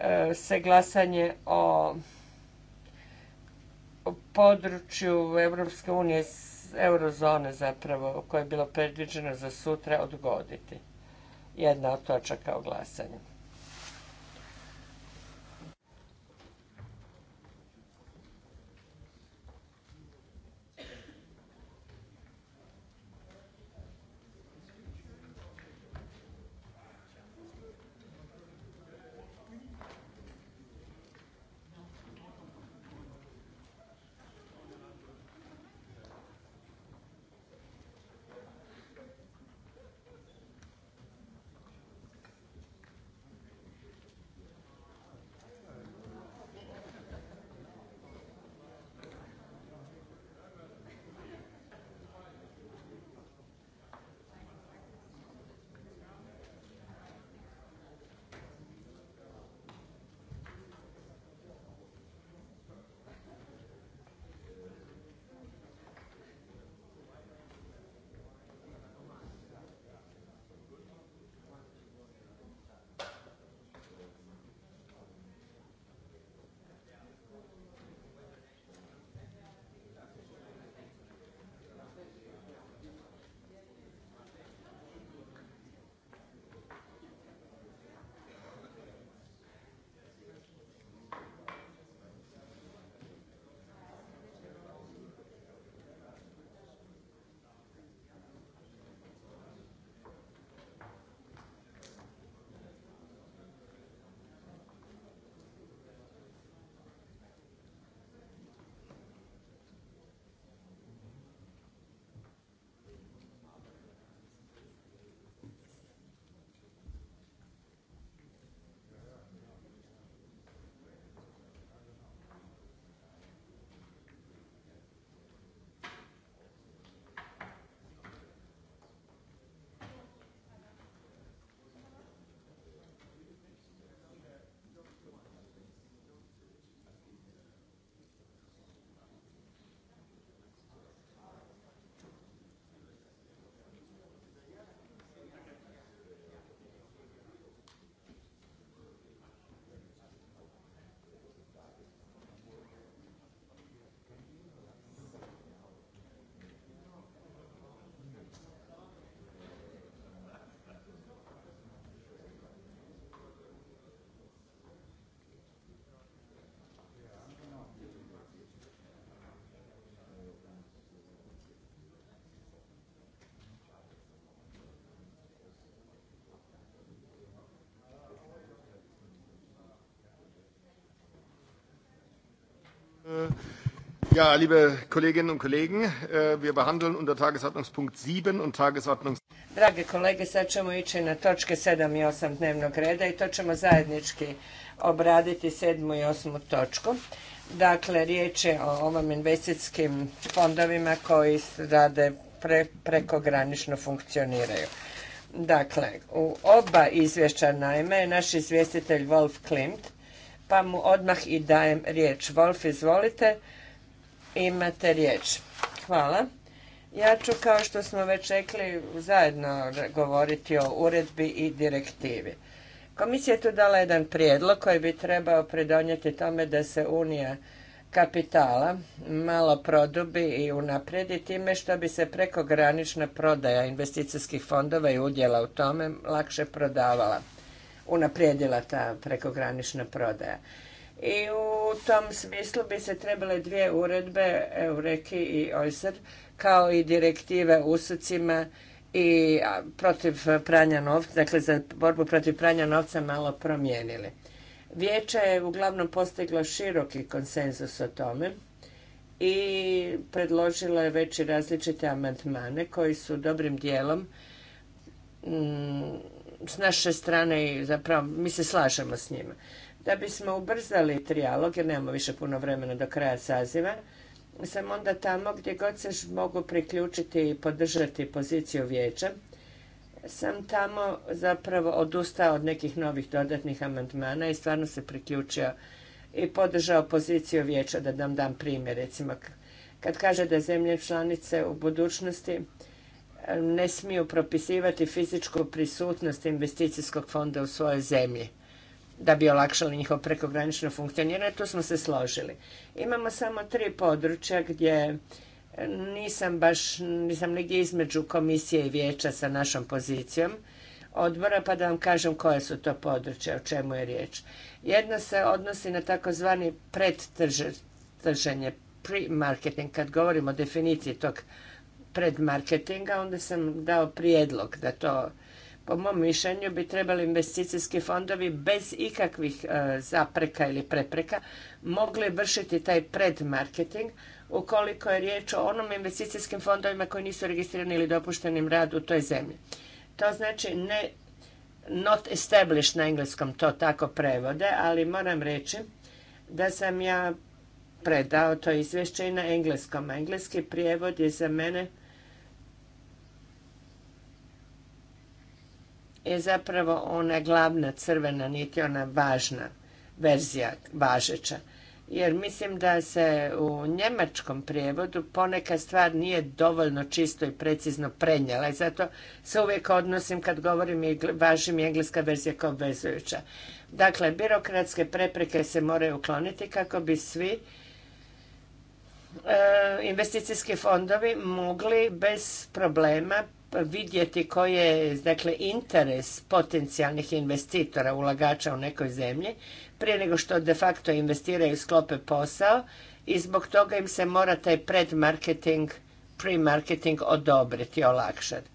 e, se glasanje o području Europske unije, eurozone zapravo, koje je bilo predviđeno za sutra odgoditi. Jedna od točaka o glasanju. Äh, ja, liebe Kolleginnen und Kollegen, äh, wir behandeln unter Tagesordnungspunkt 7 und Tagesordnung... Drage kolege, sad ćemo ići na točke 7 i 8 dnevnog reda i to ćemo zajednički obraditi 7. i 8. točku. Dakle, riječ je o ovom investicijskim fondovima koji rade pre, prekogranično funkcioniraju. Dakle, u oba izvješća najme je naš izvjestitelj Wolf Klimt pa mu odmah i dajem riječ. Wolf, izvolite, imate riječ. Hvala. Ja ću, kao što smo već rekli, zajedno govoriti o uredbi i direktivi. Komisija je tu dala jedan prijedlog koji bi trebao pridonijeti tome da se Unija kapitala malo produbi i unaprijedi time što bi se prekogranična prodaja investicijskih fondova i udjela u tome lakše prodavala unaprijedila ta prekogranična prodaja. I u tom smislu bi se trebale dvije uredbe, Eureki i OISR, kao i direktive usucima i protiv pranja novca, dakle za borbu protiv pranja novca malo promijenili. Vijeće je uglavnom postiglo široki konsenzus o tome i predložilo je već i različite amandmane koji su dobrim dijelom mm, s naše strane i zapravo mi se slažemo s njima. Da bismo ubrzali trijalog, jer nemamo više puno vremena do kraja saziva, sam onda tamo gdje god se mogu priključiti i podržati poziciju vijeća, sam tamo zapravo odustao od nekih novih dodatnih amandmana i stvarno se priključio i podržao poziciju vijeća da dam dam primjer recimo kad kaže da zemlje članice u budućnosti ne smiju propisivati fizičku prisutnost investicijskog fonda u svojoj zemlji da bi olakšali njihovo prekogranično funkcioniranje. Tu smo se složili. Imamo samo tri područja gdje nisam baš, nisam nigdje između komisije i vijeća sa našom pozicijom odbora, pa da vam kažem koje su to područje, o čemu je riječ. Jedna se odnosi na takozvani predtrženje, pre-marketing, kad govorimo o definiciji tog pred marketinga, onda sam dao prijedlog da to po mom mišljenju bi trebali investicijski fondovi bez ikakvih e, zapreka ili prepreka mogli vršiti taj predmarketing ukoliko je riječ o onim investicijskim fondovima koji nisu registrirani ili dopuštenim rad u toj zemlji. To znači ne not established na engleskom to tako prevode, ali moram reći da sam ja predao to izvješće i na engleskom. Engleski prijevod je za mene je zapravo ona glavna crvena niti ona važna verzija važeća. Jer mislim da se u njemačkom prijevodu poneka stvar nije dovoljno čisto i precizno prenijela i zato se uvijek odnosim kad govorim i važim engleska verzija kao obvezujuća. Dakle, birokratske prepreke se moraju ukloniti kako bi svi e, investicijski fondovi mogli bez problema vidjeti koji je dakle, interes potencijalnih investitora, ulagača u nekoj zemlji, prije nego što de facto investiraju i sklope posao i zbog toga im se mora taj predmarketing, pre-marketing odobriti, olakšati.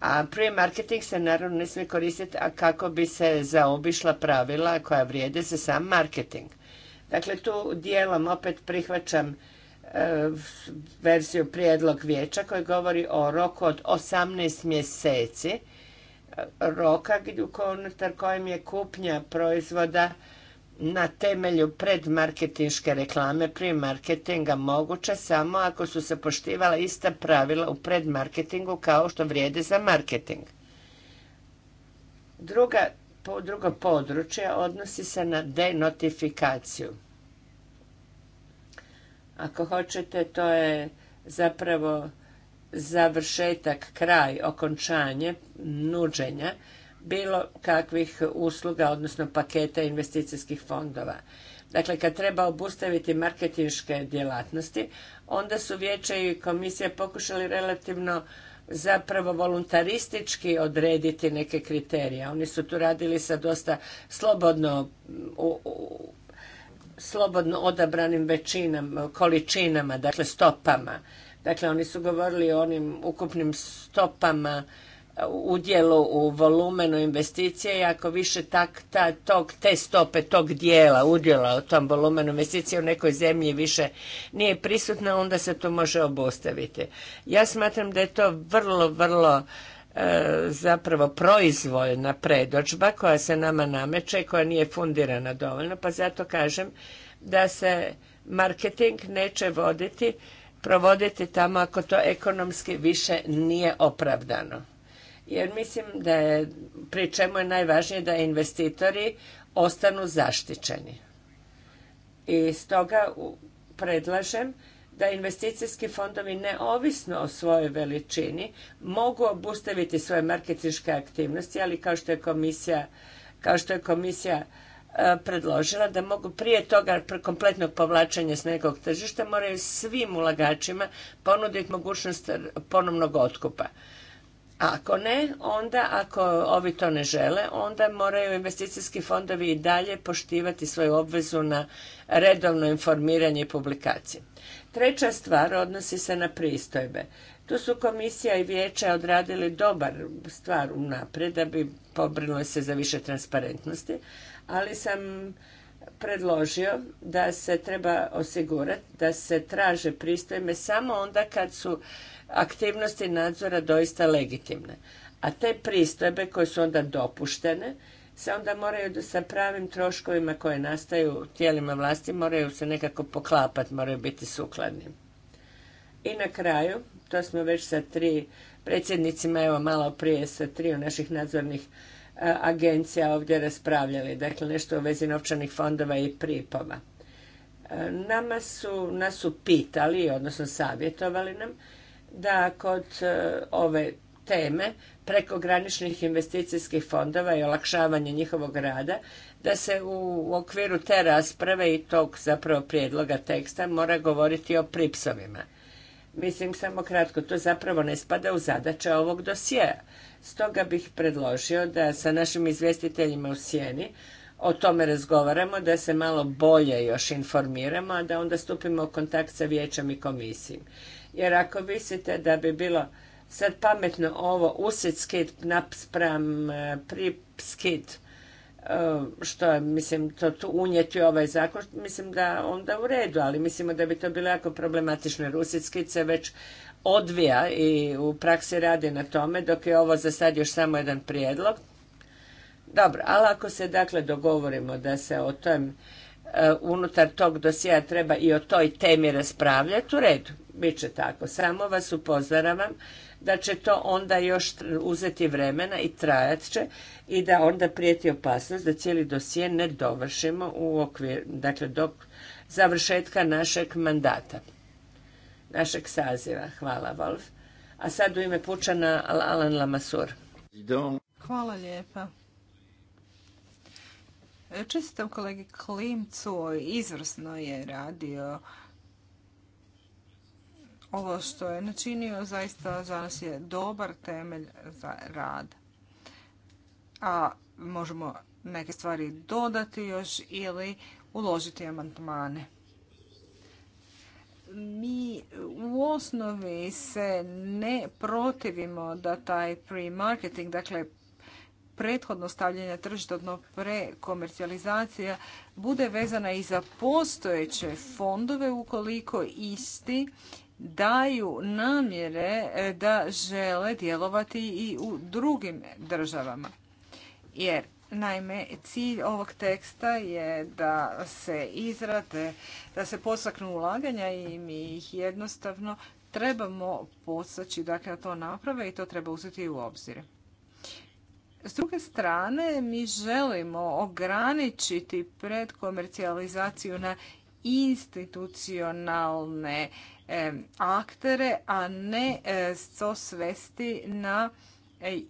A pre-marketing se naravno ne smije koristiti a kako bi se zaobišla pravila koja vrijede za sam marketing. Dakle, tu dijelom opet prihvaćam E, verziju prijedlog vijeća koji govori o roku od 18 mjeseci e, roka unutar kojem je kupnja proizvoda na temelju predmarketinške reklame prije marketinga moguća samo ako su se poštivala ista pravila u predmarketingu kao što vrijede za marketing. Druga, drugo područje odnosi se na denotifikaciju. Ako hoćete, to je zapravo završetak, kraj, okončanje, nuđenja bilo kakvih usluga, odnosno paketa investicijskih fondova. Dakle, kad treba obustaviti marketinške djelatnosti, onda su vijeće i komisije pokušali relativno zapravo voluntaristički odrediti neke kriterije. Oni su tu radili sa dosta slobodno u, slobodno odabranim većinama, količinama, dakle stopama. Dakle, oni su govorili o onim ukupnim stopama uh, udjelu u volumenu investicije i ako više tak, ta, tog, te stope tog dijela udjela u tom volumenu investicije u nekoj zemlji više nije prisutna, onda se to može obustaviti. Ja smatram da je to vrlo, vrlo E, zapravo proizvoljna predođba koja se nama nameće i koja nije fundirana dovoljno, pa zato kažem da se marketing neće voditi, provoditi tamo ako to ekonomski više nije opravdano. Jer mislim da je, pri čemu je najvažnije da investitori ostanu zaštićeni. I stoga predlažem da investicijski fondovi neovisno o svojoj veličini mogu obustaviti svoje marketinške aktivnosti, ali kao što je komisija, kao što je komisija e, predložila da mogu prije toga kompletnog povlačenja s nekog tržišta moraju svim ulagačima ponuditi mogućnost ponovnog otkupa. ako ne, onda ako ovi to ne žele, onda moraju investicijski fondovi i dalje poštivati svoju obvezu na redovno informiranje i publikacije. Treća stvar odnosi se na pristojbe. Tu su komisija i vijeća odradili dobar stvar unaprijed da bi pobrinuli se za više transparentnosti, ali sam predložio da se treba osigurati da se traže pristojbe samo onda kad su aktivnosti nadzora doista legitimne. A te pristojbe koje su onda dopuštene se onda moraju sa pravim troškovima koje nastaju tijelima vlasti moraju se nekako poklapati, moraju biti sukladni. I na kraju, to smo već sa tri predsjednicima, evo malo prije sa tri naših nadzornih e, agencija ovdje raspravljali, dakle nešto u vezi novčanih fondova i pripova. E, nama su, nas su pitali, odnosno savjetovali nam, da kod e, ove teme prekograničnih investicijskih fondova i olakšavanje njihovog rada, da se u okviru te rasprave i tog zapravo prijedloga teksta mora govoriti o pripsovima. Mislim samo kratko, to zapravo ne spada u zadaće ovog dosjea. Stoga bih predložio da sa našim izvjestiteljima u sjeni o tome razgovaramo, da se malo bolje još informiramo, a da onda stupimo u kontakt sa vijećem i komisijom. Jer ako mislite da bi bilo Sad pametno ovo usit skid napspram e, pri e, što je, mislim, to tu unijeti ovaj zakon, mislim da onda u redu, ali mislimo da bi to bilo jako problematično, jer usit se već odvija i u praksi radi na tome, dok je ovo za sad još samo jedan prijedlog. Dobro, ali ako se dakle dogovorimo da se o tom e, unutar tog dosija treba i o toj temi raspravljati, u redu, bit će tako. Samo vas upozoravam da će to onda još uzeti vremena i trajat će i da onda prijeti opasnost da cijeli dosije ne dovršimo u okvir, dakle do završetka našeg mandata, našeg saziva. Hvala, Wolf. A sad u ime Pučana Alan Lamasur.
Hvala lijepa. Čestitam kolegi Klimcu, izvrsno je radio ovo što je načinio zaista za nas je dobar temelj za rad. A možemo neke stvari dodati još ili uložiti amandmane. Mi u osnovi se ne protivimo da taj pre-marketing, dakle prethodno stavljanje tržišta, odnosno prekomercijalizacija, bude vezana i za postojeće fondove ukoliko isti daju namjere e, da žele djelovati i u drugim državama. Jer Naime, cilj ovog teksta je da se izrade, da se posaknu ulaganja i mi ih jednostavno trebamo posaći dakle, da to naprave i to treba uzeti u obzir. S druge strane, mi želimo ograničiti predkomercijalizaciju na institucionalne aktere, a ne e, to svesti na e,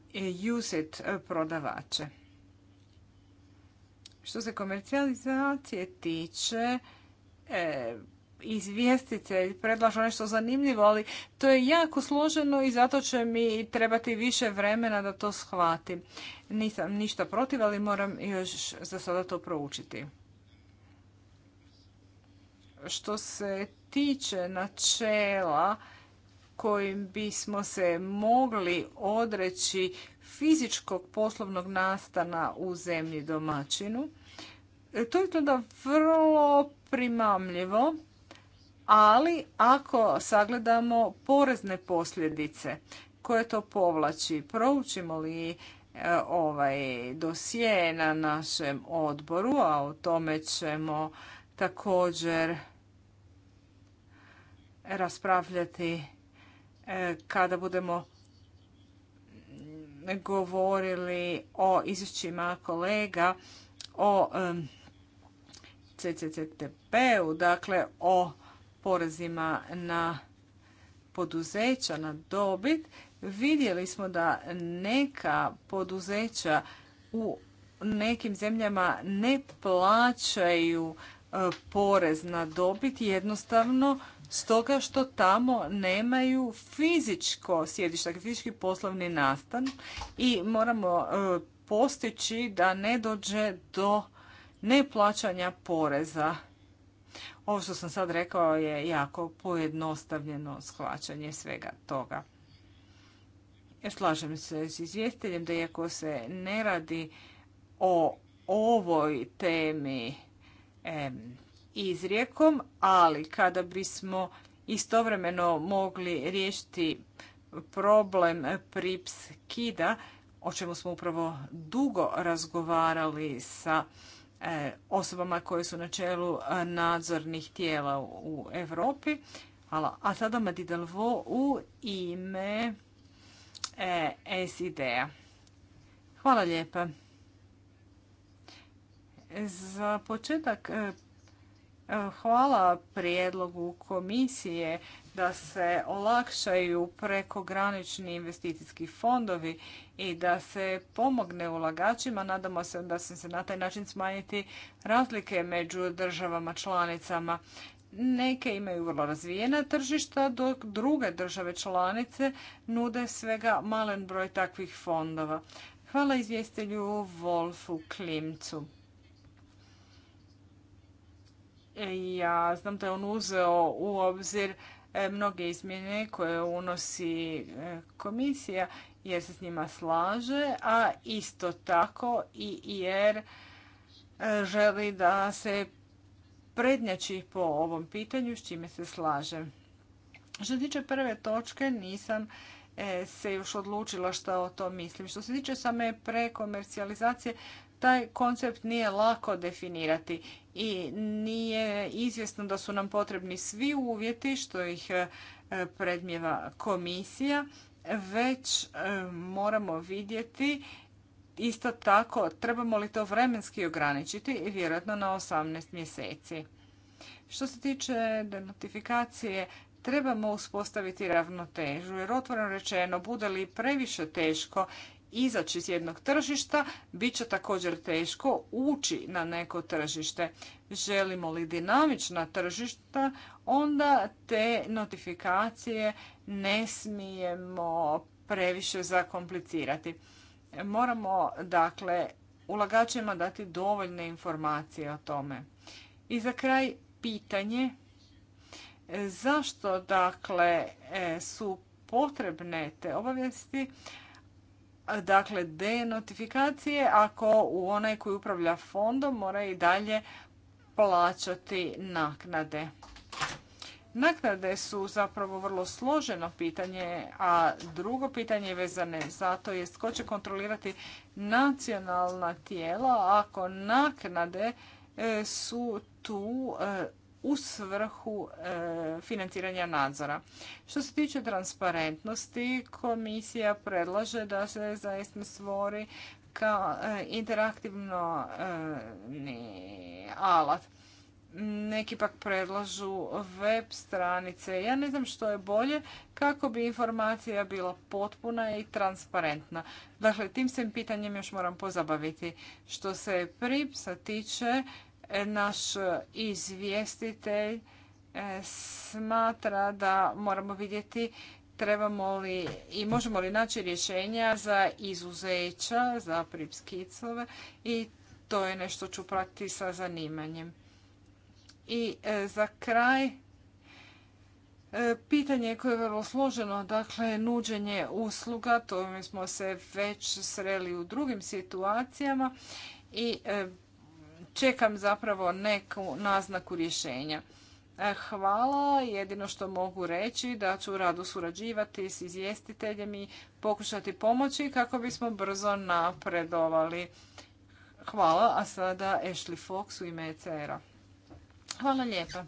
uset e, prodavače. Što se komercijalizacije tiče, izvjestitelj predlaže nešto zanimljivo, ali to je jako složeno i zato će mi trebati više vremena da to shvatim. Nisam ništa protiv, ali moram još za sada to proučiti što se tiče načela kojim bismo se mogli odreći fizičkog poslovnog nastana u zemlji domaćinu, e, to je tada vrlo primamljivo, ali ako sagledamo porezne posljedice koje to povlači, proučimo li e, ovaj dosije na našem odboru, a o tome ćemo također raspravljati e, kada budemo govorili o izvješćima kolega o CCCTP-u, dakle o porezima na poduzeća na dobit, vidjeli smo da neka poduzeća u nekim zemljama ne plaćaju e, porez na dobit jednostavno stoga što tamo nemaju fizičko sjedište, dakle, fizički poslovni nastan i moramo e, postići da ne dođe do neplaćanja poreza. Ovo što sam sad rekao je jako pojednostavljeno shvaćanje svega toga. Ja slažem se s izvjestiteljem da iako se ne radi o ovoj temi izrijekom, ali kada bismo istovremeno mogli riješiti problem prips kida, o čemu smo upravo dugo razgovarali sa e, osobama koje su na čelu e, nadzornih tijela u Europi. A sada Madi Delvo u ime e, SID-a. Hvala lijepa. Za početak Hvala prijedlogu komisije da se olakšaju prekogranični investicijski fondovi i da se pomogne ulagačima. Nadamo se da će se na taj način smanjiti razlike među državama članicama. Neke imaju vrlo razvijena tržišta, dok druge države članice nude svega malen broj takvih fondova. Hvala izvjestelju Wolfu Klimcu. Ja znam da je on uzeo u obzir e, mnoge izmjene koje unosi e, komisija jer se s njima slaže, a isto tako i jer e, želi da se prednjači po ovom pitanju s čime se slaže. Što se tiče prve točke nisam se još odlučila što o to mislim. Što se tiče same prekomercijalizacije, taj koncept nije lako definirati i nije izvjesno da su nam potrebni svi uvjeti što ih e, predmjeva komisija, već e, moramo vidjeti isto tako trebamo li to vremenski ograničiti, vjerojatno na 18 mjeseci. Što se tiče notifikacije, trebamo uspostaviti ravnotežu jer otvoreno rečeno bude li previše teško izaći iz jednog tržišta, bit će također teško ući na neko tržište. Želimo li dinamična tržišta, onda te notifikacije ne smijemo previše zakomplicirati. Moramo dakle ulagačima dati dovoljne informacije o tome. I za kraj pitanje zašto dakle e, su potrebne te obavijesti Dakle, denotifikacije ako u onaj koji upravlja fondom mora i dalje plaćati naknade. Naknade su zapravo vrlo složeno pitanje, a drugo pitanje vezane za to je tko će kontrolirati nacionalna tijela ako naknade e, su tu e, u svrhu e, financiranja nadzora. Što se tiče transparentnosti, komisija predlaže da se zaista stvori kao e, interaktivno e, alat. Neki pak predlažu web stranice. Ja ne znam što je bolje kako bi informacija bila potpuna i transparentna. Dakle, tim se pitanjem još moram pozabaviti. Što se pripsa tiče, naš izvjestitelj e, smatra da moramo vidjeti trebamo li i možemo li naći rješenja za izuzeća, za pripskicove i to je nešto ću pratiti sa zanimanjem. I e, za kraj, e, pitanje koje je vrlo složeno, dakle nuđenje usluga, to smo se već sreli u drugim situacijama i čekam zapravo neku naznaku rješenja. E, hvala, jedino što mogu reći da ću radu surađivati s izvjestiteljem i pokušati pomoći kako bismo brzo napredovali. Hvala, a sada Ashley Fox u ime ECR-a. Hvala lijepa.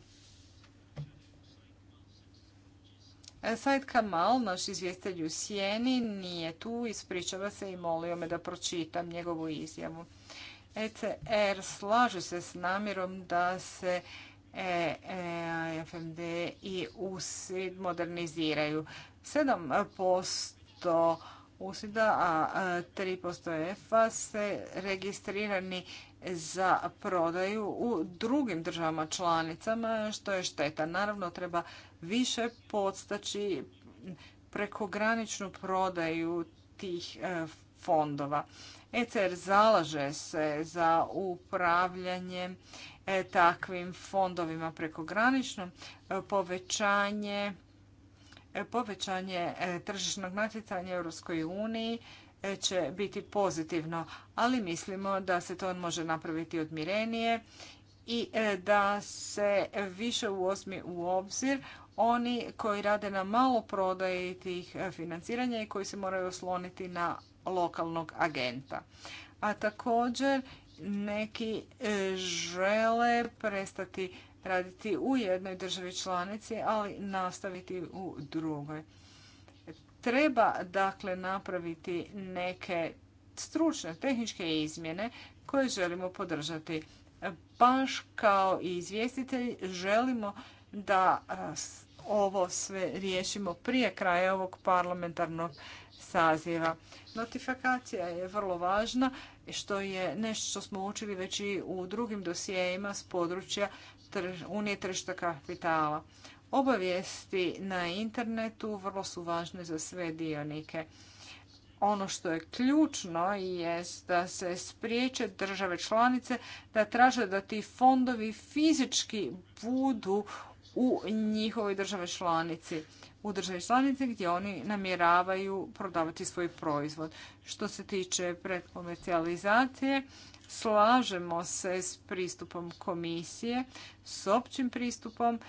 E, Said Kamal, naš izvjestitelj u Sjeni, nije tu, ispričava se i molio me da pročitam njegovu izjavu. ECR slaže se s namjerom da se EFMD e, i USID moderniziraju. 7% USID-a, a 3% EFA se registrirani za prodaju u drugim državama članicama, što je šteta. Naravno, treba više podstaći prekograničnu prodaju tih e, fondova. ECR zalaže se za upravljanje e, takvim fondovima prekogranično, e, povećanje e, povećanje tržišnog natjecanja Europskoj uniji će biti pozitivno, ali mislimo da se to može napraviti odmirenije i da se više osmi u obzir oni koji rade na malo prodaje tih financiranja i koji se moraju osloniti na lokalnog agenta. A također neki e, žele prestati raditi u jednoj državi članici, ali nastaviti u drugoj. Treba dakle napraviti neke stručne, tehničke izmjene koje želimo podržati. Baš kao i izvjestitelj želimo da ovo sve riješimo prije kraja ovog parlamentarnog saziva. Notifikacija je vrlo važna što je nešto što smo učili već i u drugim dosijejima s područja Unije tržišta kapitala. Obavijesti na internetu vrlo su važne za sve dionike. Ono što je ključno je da se spriječe države članice da traže da ti fondovi fizički budu u njihovoj države članici u državi članice gdje oni namjeravaju prodavati svoj proizvod. Što se tiče predkomercijalizacije, slažemo se s pristupom komisije, s općim pristupom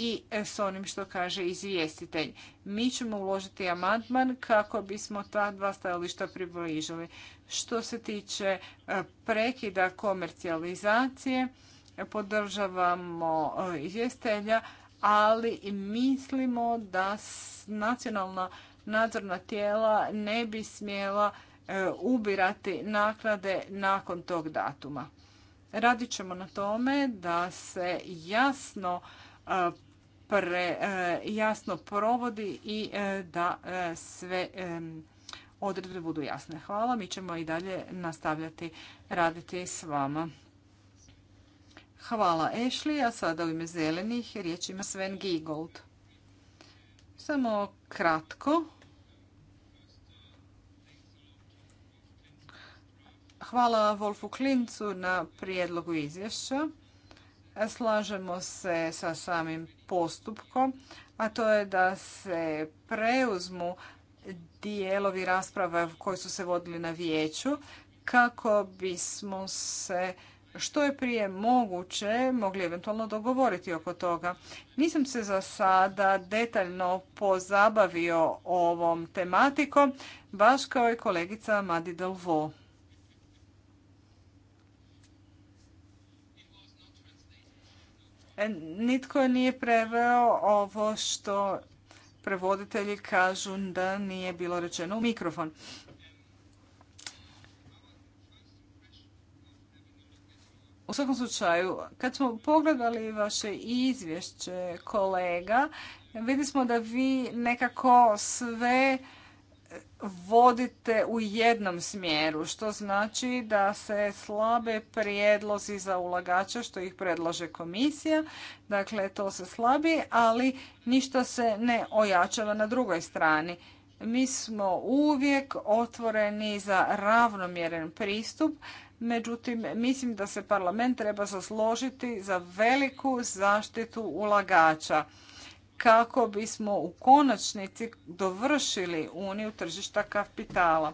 i s onim što kaže izvjestitelj. Mi ćemo uložiti amandman kako bismo ta dva stajališta približili. Što se tiče e, prekida komercijalizacije, podržavamo e, izvjestelja ali mislimo da nacionalna nadzorna tijela ne bi smjela e, ubirati naknade nakon tog datuma. Radit ćemo na tome da se jasno e, e, jasno provodi i da sve odredbe budu jasne. Hvala, mi ćemo i dalje nastavljati raditi s vama. Hvala Ashley, a sada u ime zelenih riječ ima Sven Giegold. Samo kratko. Hvala Wolfu Klincu na prijedlogu izvješća. Slažemo se sa samim postupkom, a to je da se preuzmu dijelovi rasprave koji su se vodili na vijeću kako bismo se što je prije moguće mogli eventualno dogovoriti oko toga. Nisam se za sada detaljno pozabavio ovom tematikom, baš kao i kolegica Madi Delvaux. E, nitko nije preveo ovo što prevoditelji kažu da nije bilo rečeno u mikrofon. U svakom slučaju, kad smo pogledali vaše izvješće kolega, vidi smo da vi nekako sve e, vodite u jednom smjeru, što znači da se slabe prijedlozi za ulagača, što ih predlaže komisija, dakle to se slabi, ali ništa se ne ojačava na drugoj strani. Mi smo uvijek otvoreni za ravnomjeren pristup, Međutim, mislim da se parlament treba zasložiti za veliku zaštitu ulagača kako bismo u konačnici dovršili uniju tržišta kapitala.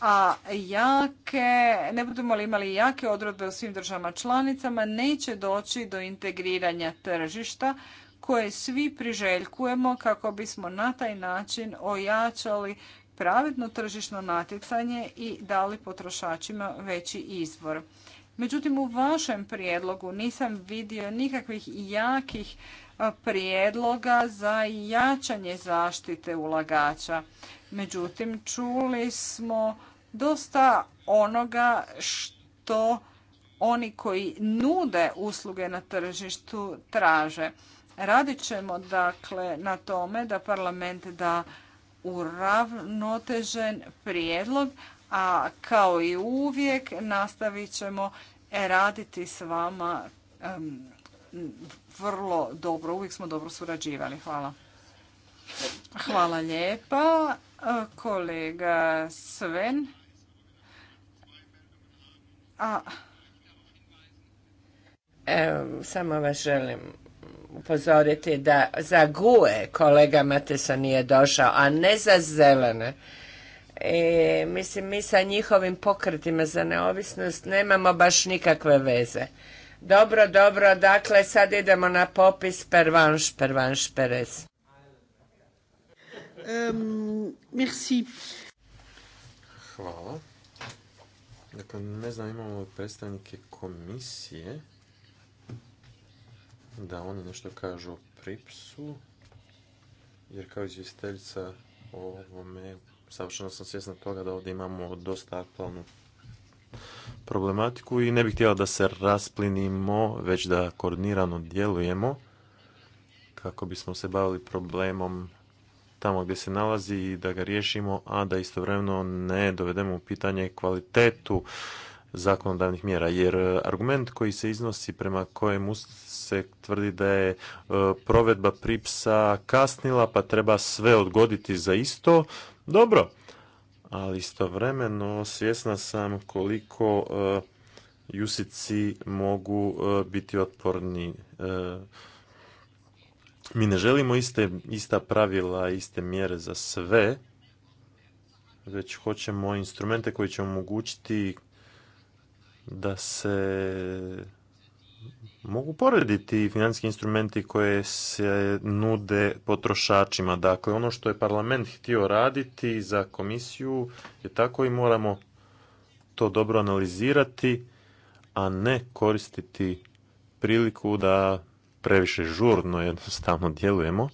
A jake, ne budemo li imali jake odredbe u svim državama članicama, neće doći do integriranja tržišta koje svi priželjkujemo kako bismo na taj način ojačali pravedno tržišno natjecanje i dali potrošačima veći izbor. Međutim, u vašem prijedlogu nisam vidio nikakvih jakih prijedloga za jačanje zaštite ulagača. Međutim, čuli smo dosta onoga što oni koji nude usluge na tržištu traže. Radit ćemo dakle na tome da parlament da uravnotežen prijedlog, a kao i uvijek nastavit ćemo raditi s vama vrlo dobro. Uvijek smo dobro surađivali. Hvala. Hvala lijepa. E, kolega Sven.
samo vas želim upozoriti da za guje kolega Matesa nije došao, a ne za zelene. E, mislim, mi sa njihovim pokretima za neovisnost nemamo baš nikakve veze. Dobro, dobro, dakle sad idemo na popis pervanš, pervanš, perez.
Um, merci.
Hvala. Dakle, ne znam, imamo predstavnike komisije da oni nešto kažu o pripsu, jer kao izvjestiteljica o ovome savršeno sam svjesna toga da ovdje imamo dosta aktualnu problematiku i ne bih htjela da se rasplinimo, već da koordinirano djelujemo kako bismo se bavili problemom tamo gdje se nalazi i da ga riješimo, a da istovremeno ne dovedemo u pitanje kvalitetu zakonodavnih mjera. Jer e, argument koji se iznosi prema kojemu se tvrdi da je e, provedba pripsa kasnila pa treba sve odgoditi za isto, dobro. Ali istovremeno svjesna sam koliko e, jusici mogu biti otporni. Mi ne želimo iste, ista pravila, iste mjere za sve, već hoćemo instrumente koji će omogućiti da se mogu porediti financijski instrumenti koje se nude potrošačima. Dakle, ono što je parlament htio raditi za komisiju je tako i moramo to dobro analizirati, a ne koristiti priliku da previše žurno jednostavno djelujemo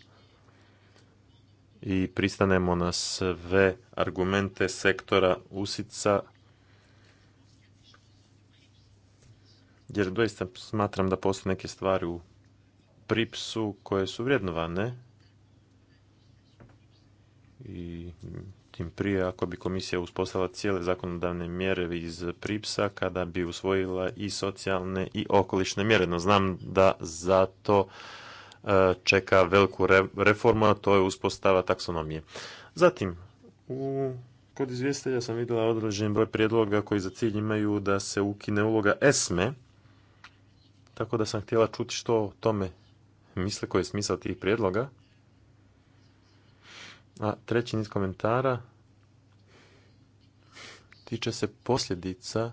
i pristanemo na sve argumente sektora usica jer doista smatram da postoje neke stvari u pripsu koje su vrednovane i tim prije ako bi komisija uspostavila cijele zakonodavne mjere iz pripsa kada bi usvojila i socijalne i okolišne mjere. No znam da zato e, čeka veliku reformu, a to je uspostava taksonomije. Zatim, Kod izvjestitelja sam vidjela određen broj prijedloga koji za cilj imaju da se ukine uloga ESME tako da sam htjela čuti što o tome misle, koji je smisao tih prijedloga. A treći niz komentara tiče se posljedica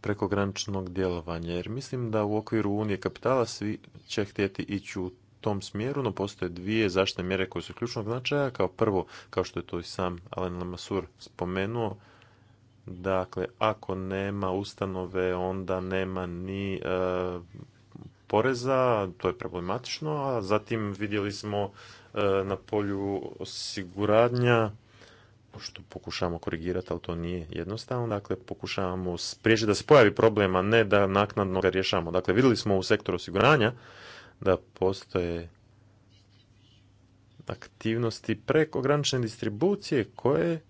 prekograničnog djelovanja. Jer mislim da u okviru Unije kapitala svi će htjeti ići u tom smjeru, no postoje dvije zaštitne mjere koje su ključnog značaja. Kao prvo, kao što je to i sam Alen Lamassur spomenuo, Dakle, ako nema ustanove, onda nema ni e, poreza, to je problematično, a zatim vidjeli smo e, na polju osiguranja, što pokušavamo korigirati, ali to nije jednostavno. Dakle, pokušavamo spriječiti da se pojavi problem, a ne da naknadno ga rješavamo. Dakle, vidjeli smo u sektoru osiguranja da postoje aktivnosti preko granične distribucije koje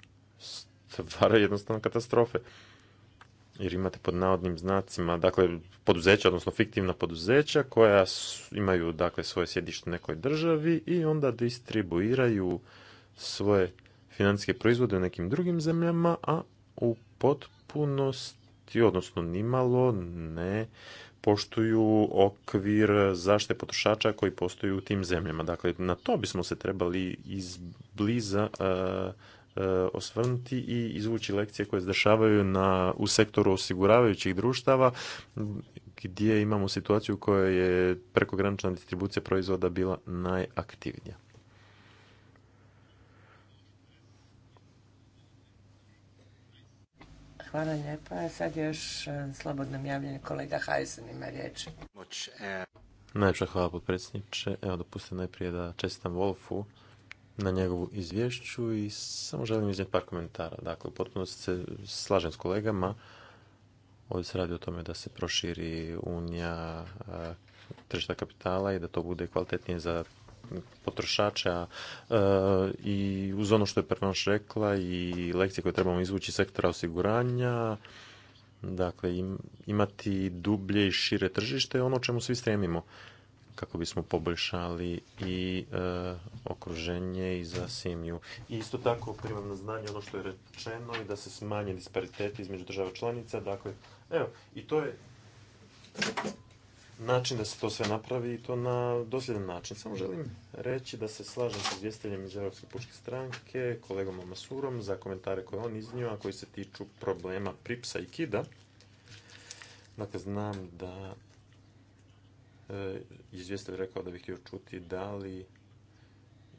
stvaraju jednostavno katastrofe. Jer imate pod navodnim znacima, dakle, poduzeća, odnosno fiktivna poduzeća koja imaju, dakle, svoje sjedište u nekoj državi i onda distribuiraju svoje financijske proizvode u nekim drugim zemljama, a u potpunosti, odnosno nimalo, ne poštuju okvir zaštite potrošača koji postoji u tim zemljama. Dakle, na to bismo se trebali izbliza e, E, osvrnuti i izvući lekcije koje se dešavaju na, u sektoru osiguravajućih društava gdje imamo situaciju u kojoj je prekogranična distribucija proizvoda bila najaktivnija.
Hvala lijepa. Sad još e, slobodno mjavljenje. kolega Hajsen ima riječ. E.
Najpša hvala potpredsjedniče. Evo dopustite najprije da čestitam Wolfu na njegovu izvješću i samo želim iznijeti par komentara. Dakle, potpuno se slažem s kolegama. Ovdje se radi o tome da se proširi unija e, tržišta kapitala i da to bude kvalitetnije za potrošača e, i uz ono što je Pernoš rekla i lekcije koje trebamo izvući sektora osiguranja, dakle imati dublje i šire tržište, ono čemu svi stremimo kako bismo poboljšali i e, okruženje i za simiju. I isto tako primam na znanje ono što je rečeno i da se smanje dispariteti između država članica. Dakle, evo, i to je način da se to sve napravi i to na dosljedan način. Samo želim reći da se slažem sa izvjestiteljem iz Europske pučke stranke, kolegom Masurom, za komentare koje on iznio, a koji se tiču problema Pripsa i Kida. Dakle, znam da E, izvjestitelj rekao da bih htio čuti da li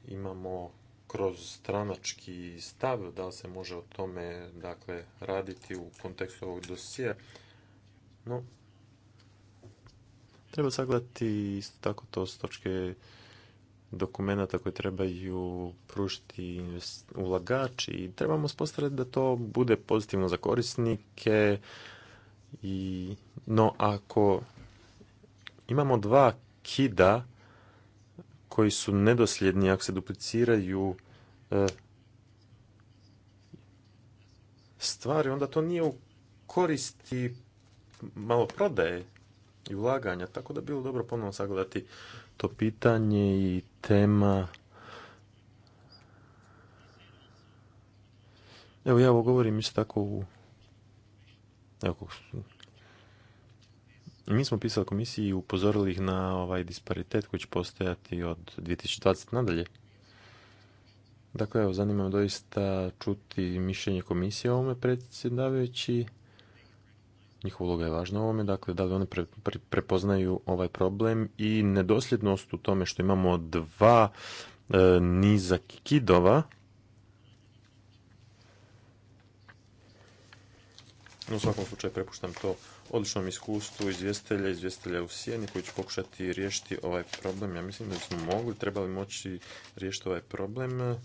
imamo kroz stranački stav, da li se može o tome dakle, raditi u kontekstu ovog dosija. No, treba sagledati isto tako to s točke dokumenta koje trebaju pružiti ulagači i trebamo spostaviti da to bude pozitivno za korisnike i no ako imamo dva kida koji su nedosljedni ako se dupliciraju e, stvari, onda to nije u koristi malo prodaje i ulaganja, tako da bilo dobro ponovno sagledati to pitanje i tema. Evo ja ovo govorim isto tako u Evo, mi smo pisali komisiji i upozorili ih na ovaj disparitet koji će postojati od 2020 nadalje. Dakle, evo, zanima doista čuti mišljenje komisije o ovome predsjedavajući. Njihova uloga je važna u ovome, dakle, da li oni pre, prepoznaju ovaj problem i nedosljednost u tome što imamo dva e, niza kidova, u svakom slučaju prepuštam to odličnom iskustvu Izvjestitelja, Izvjestitelja u sjeni koji će pokušati riješiti ovaj problem. Ja mislim da smo mogli, trebali moći riješiti ovaj problem eh,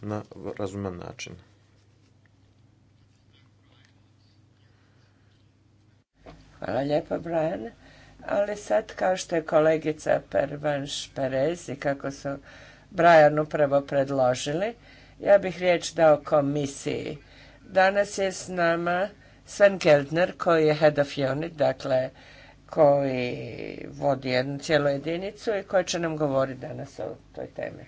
na razuman način.
Hvala lijepo, Brian. Ali sad, kao što je kolegica Pervanš Perez i kako su Brian upravo predložili, ja bih riječ dao komisiji. Danas je s nama Sven Geldner koji je head of unit, dakle koji vodi jednu cijelu jedinicu i koji će nam govoriti danas o toj temi.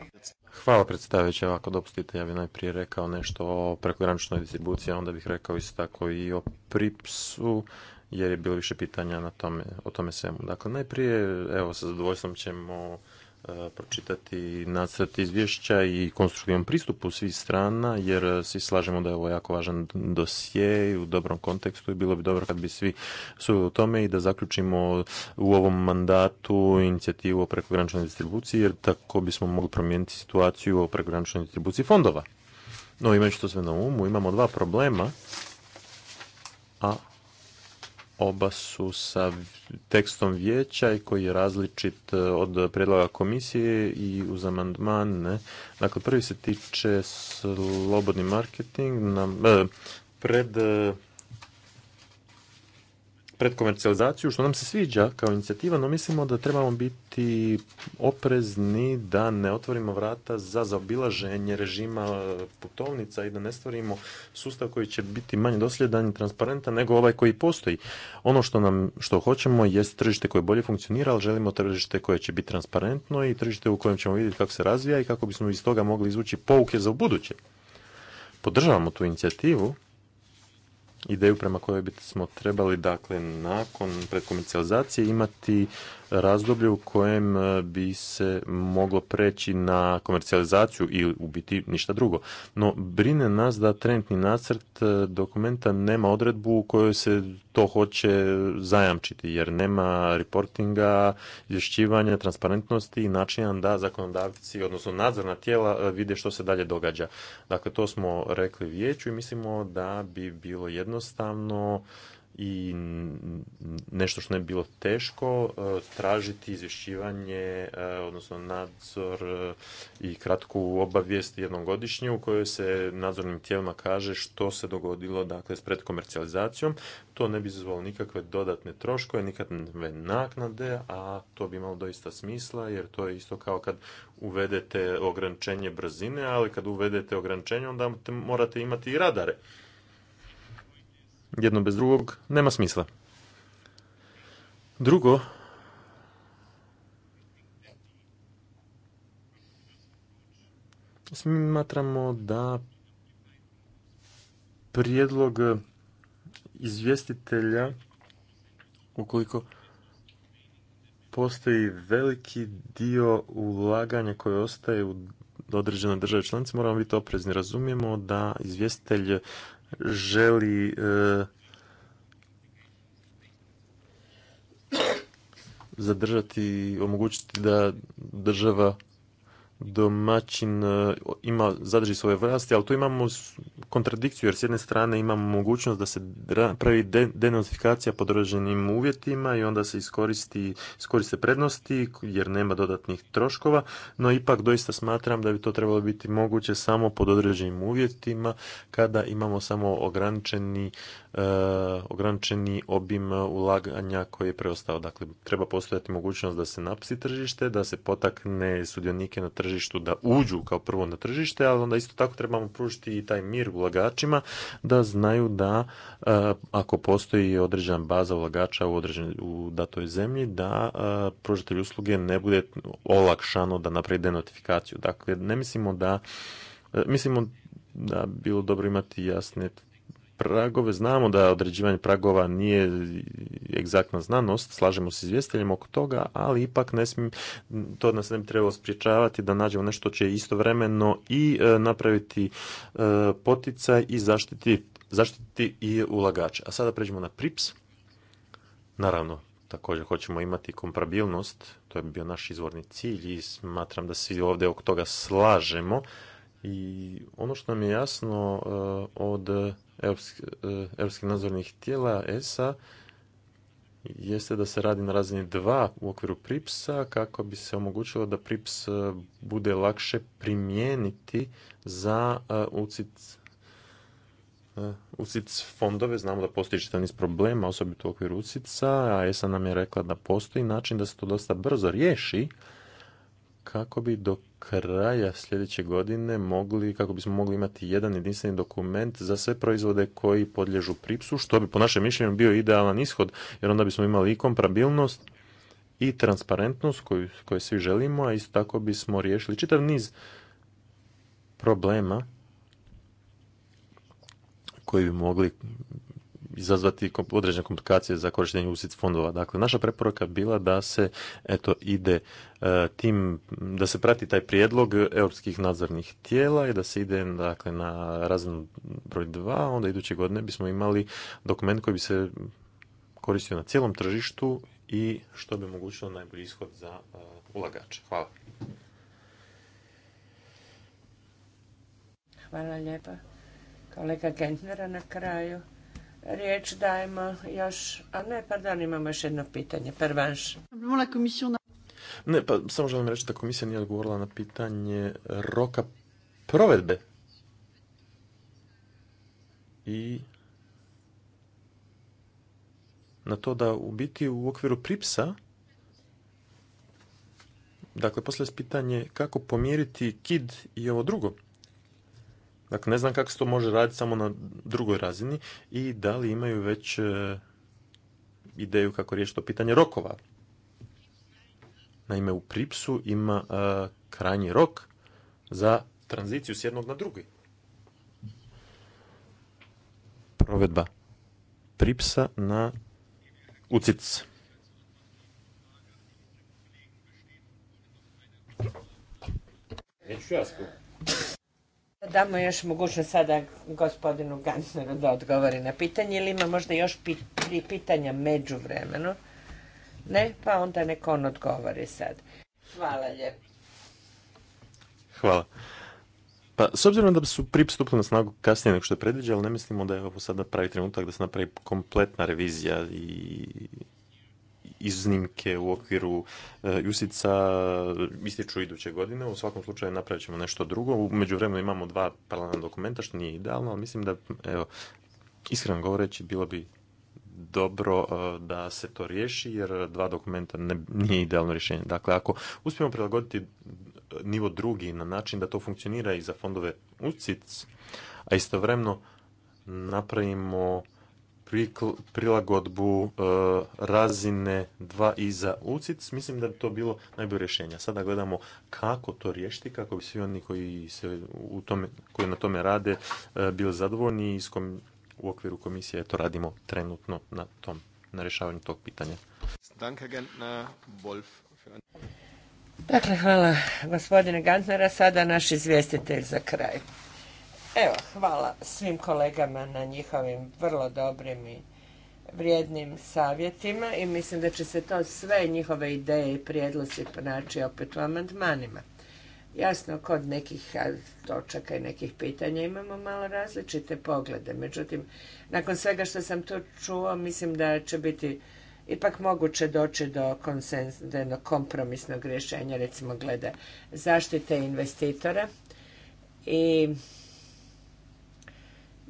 Hvala predstavljajući, ako dopustite, ja bih najprije rekao nešto o prekograničnoj distribuciji, a onda bih rekao isto tako i o pripsu, jer je bilo više pitanja na tome, o tome svemu. Dakle, najprije, evo, sa zadovoljstvom ćemo E, pročitati nacrt izvješća i konstruktivan pristupu svih strana, jer svi slažemo da je ovo jako važan dosje u dobrom kontekstu i bilo bi dobro kad bi svi su u tome i da zaključimo u ovom mandatu inicijativu o prekograničnoj distribuciji, jer tako bismo mogli promijeniti situaciju o prekograničnoj distribuciji fondova. No, imajući to sve na umu, imamo dva problema, a oba su sa tekstom vijeća i koji je različit e, od predloga komisije i uz ne. Dakle, prvi se tiče slobodni marketing, na e, pred e, predkomercijalizaciju, što nam se sviđa kao inicijativa, no mislimo da trebamo biti oprezni da ne otvorimo vrata za zaobilaženje režima putovnica i da ne stvorimo sustav koji će biti manje dosljedan i transparentan nego ovaj koji postoji. Ono što nam što hoćemo je tržište koje bolje funkcionira, ali želimo tržište koje će biti transparentno i tržište u kojem ćemo vidjeti kako se razvija i kako bismo iz toga mogli izvući pouke za u buduće. Podržavamo tu inicijativu ideju prema kojoj bismo trebali, dakle, nakon predkomercijalizacije imati razdoblju u kojem e, bi se moglo preći na komercijalizaciju ili u biti ništa drugo. No, brine nas da trenutni nacrt e, dokumenta nema odredbu u kojoj se to hoće zajamčiti, jer nema reportinga, izvješćivanja, transparentnosti i načina da zakonodavci, odnosno nadzorna tijela, e, vide što se dalje događa. Dakle, to smo rekli vijeću i mislimo da bi bilo jednostavno i nešto što ne bi bilo teško e, tražiti izvješćivanje, e, odnosno nadzor e, i kratku obavijest jednom godišnju u kojoj se nadzornim tijelima kaže što se dogodilo dakle, s predkomercijalizacijom. To ne bi izazvalo nikakve dodatne troškove, nikakve naknade, a to bi imalo doista smisla jer to je isto kao kad uvedete ograničenje brzine, ali kad uvedete ograničenje onda morate imati i radare jedno bez drugog nema smisla. Drugo, smatramo da prijedlog izvjestitelja ukoliko postoji veliki dio ulaganja koje ostaje u određenoj državi članice moramo biti oprezni. Razumijemo da izvjestitelj želi e, zadržati, omogućiti da država domaćin e, ima, zadrži svoje vlasti, ali tu imamo kontradikciju, jer s jedne strane imamo mogućnost da se pravi de, denotifikacija pod određenim uvjetima i onda se iskoristi, iskoriste prednosti jer nema dodatnih troškova, no ipak doista smatram da bi to trebalo biti moguće samo pod određenim uvjetima kada imamo samo ograničeni E, ograničeni obim ulaganja koji je preostao. Dakle, treba postojati mogućnost da se napsi tržište, da se potakne sudionike na tržištu da uđu kao prvo na tržište, ali onda isto tako trebamo pružiti i taj mir ulagačima da znaju da e, ako postoji određena baza ulagača u, određen, u datoj zemlji, da e, pružatelj usluge ne bude olakšano da napravi denotifikaciju. Dakle, ne mislimo da mislimo da bilo dobro imati jasne pragove, znamo da određivanje pragova nije egzaktna znanost, slažemo se izvjestiteljem oko toga, ali ipak ne smijem, to nas ne bi trebalo spriječavati da nađemo nešto će istovremeno i e, napraviti e, poticaj i zaštiti, zaštiti i ulagače. A sada pređemo na PRIPS. Naravno, također hoćemo imati komparabilnost, to je bio naš izvorni cilj i smatram da svi ovdje oko toga slažemo. I ono što nam je jasno e, od E, europskih nadzornih tijela ESA jeste da se radi na razini dva u okviru pripsa kako bi se omogućilo da PRIPS e, bude lakše primijeniti za e, UCIT fondove, znamo da postoji čitav niz problema, osobito u okviru UCITS-a, a ESA nam je rekla da postoji način da se to dosta brzo riješi, kako bi do kraja sljedeće godine mogli, kako bismo mogli imati jedan jedinstveni dokument za sve proizvode koji podlježu pripsu, što bi po našem mišljenju bio idealan ishod, jer onda bismo imali i komprabilnost i transparentnost koju, koju svi želimo, a isto tako bismo riješili čitav niz problema koji bi mogli izazvati određene komplikacije za korištenje usic fondova. Dakle, naša preporuka bila da se eto ide e, tim, da se prati taj prijedlog europskih nadzornih tijela i da se ide dakle, na razinu broj dva, onda iduće godine bismo imali dokument koji bi se koristio na cijelom tržištu i što bi omogućilo najbolji ishod za e, ulagače. Hvala.
Hvala lijepa. Kolega Gentnera na kraju. Riječ dajemo još, a ne, pardon, imamo još jedno pitanje. Pervanš.
Ne, pa samo želim reći da komisija nije odgovorila na pitanje roka provedbe. I na to da u biti u okviru pripsa dakle poslije pitanje kako pomjeriti kid i ovo drugo Dakle, ne znam kako se to može raditi samo na drugoj razini i da li imaju već e, ideju kako riješiti to pitanje rokova. Naime, u Pripsu ima e, krajnji rok za tranziciju s jednog na drugi. Provedba Pripsa na Ucic.
Neću ja
Damo još mogućnost sada gospodinu Gansneru da odgovori na pitanje ili ima možda još tri pitanja među vremenu. Ne, pa onda neko on odgovori sad. Hvala lijepo.
Hvala. Pa, s obzirom da su pristupili na snagu kasnije nego što je predviđalo, ne mislimo da je ovo sada pravi trenutak da se napravi kompletna revizija i iznimke u okviru e, Jusica e, ističu iduće godine. U svakom slučaju napravit ćemo nešto drugo. U međuvremenu imamo dva paralelna dokumenta, što nije idealno, ali mislim da, evo, iskreno govoreći, bilo bi dobro e, da se to riješi, jer dva dokumenta nije idealno rješenje. Dakle, ako uspijemo prilagoditi nivo drugi na način da to funkcionira i za fondove UCIC, a istovremeno napravimo prilagodbu e, razine 2 i za UCIC, mislim da bi to bilo najbolje rješenje. Sada gledamo kako to riješiti, kako bi svi oni koji, u tome, koji na tome rade e, bili zadovoljni i u okviru komisije to radimo trenutno na tom na rješavanju tog pitanja.
Dakle, hvala gospodine Gantnera. Sada naš izvjestitelj za kraj. Evo, hvala svim kolegama na njihovim vrlo dobrim i vrijednim savjetima i mislim da će se to sve njihove ideje i prijedlozi ponaći opet u amandmanima. Jasno, kod nekih točaka i nekih pitanja imamo malo različite poglede. Međutim, nakon svega što sam to čuo, mislim da će biti ipak moguće doći do jednog kompromisnog rješenja, recimo glede zaštite investitora i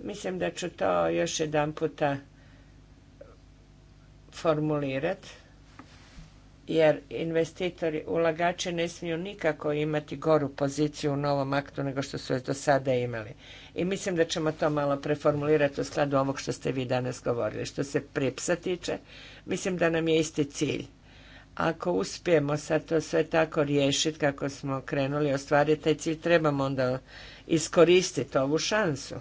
Mislim da ću to još jedan puta formulirati, jer investitori, ulagači ne smiju nikako imati goru poziciju u novom aktu nego što su je do sada imali. I mislim da ćemo to malo preformulirati u skladu ovog što ste vi danas govorili. Što se pripsa tiče, mislim da nam je isti cilj. Ako uspijemo sad to sve tako riješiti kako smo krenuli ostvariti taj cilj, trebamo onda iskoristiti ovu šansu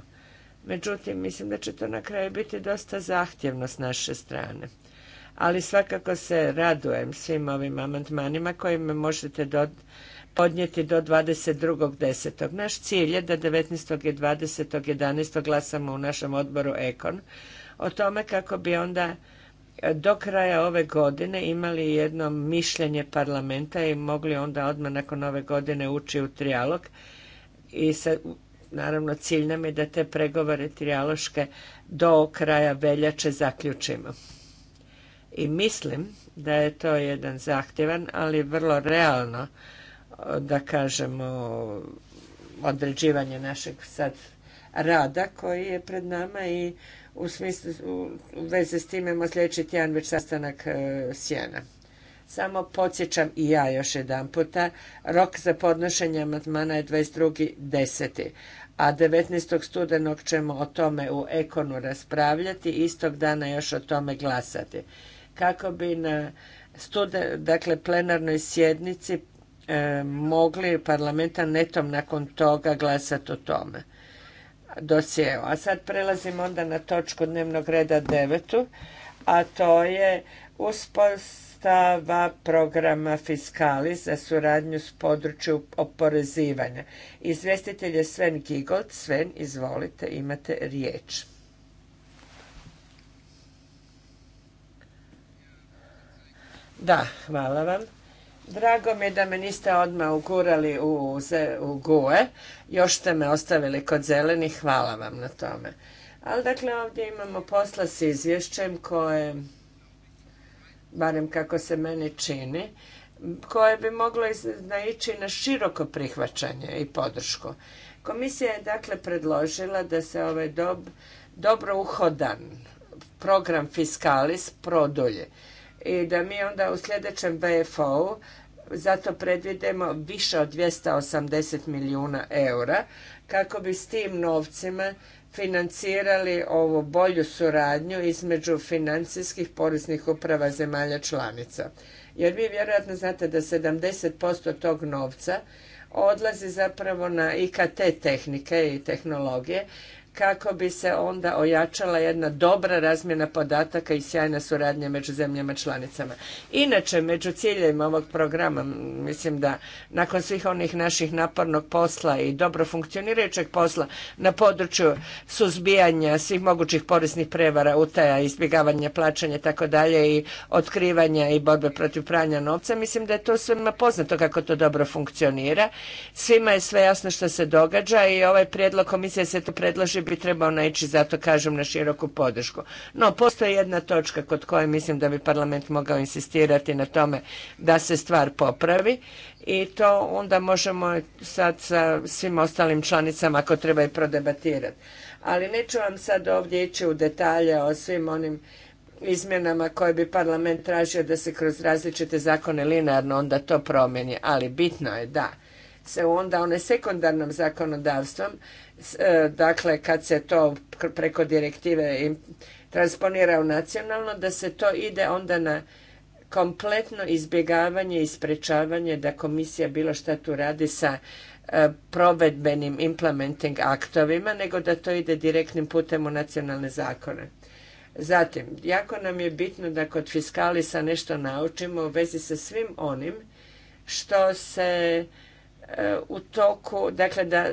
Međutim, mislim da će to na kraju biti dosta zahtjevno s naše strane. Ali svakako se radujem svim ovim amandmanima koje me možete podnijeti do 22.10. Naš cilj je da 19. i 11. glasamo u našem odboru Ekon o tome kako bi onda do kraja ove godine imali jedno mišljenje parlamenta i mogli onda odmah nakon ove godine ući u trijalog i sa, naravno cilj nam je da te pregovore trijaloške do kraja veljače zaključimo. I mislim da je to jedan zahtjevan, ali vrlo realno, da kažemo, određivanje našeg sad rada koji je pred nama i u, smislu, u, vezi s tim imamo sljedeći tjedan već sastanak e, sjena. Samo podsjećam i ja još jedan puta, rok za podnošenje amandmana je 22.10 a 19. studenog ćemo o tome u Ekonu raspravljati i istog dana još o tome glasati. Kako bi na dakle plenarnoj sjednici e, mogli parlamenta netom nakon toga glasati o tome dosjeo. A sad prelazimo onda na točku dnevnog reda devetu, a to je uspos sredstava programa Fiskali za suradnju s području oporezivanja. Izvjestitelj je Sven Gigold. Sven, izvolite, imate riječ. Da, hvala vam. Drago mi je da me niste odmah ugurali u, u GUE. Još ste me ostavili kod zelenih. Hvala vam na tome. Ali dakle ovdje imamo posla s izvješćem koje barem kako se meni čini, koje bi moglo naići na široko prihvaćanje i podršku. Komisija je dakle predložila da se ovaj dobro uhodan program Fiskalis produlje i da mi onda u sljedećem VFO-u zato predvidemo više od 280 milijuna eura kako bi s tim novcima financirali ovu bolju suradnju između financijskih poreznih uprava zemalja članica. Jer vi vjerojatno znate da 70% tog novca odlazi zapravo na IKT tehnike i tehnologije kako bi se onda ojačala jedna dobra razmjena podataka i sjajna suradnja među zemljama članicama. Inače, među ciljevima ovog programa, mislim da nakon svih onih naših napornog posla i dobro funkcionirajućeg posla na području suzbijanja svih mogućih poreznih prevara, utaja, izbjegavanja plaćanja i tako dalje i otkrivanja i borbe protiv pranja novca, mislim da je to svima poznato kako to dobro funkcionira. Svima je sve jasno što se događa i ovaj prijedlog komisije se to predloži bi trebao naići, zato kažem, na široku podršku. No, postoji jedna točka kod koje mislim da bi parlament mogao insistirati na tome da se stvar popravi i to onda možemo sad sa svim ostalim članicama ako treba i prodebatirati. Ali neću vam sad ovdje ići u detalje o svim onim izmjenama koje bi parlament tražio da se kroz različite zakone linearno onda to promjeni. Ali bitno je da se onda one sekundarnom zakonodavstvom, e, dakle kad se to preko direktive transponira u nacionalno, da se to ide onda na kompletno izbjegavanje i sprečavanje da komisija bilo šta tu radi sa e, provedbenim implementing aktovima, nego da to ide direktnim putem u nacionalne zakone. Zatim, jako nam je bitno da kod fiskalisa nešto naučimo u vezi sa svim onim što se u toku, dakle da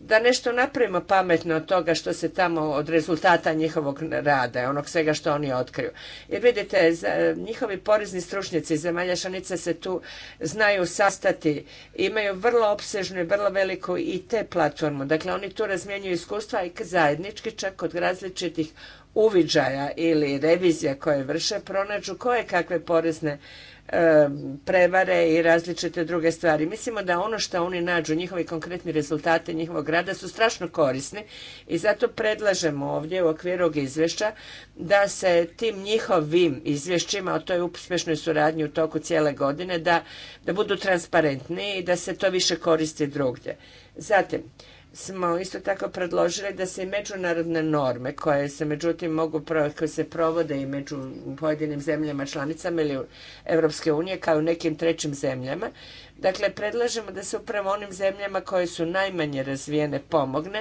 da nešto napravimo pametno od toga što se tamo od rezultata njihovog rada, onog svega što oni otkriju. Jer vidite, njihovi porezni stručnjaci zemalja članica se tu znaju sastati, imaju vrlo opsežnu i vrlo veliku IT platformu. Dakle, oni tu razmjenjuju iskustva i zajednički čak od različitih uviđaja ili revizija koje vrše pronađu koje kakve porezne prevare i različite druge stvari. Mislimo da ono što oni nađu, njihovi konkretni rezultati njihovog rada su strašno korisni i zato predlažemo ovdje u okviru ovog izvješća da se tim njihovim izvješćima o toj uspješnoj suradnji u toku cijele godine da, da budu transparentni i da se to više koristi drugdje. Zatim, smo isto tako predložili da se i međunarodne norme koje se međutim mogu, koje se provode i među pojedinim zemljama članicama ili Europske unije kao i u nekim trećim zemljama, Dakle, predlažemo da se upravo onim zemljama koje su najmanje razvijene pomogne,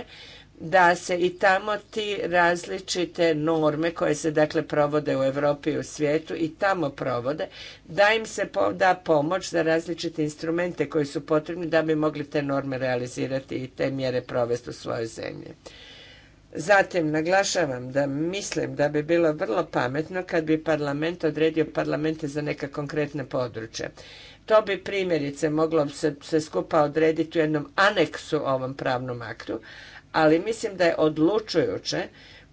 da se i tamo ti različite norme koje se dakle provode u Europi i u svijetu i tamo provode, da im se po, da pomoć za različite instrumente koji su potrebni da bi mogli te norme realizirati i te mjere provesti u svojoj zemlji. Zatim naglašavam da mislim da bi bilo vrlo pametno kad bi parlament odredio parlamente za neka konkretna područja to bi primjerice moglo se, se skupa odrediti u jednom aneksu ovom pravnom aktu, ali mislim da je odlučujuće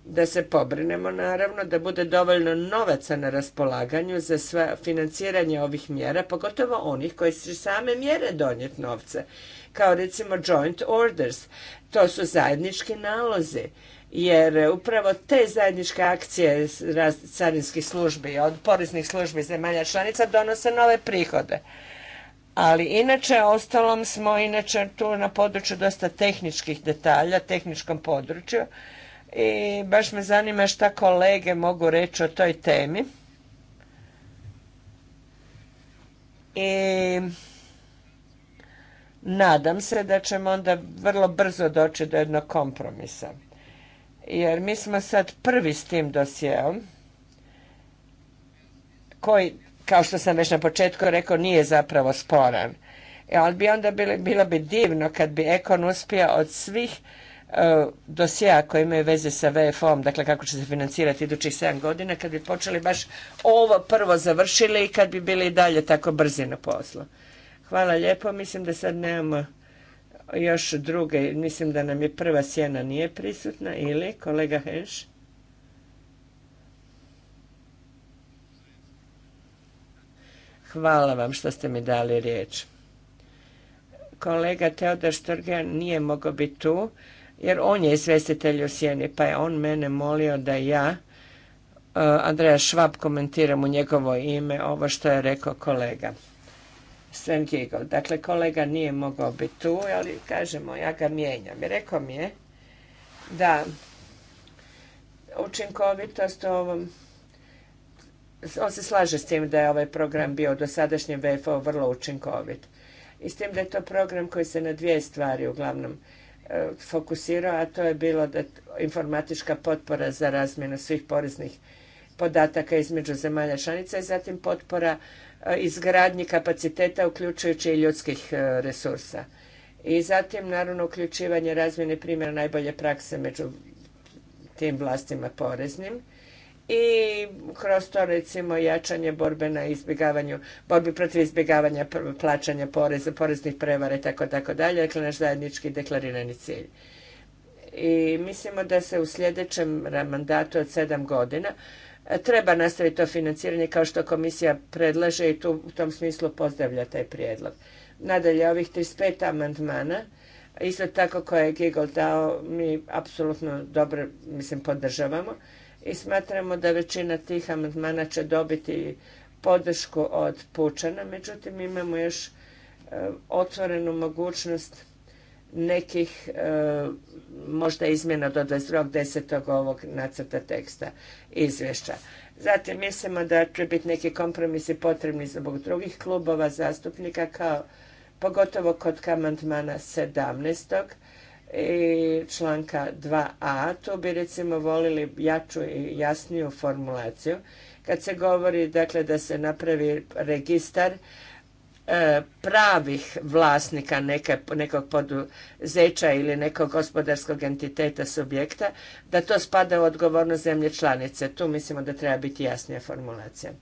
da se pobrinemo naravno da bude dovoljno novaca na raspolaganju za sve financiranje ovih mjera, pogotovo onih koji će same mjere donijeti novce, kao recimo joint orders. To su zajednički nalozi, jer upravo te zajedničke akcije carinskih službi, od poreznih službi zemalja članica donose nove prihode ali inače ostalom smo inače tu na području dosta tehničkih detalja, tehničkom području i baš me zanima šta kolege mogu reći o toj temi. I nadam se da ćemo onda vrlo brzo doći do jednog kompromisa. Jer mi smo sad prvi s tim dosjeom koji kao što sam već na početku rekao, nije zapravo sporan. E, ali bi onda bilo, bilo bi divno kad bi Ekon uspio od svih e, dosjea dosija koji imaju veze sa VFO-om, dakle kako će se financirati idućih 7 godina, kad bi počeli baš ovo prvo završili i kad bi bili i dalje tako brzi na poslu. Hvala lijepo, mislim da sad nemamo još druge, mislim da nam je prva sjena nije prisutna, ili kolega Henš? Hvala vam što ste mi dali riječ. Kolega Teodor Štrger nije mogao biti tu, jer on je izvjestitelj u Sjeni, pa je on mene molio da ja, e, Andreja Švab, komentiram u njegovo ime ovo što je rekao kolega. Sven Dakle, kolega nije mogao biti tu, ali kažemo, ja ga mijenjam. I rekao mi je da učinkovitost u ovom on se slaže s tim da je ovaj program bio do sadašnje VFO vrlo učinkovit. I s tim da je to program koji se na dvije stvari uglavnom e, fokusirao, a to je bilo da informatička potpora za razmjenu svih poreznih podataka između zemalja članica i zatim potpora e, izgradnji kapaciteta uključujući i ljudskih e, resursa. I zatim naravno uključivanje razmjene primjera najbolje prakse među tim vlastima poreznim i kroz to recimo jačanje borbe na izbjegavanju, borbi protiv izbjegavanja plaćanja poreza, poreznih prevara i tako tako dalje, dakle naš zajednički deklarirani cilj. I mislimo da se u sljedećem mandatu od sedam godina e, treba nastaviti to financiranje kao što komisija predlaže i tu u tom smislu pozdravlja taj prijedlog. Nadalje, ovih 35 amandmana, isto tako koje je Giggle dao, mi apsolutno dobro, mislim, podržavamo i smatramo da većina tih amandmana će dobiti podršku od pučana, međutim imamo još e, otvorenu mogućnost nekih e, možda izmjena do 22.10. ovog nacrta teksta izvješća. Zatim mislimo da će biti neki kompromisi potrebni zbog drugih klubova zastupnika kao pogotovo kod kamantmana 17 i e, članka 2a. Tu bi recimo volili jaču i jasniju formulaciju kad se govori dakle da se napravi registar e, pravih vlasnika nekog poduzeća ili nekog gospodarskog entiteta subjekta, da to spada u odgovornost zemlje članice. Tu mislimo da treba biti jasnija formulacija.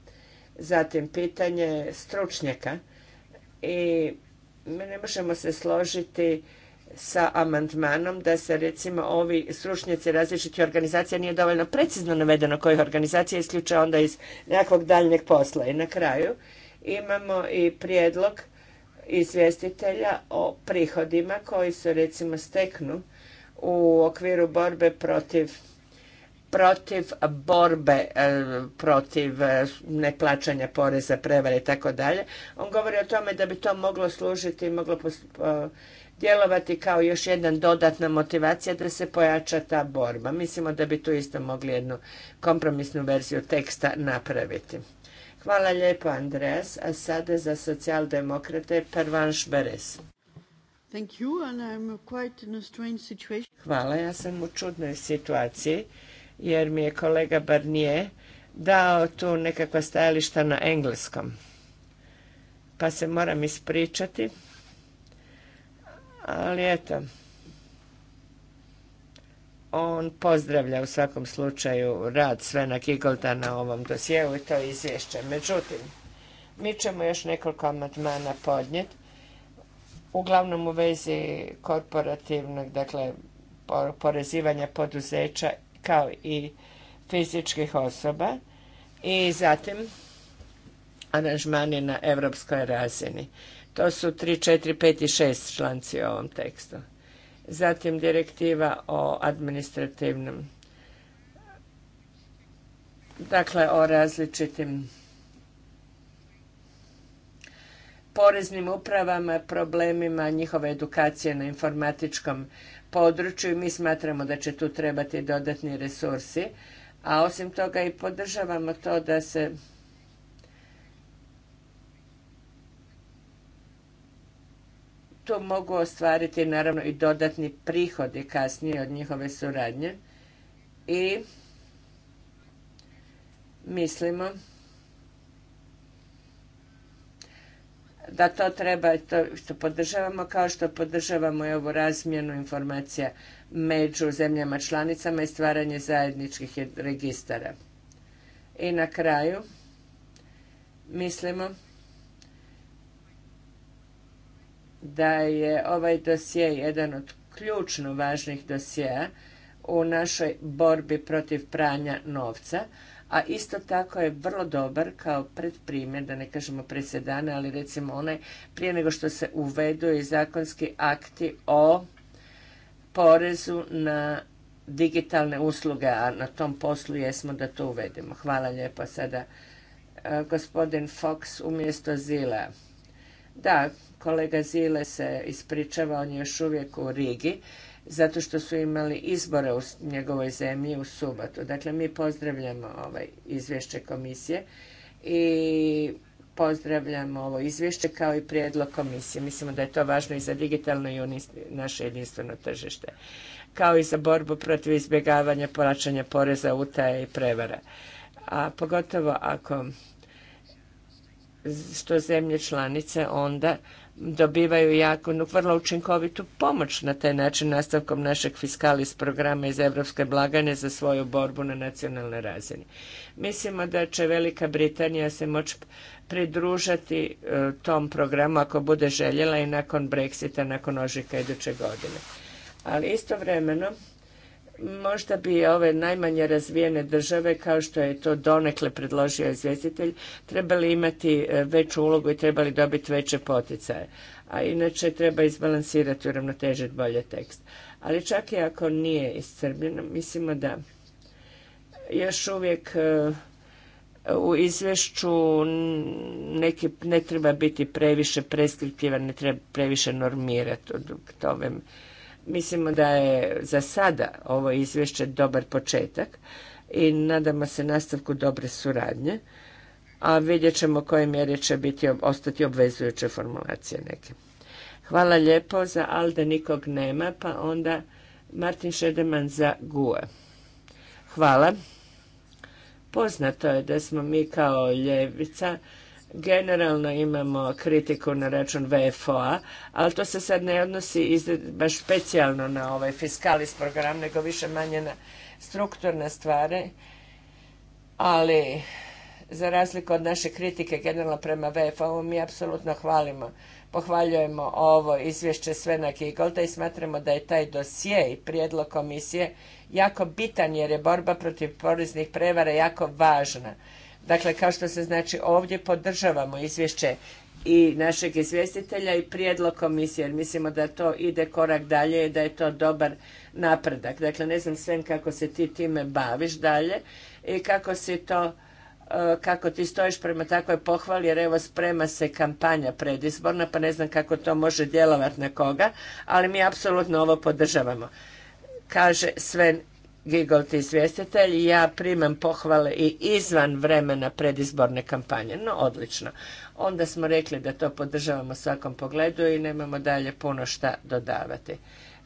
Zatim pitanje stručnjaka i ne možemo se složiti sa amandmanom da se recimo ovi stručnjaci različitih organizacija nije dovoljno precizno navedeno kojih organizacija isključe onda iz nekakvog daljnjeg posla. I na kraju imamo i prijedlog izvjestitelja o prihodima koji se recimo steknu u okviru borbe protiv protiv borbe e, protiv e, neplaćanja poreza, prevare i tako dalje. On govori o tome da bi to moglo služiti, moglo e, djelovati kao još jedan dodatna motivacija da se pojača ta borba. Mislimo da bi tu isto mogli jednu kompromisnu verziju teksta napraviti. Hvala lijepo Andreas, a sada za socijaldemokrate Pervanš Beres. Thank Hvala, ja sam u čudnoj situaciji jer mi je kolega Barnier dao tu nekakva stajališta na engleskom. Pa se moram ispričati. Ali eto, on pozdravlja u svakom slučaju rad Svena Kigolda na ovom dosjeu i to izvješće. Međutim, mi ćemo još nekoliko amatmana podnijeti, uglavnom u vezi korporativnog, dakle, porezivanja poduzeća kao i fizičkih osoba i zatim aranžmani na evropskoj razini. To su tri, četiri, pet i šest članci u ovom tekstu. Zatim direktiva o administrativnom, dakle o različitim poreznim upravama, problemima njihove edukacije na informatičkom području i mi smatramo da će tu trebati dodatni resursi, a osim toga i podržavamo to da se To mogu ostvariti naravno i dodatni prihodi kasnije od njihove suradnje i mislimo da to treba, to što podržavamo, kao što podržavamo i ovu razmjenu informacija među zemljama članicama i stvaranje zajedničkih registara. I na kraju, mislimo da je ovaj dosje jedan od ključno važnih dosjea u našoj borbi protiv pranja novca, a isto tako je vrlo dobar kao predprimjer, da ne kažemo presedane ali recimo onaj prije nego što se uvedu i zakonski akti o porezu na digitalne usluge, a na tom poslu jesmo da to uvedemo. Hvala lijepo sada e, gospodin Fox umjesto Zila. Da, Kolega Zile se ispričava, on je još uvijek u Rigi, zato što su imali izbore u njegovoj zemlji u subotu. Dakle, mi pozdravljamo ovaj izvješće komisije i pozdravljamo ovo izvješće kao i prijedlog komisije. Mislimo da je to važno i za digitalno i naše jedinstveno tržište, kao i za borbu protiv izbjegavanja plaćanja poreza, utaje i prevara. A pogotovo ako što zemlje članice onda dobivaju jako, vrlo učinkovitu pomoć na taj način nastavkom našeg fiskalis programa iz Europske blagane za svoju borbu na nacionalnoj razini. Mislimo da će Velika Britanija se moći pridružati e, tom programu ako bude željela i nakon Brexita, nakon ožika iduće godine. Ali istovremeno, Možda bi ove najmanje razvijene države, kao što je to donekle predložio izvjestitelj, trebali imati e, veću ulogu i trebali dobiti veće poticaje. A inače treba izbalansirati, uravnotežiti bolje tekst. Ali čak i ako nije iscrpljeno, mislimo da još uvijek e, u izvješću neki ne treba biti previše preskriptivan, ne treba previše normirati od tome Mislimo da je za sada ovo izvješće dobar početak i nadamo se nastavku dobre suradnje, a vidjet ćemo koje mjere će biti, ostati obvezujuće formulacije neke. Hvala lijepo, za Alde nikog nema, pa onda Martin Šedeman za GUE. Hvala. Poznato je da smo mi kao ljevica generalno imamo kritiku na račun VFO-a, ali to se sad ne odnosi baš specijalno na ovaj fiskalis program, nego više manje na strukturne stvari, ali za razliku od naše kritike generalno prema VFO-u, mi apsolutno hvalimo, pohvaljujemo ovo izvješće Svena Gigolta i smatramo da je taj dosje i prijedlog komisije jako bitan jer je borba protiv poreznih prevara jako važna Dakle, kao što se znači ovdje podržavamo izvješće i našeg izvjestitelja i prijedlog komisije, jer mislimo da to ide korak dalje i da je to dobar napredak. Dakle, ne znam sve kako se ti time baviš dalje i kako si to e, kako ti stojiš prema takvoj pohvali, jer evo sprema se kampanja predizborna, pa ne znam kako to može djelovati na koga, ali mi apsolutno ovo podržavamo. Kaže Sven Gigolt izvjestitelj, ja primam pohvale i izvan vremena predizborne kampanje. No, odlično. Onda smo rekli da to podržavamo svakom pogledu i nemamo dalje puno šta dodavati.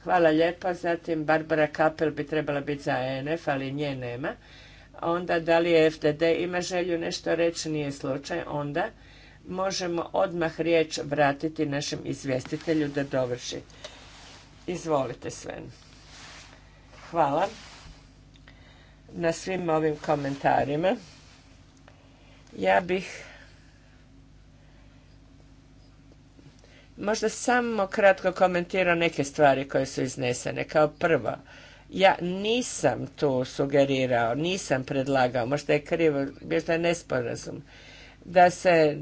Hvala lijepa. Zatim Barbara Kapel bi trebala biti za ENF, ali nje nema. Onda da li FDD ima želju nešto reći, nije slučaj. Onda možemo odmah riječ vratiti našem izvjestitelju da dovrši. Izvolite Sven. Hvala na svim ovim komentarima. Ja bih možda samo kratko komentirao neke stvari koje su iznesene. Kao prvo, ja nisam tu sugerirao, nisam predlagao, možda je krivo, možda je nesporazum, da se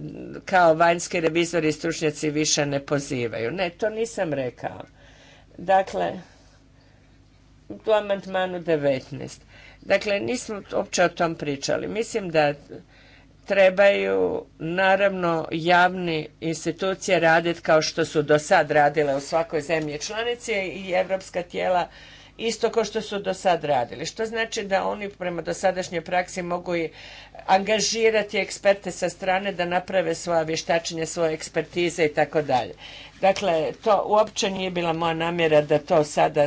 kao vanjski revizori i stručnjaci više ne pozivaju. Ne, to nisam rekao. Dakle, u amandmanu devetnaest. Dakle, nismo uopće o tom pričali. Mislim da trebaju naravno javne institucije raditi kao što su do sad radile u svakoj zemlji članici i evropska tijela isto kao što su do sad radili. Što znači da oni prema dosadašnjoj praksi mogu i angažirati eksperte sa strane da naprave svoja vještačenja, svoje ekspertize i tako dalje. Dakle, to uopće nije bila moja namjera da to sada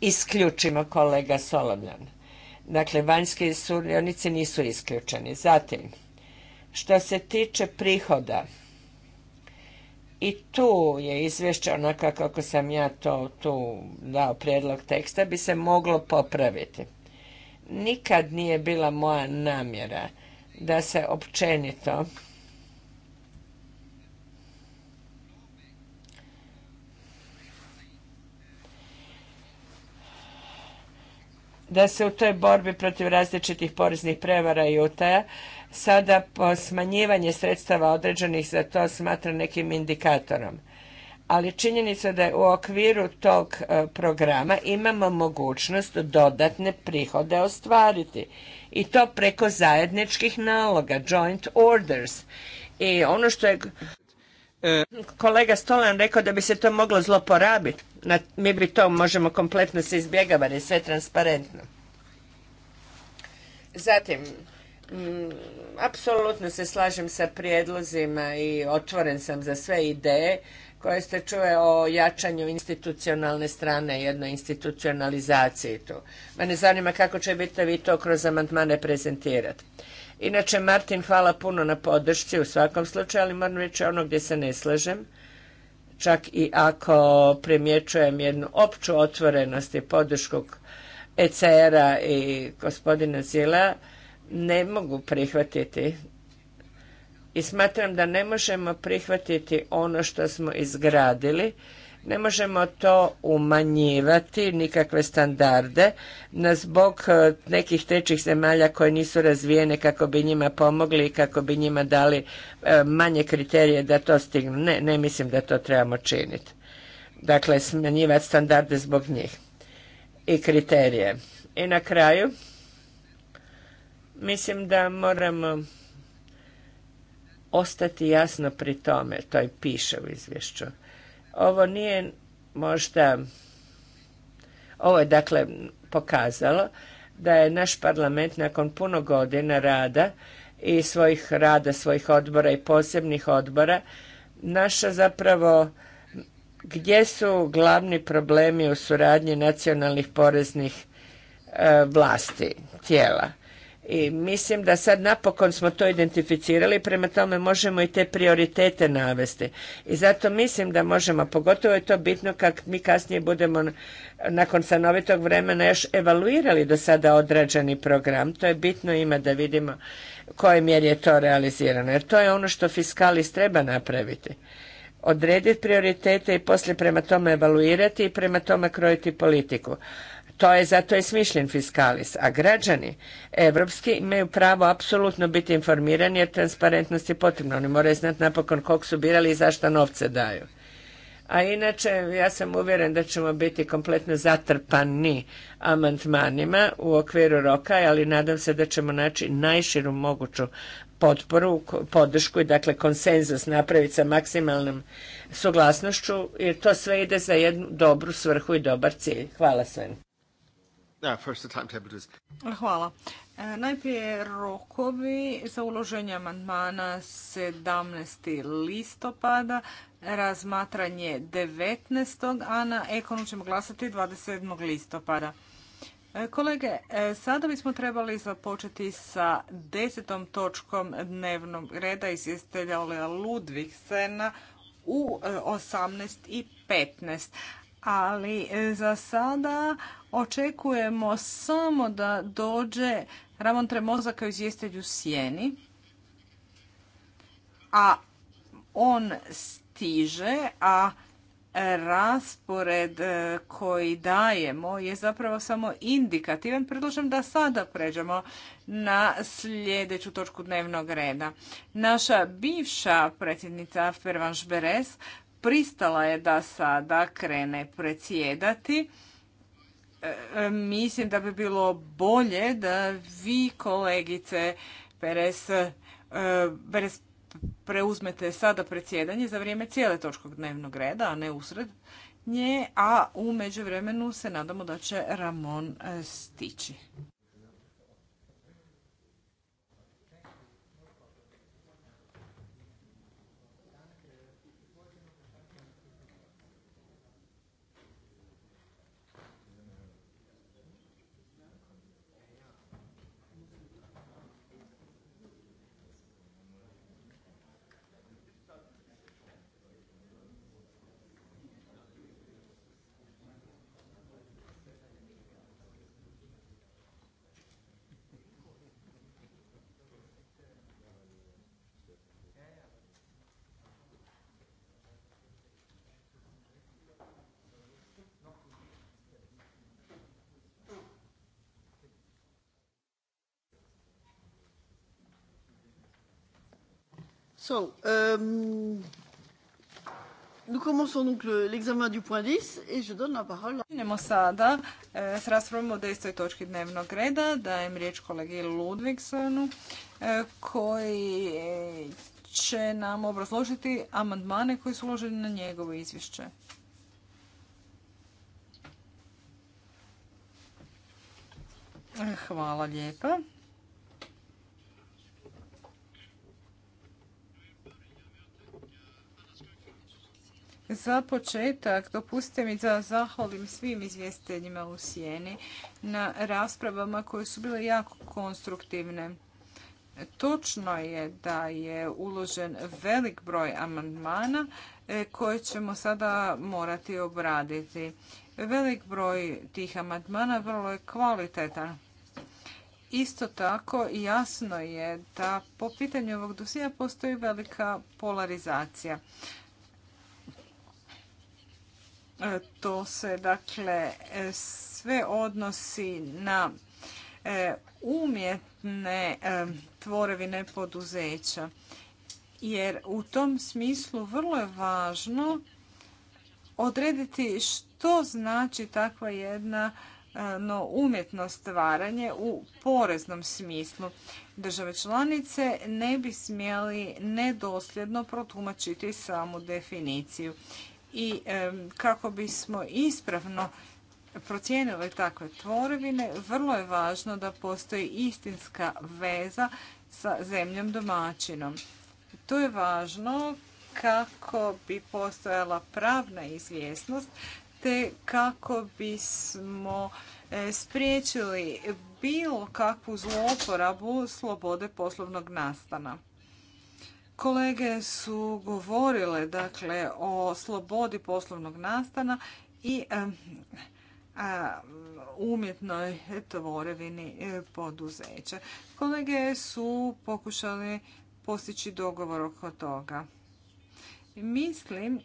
isključimo kolega Solomljana. Dakle, vanjski sudionici nisu isključeni. Zatim, što se tiče prihoda, i tu je izvješće onako kako sam ja to tu dao prijedlog teksta, bi se moglo popraviti. Nikad nije bila moja namjera da se općenito da se u toj borbi protiv različitih poreznih prevara i utaja sada smanjivanje sredstava određenih za to smatra nekim indikatorom. Ali činjenica da je u okviru tog e, programa imamo mogućnost dodatne prihode ostvariti i to preko zajedničkih naloga, joint orders. I ono što je e. kolega Stolan rekao da bi se to moglo zloporabiti, mi bi to možemo kompletno se izbjegavati, sve transparentno. Zatim, mm, apsolutno se slažem sa prijedlozima i otvoren sam za sve ideje koje ste čuje o jačanju institucionalne strane, jednoj institucionalizaciji tu. Mene zanima kako će biti vi to kroz amandmane prezentirati. Inače, Martin, hvala puno na podršci u svakom slučaju, ali moram reći ono gdje se ne slažem čak i ako primjećujem jednu opću otvorenost i podršku ECR-a i gospodina Zila, ne mogu prihvatiti i smatram da ne možemo prihvatiti ono što smo izgradili ne možemo to umanjivati, nikakve standarde, na zbog e, nekih trećih zemalja koje nisu razvijene kako bi njima pomogli i kako bi njima dali e, manje kriterije da to stignu. Ne, ne mislim da to trebamo činiti. Dakle, smanjivati standarde zbog njih i kriterije. I na kraju, mislim da moramo ostati jasno pri tome, to i piše u izvješću ovo nije možda, ovo je dakle pokazalo da je naš parlament nakon puno godina rada i svojih rada, svojih odbora i posebnih odbora, naša zapravo gdje su glavni problemi u suradnji nacionalnih poreznih e, vlasti, tijela. I mislim da sad napokon smo to identificirali, prema tome možemo i te prioritete navesti. I zato mislim da možemo, pogotovo je to bitno kad mi kasnije budemo nakon stanovitog vremena još evaluirali do sada odrađeni program. To je bitno ima da vidimo u kojoj mjeri je to realizirano. Jer to je ono što fiskalist treba napraviti. Odrediti prioritete i poslije prema tome evaluirati i prema tome krojiti politiku. To je zato je smišljen fiskalis, a građani evropski imaju pravo apsolutno biti informirani jer transparentnost je potrebna. Oni moraju znati napokon kog su birali i zašto novce daju. A inače, ja sam uvjeren da ćemo biti kompletno zatrpani amantmanima u okviru roka, ali nadam se da ćemo naći najširu moguću potporu, podršku i dakle konsenzus napraviti sa maksimalnom suglasnošću jer to sve ide za jednu dobru svrhu i dobar cilj. Hvala sve.
Hvala. E, najprije rokovi za uloženje amandmana 17. listopada, razmatranje 19. a na ćemo glasati 27. listopada. E, kolege, e, sada bismo trebali započeti sa desetom točkom dnevnog reda iz jestelja Ludvigsena u 18.15 ali e, za sada očekujemo samo da dođe Ramon Tremoza kao izvjestelj u sjeni, a on stiže, a raspored e, koji dajemo je zapravo samo indikativan. Predlažem da sada pređemo na sljedeću točku dnevnog reda. Naša bivša predsjednica Fervanš Beres pristala je da sada krene predsjedati. E, mislim da bi bilo bolje da vi, kolegice Peres, e, preuzmete sada predsjedanje za vrijeme cijele točkog dnevnog reda, a ne usred nje, a u međuvremenu se nadamo da će Ramon e, stići. So, euh, nous commençons donc l'examen du point 10 et je donne la parole. Idemo sada euh, s raspravom o 10. točki dnevnog reda. Dajem riječ kolegi Ludvigsonu euh, koji eh, će nam obrazložiti amandmane koji su uloženi na njegovo izvješće. Eh, hvala lijepa. Za početak dopustite mi da zahvalim svim izvjestiteljima u sjeni na raspravama koje su bile jako konstruktivne. Točno je da je uložen velik broj amandmana e, koje ćemo sada morati obraditi. Velik broj tih amandmana vrlo je kvalitetan. Isto tako jasno je da po pitanju ovog dosija postoji velika polarizacija. E, to se dakle e, sve odnosi na e, umjetne tvorevine poduzeća. Jer u tom smislu vrlo je važno odrediti što znači takva jedna no umjetno stvaranje u poreznom smislu. Države članice ne bi smjeli nedosljedno protumačiti samu definiciju i kako bismo ispravno procijenili takve tvorevine, vrlo je važno da postoji istinska veza sa zemljom domaćinom. To je važno kako bi postojala pravna izvjesnost, te kako bismo e, spriječili bilo kakvu zloporabu slobode poslovnog nastana. Kolege su govorile dakle o slobodi poslovnog nastana i umjetnoj tvorevini e, poduzeća. Kolege su pokušali postići dogovor oko toga. Mislim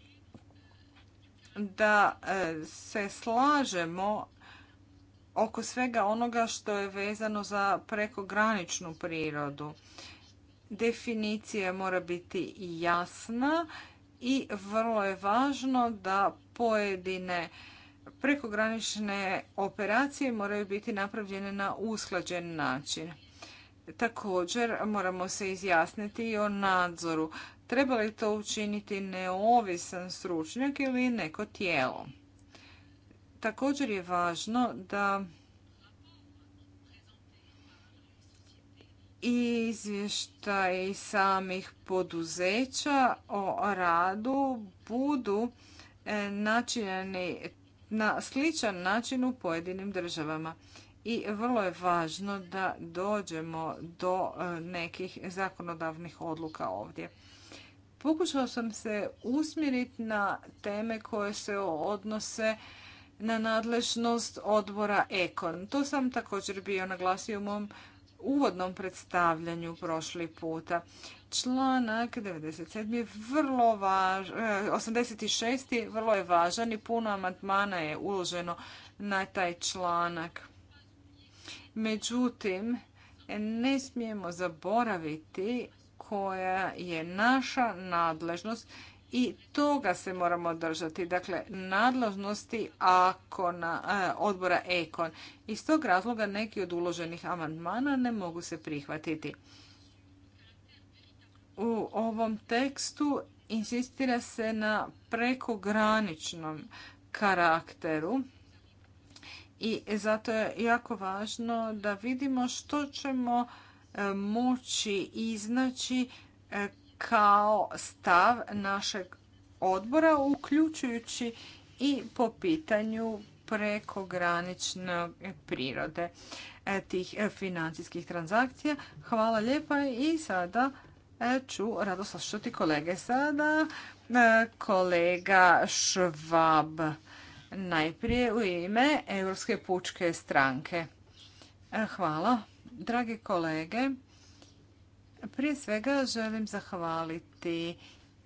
da e, se slažemo oko svega onoga što je vezano za prekograničnu prirodu. Definicija mora biti jasna i vrlo je važno da pojedine prekogranične operacije moraju biti napravljene na usklađen način. Također moramo se izjasniti i o nadzoru. Treba li to učiniti neovisan stručnjak ili neko tijelo? Također je važno da i izvještaj samih poduzeća o radu budu e, načinjeni na sličan način u pojedinim državama. I vrlo je važno da dođemo do e, nekih zakonodavnih odluka ovdje. Pokušao sam se usmjeriti na teme koje se odnose na nadležnost odbora Ekon. To sam također bio naglasio u mom uvodnom predstavljanju prošli puta. Članak 97. je vrlo važan, eh, 86. Je vrlo je važan i puno amandmana je uloženo na taj članak. Međutim, ne smijemo zaboraviti koja je naša nadležnost i toga se moramo držati. Dakle, nadležnosti Akona, e, odbora Ekon. Iz tog razloga neki od uloženih amandmana ne mogu se prihvatiti. U ovom tekstu insistira se na prekograničnom karakteru i zato je jako važno da vidimo što ćemo e, moći iznaći e, kao stav našeg odbora, uključujući i po pitanju prekogranične prirode e, tih e, financijskih transakcija. Hvala lijepa i sada e, ću rado kolege sada. Kolega Švab najprije u ime Europske pučke stranke. Hvala. Dragi kolege, prije svega želim zahvaliti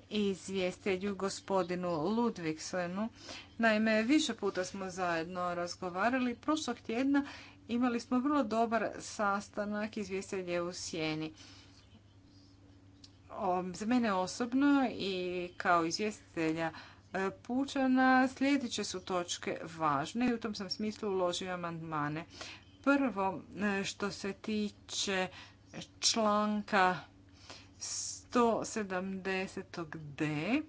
izvjestelju gospodinu Ludvigsenu. Naime, više puta smo zajedno razgovarali. Prošlog tjedna imali smo vrlo dobar sastanak izvjestelje u Sjeni. Za mene osobno i kao izvjestitelja e, Pučana sljedeće su točke važne i u tom sam smislu uložio amandmane. Prvo, e, što se tiče članka 170d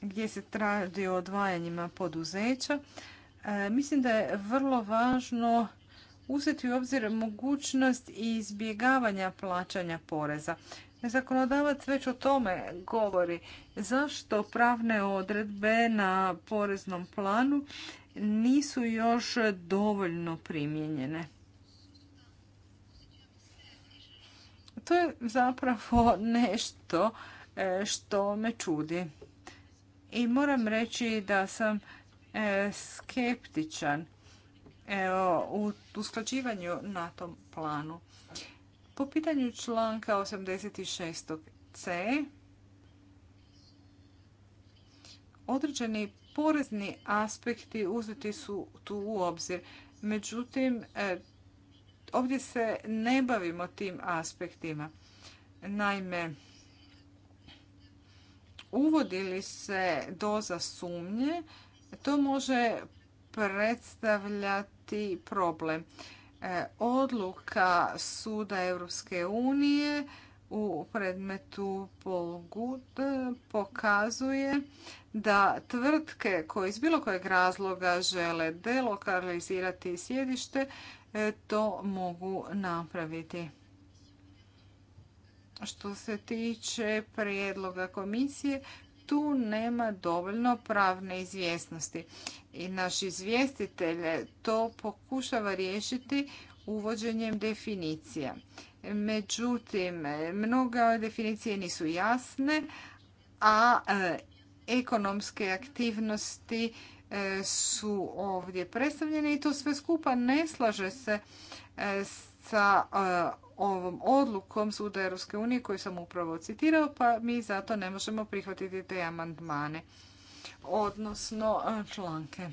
gdje se radi o odvajanjima poduzeća. E, mislim da je vrlo važno uzeti u obzir mogućnost izbjegavanja plaćanja poreza. Zakonodavac već o tome govori zašto pravne odredbe na poreznom planu nisu još dovoljno primijenjene. To je zapravo nešto e, što me čudi. I moram reći da sam e, skeptičan u usklađivanju na tom planu. Po pitanju članka 86c određeni porezni aspekti uzeti su tu u obzir. Međutim, e, Ovdje se ne bavimo tim aspektima. Naime, uvodi li se doza sumnje, to može predstavljati problem. E, odluka Suda Europske unije u predmetu Polgud e, pokazuje da tvrtke koje iz bilo kojeg razloga žele delokalizirati sjedište E, to mogu napraviti. Što se tiče prijedloga komisije, tu nema dovoljno pravne izvjesnosti. I naš izvjestitelj to pokušava riješiti uvođenjem definicija. Međutim, mnoga definicije nisu jasne, a e, ekonomske aktivnosti E, su ovdje predstavljene i to sve skupa ne slaže se e, sa e, ovom odlukom Suda Europske unije koju sam upravo citirao, pa mi zato ne možemo prihvatiti te amandmane, odnosno članke.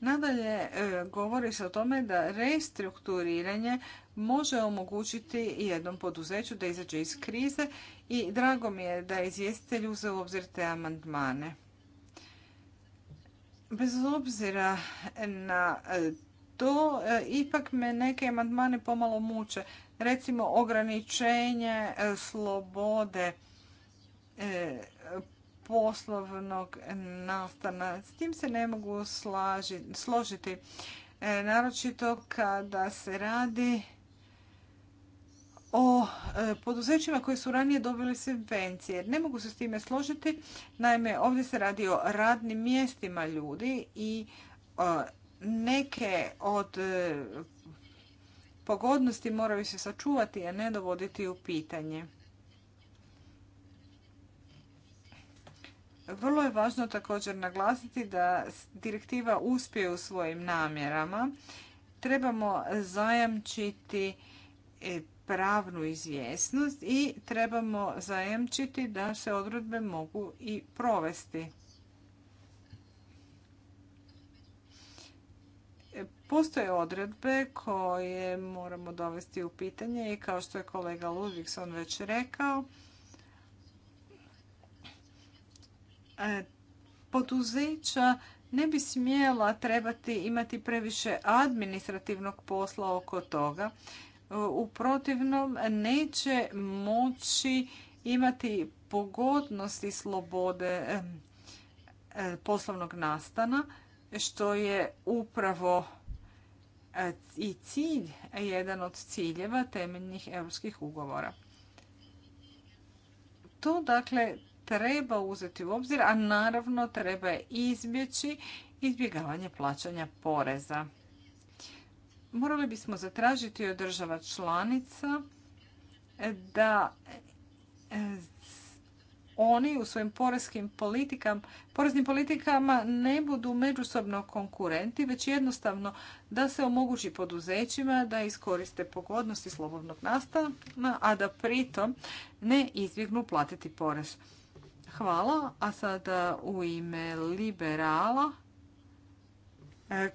Nadalje, govori se o tome da restrukturiranje može omogućiti jednom poduzeću da izađe iz krize i drago mi je da je izvjestitelj uzeo obzir te amandmane. Bez obzira na e, to, e, ipak me neke amandmane pomalo muče. Recimo ograničenje e, slobode poslovnog nastana. S tim se ne mogu složiti. naročito kada se radi o e, poduzećima koji su ranije dobili subvencije. Ne mogu se s time složiti. Naime, ovdje se radi o radnim mjestima ljudi i e, neke od e, pogodnosti moraju se sačuvati, a ne dovoditi u pitanje. Vrlo je važno također naglasiti da direktiva uspije u svojim namjerama. Trebamo zajamčiti pravnu izvjesnost i trebamo zajemčiti da se odredbe mogu i provesti. Postoje odredbe koje moramo dovesti u pitanje i kao što je kolega Ludvigson već rekao, e, poduzeća ne bi smjela trebati imati previše administrativnog posla oko toga u protivnom neće moći imati pogodnosti slobode e, poslovnog nastana, što je upravo e, i cilj, jedan od ciljeva temeljnih europskih ugovora. To dakle treba uzeti u obzir, a naravno treba izbjeći izbjegavanje plaćanja poreza morali bismo zatražiti od država članica da e, oni u svojim poreskim politikama, poreznim politikama ne budu međusobno konkurenti, već jednostavno da se omogući poduzećima da iskoriste pogodnosti slobodnog nastana, a da pritom ne izbjegnu platiti porez. Hvala, a sada u ime liberala e,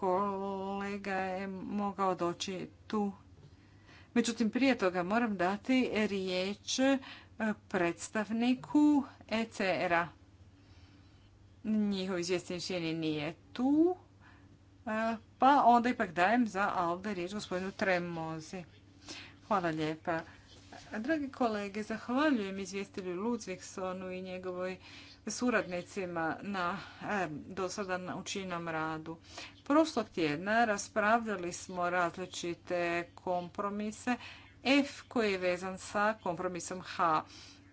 kolega je mogao doći tu. Međutim, prije toga moram dati riječ e, predstavniku ECR-a. Njihov izvjestni nije tu. E, pa onda ipak dajem za Alde riječ gospodinu Tremozi. Hvala lijepa. Dragi kolege, zahvaljujem izvjestilju Ludvigsonu i njegovoj suradnicima na na učinom radu. Prošlog tjedna raspravljali smo različite kompromise F koji je vezan sa kompromisom H.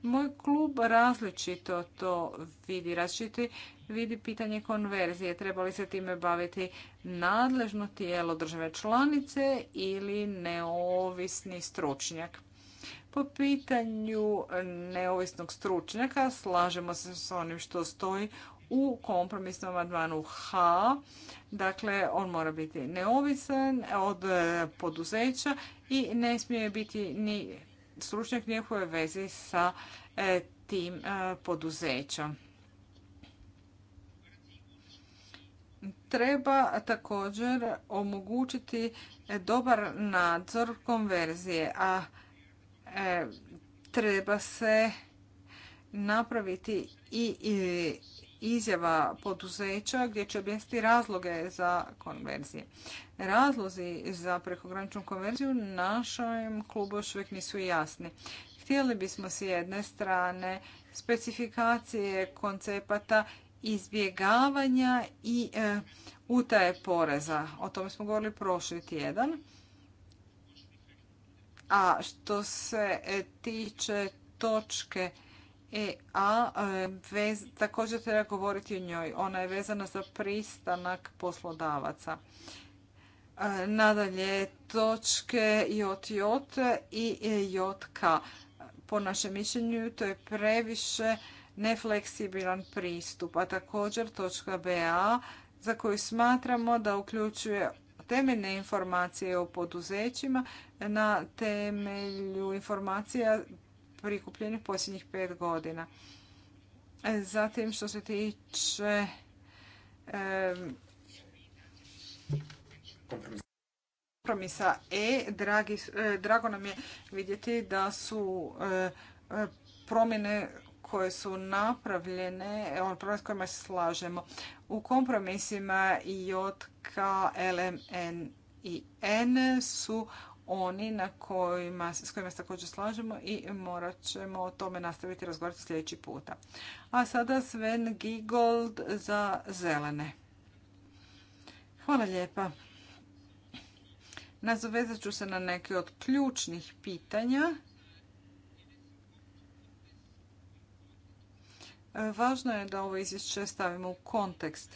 Moj klub različito to vidi, različiti vidi pitanje konverzije. Treba li se time baviti nadležno tijelo države članice ili neovisni stručnjak? Po pitanju neovisnog stručnjaka slažemo se s onim što stoji u kompromisnom amandmanu H. Dakle, on mora biti neovisan od e, poduzeća i ne smije biti ni stručnjak njihove vezi sa e, tim e, poduzećom. Treba također omogućiti dobar nadzor konverzije, a E, treba se napraviti i izjava poduzeća gdje će objasniti razloge za konverzije. Razlozi za prekograničnu konverziju našem klubu još uvijek nisu jasni. Htjeli bismo s jedne strane specifikacije koncepata izbjegavanja i e, utaje poreza. O tome smo govorili prošli tjedan. A što se e, tiče točke EA, e, vez, također treba govoriti o njoj. Ona je vezana za pristanak poslodavaca. E, nadalje, točke JJ i JK. Po našem mišljenju to je previše nefleksibilan pristup, a također točka BA za koju smatramo da uključuje temeljne informacije o poduzećima na temelju informacija prikupljenih posljednjih pet godina. Zatim što se tiče kompromisa e, e, drago nam je vidjeti da su e, e, promjene koje su napravljene, ono, s kojima se slažemo. U kompromisima J, K, L, M, N i N su oni na kojima, s kojima se također slažemo i morat ćemo o tome nastaviti razgovarati sljedeći puta. A sada Sven Gigold za zelene. Hvala lijepa. Nazovezat ću se na neke od ključnih pitanja E, važno je da ovo izvješće stavimo u kontekst.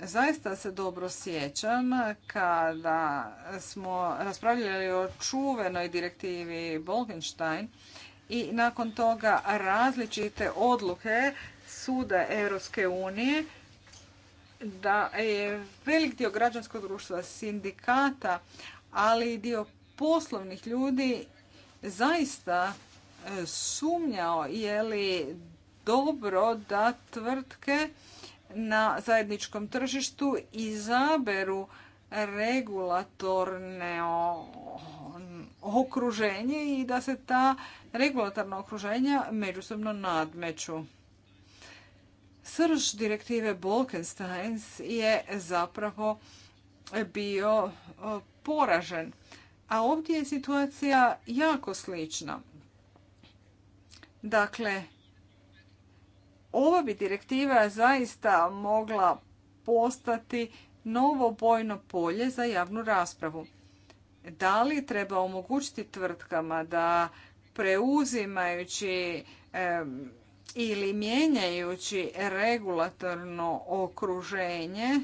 Zaista se dobro sjećam kada smo raspravljali o čuvenoj direktivi Bolkenstein i nakon toga različite odluke suda Europske unije da je velik dio građanskog društva, sindikata, ali i dio poslovnih ljudi zaista sumnjao je li dobro da tvrtke na zajedničkom tržištu izaberu regulatorne okruženje i da se ta regulatorna okruženja međusobno nadmeću. Srž direktive Bolkensteins je zapravo bio poražen. A ovdje je situacija jako slična. Dakle, ova bi direktiva zaista mogla postati novo bojno polje za javnu raspravu. Da li treba omogućiti tvrtkama da preuzimajući ili mijenjajući regulatorno okruženje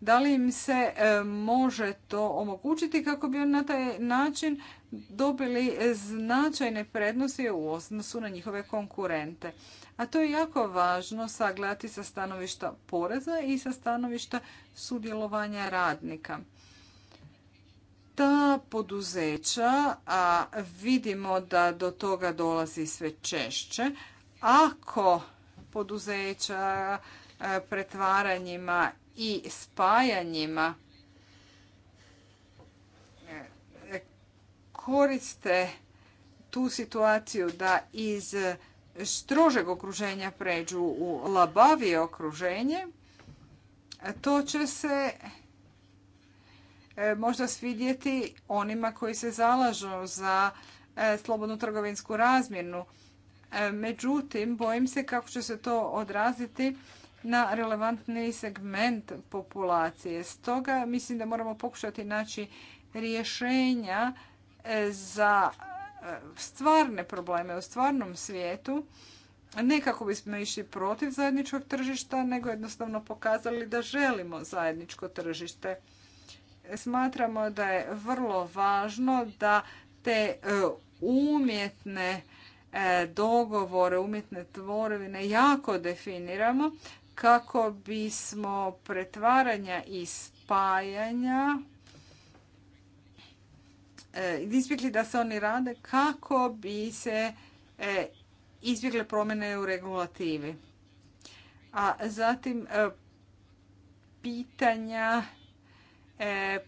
da li im se e, može to omogućiti kako bi na taj način dobili značajne prednosti u odnosu na njihove konkurente? A to je jako važno sagledati sa stanovišta poreza i sa stanovišta sudjelovanja radnika. Ta poduzeća, a vidimo da do toga dolazi sve češće, ako poduzeća e, pretvaranjima i spajanjima e, koriste tu situaciju da iz strožeg okruženja pređu u labavije okruženje, to će se e, možda svidjeti onima koji se zalažu za e, slobodnu trgovinsku razmjenu. Međutim, bojim se kako će se to odraziti na relevantni segment populacije. Stoga mislim da moramo pokušati naći rješenja e, za e, stvarne probleme u stvarnom svijetu, ne kako bismo išli protiv zajedničkog tržišta, nego jednostavno pokazali da želimo zajedničko tržište. Smatramo da je vrlo važno da te e, umjetne dogovore, umjetne tvorevine jako definiramo kako bismo pretvaranja i spajanja e, izbjegli da se oni rade kako bi se e, izbjegle promjene u regulativi. A zatim e, pitanja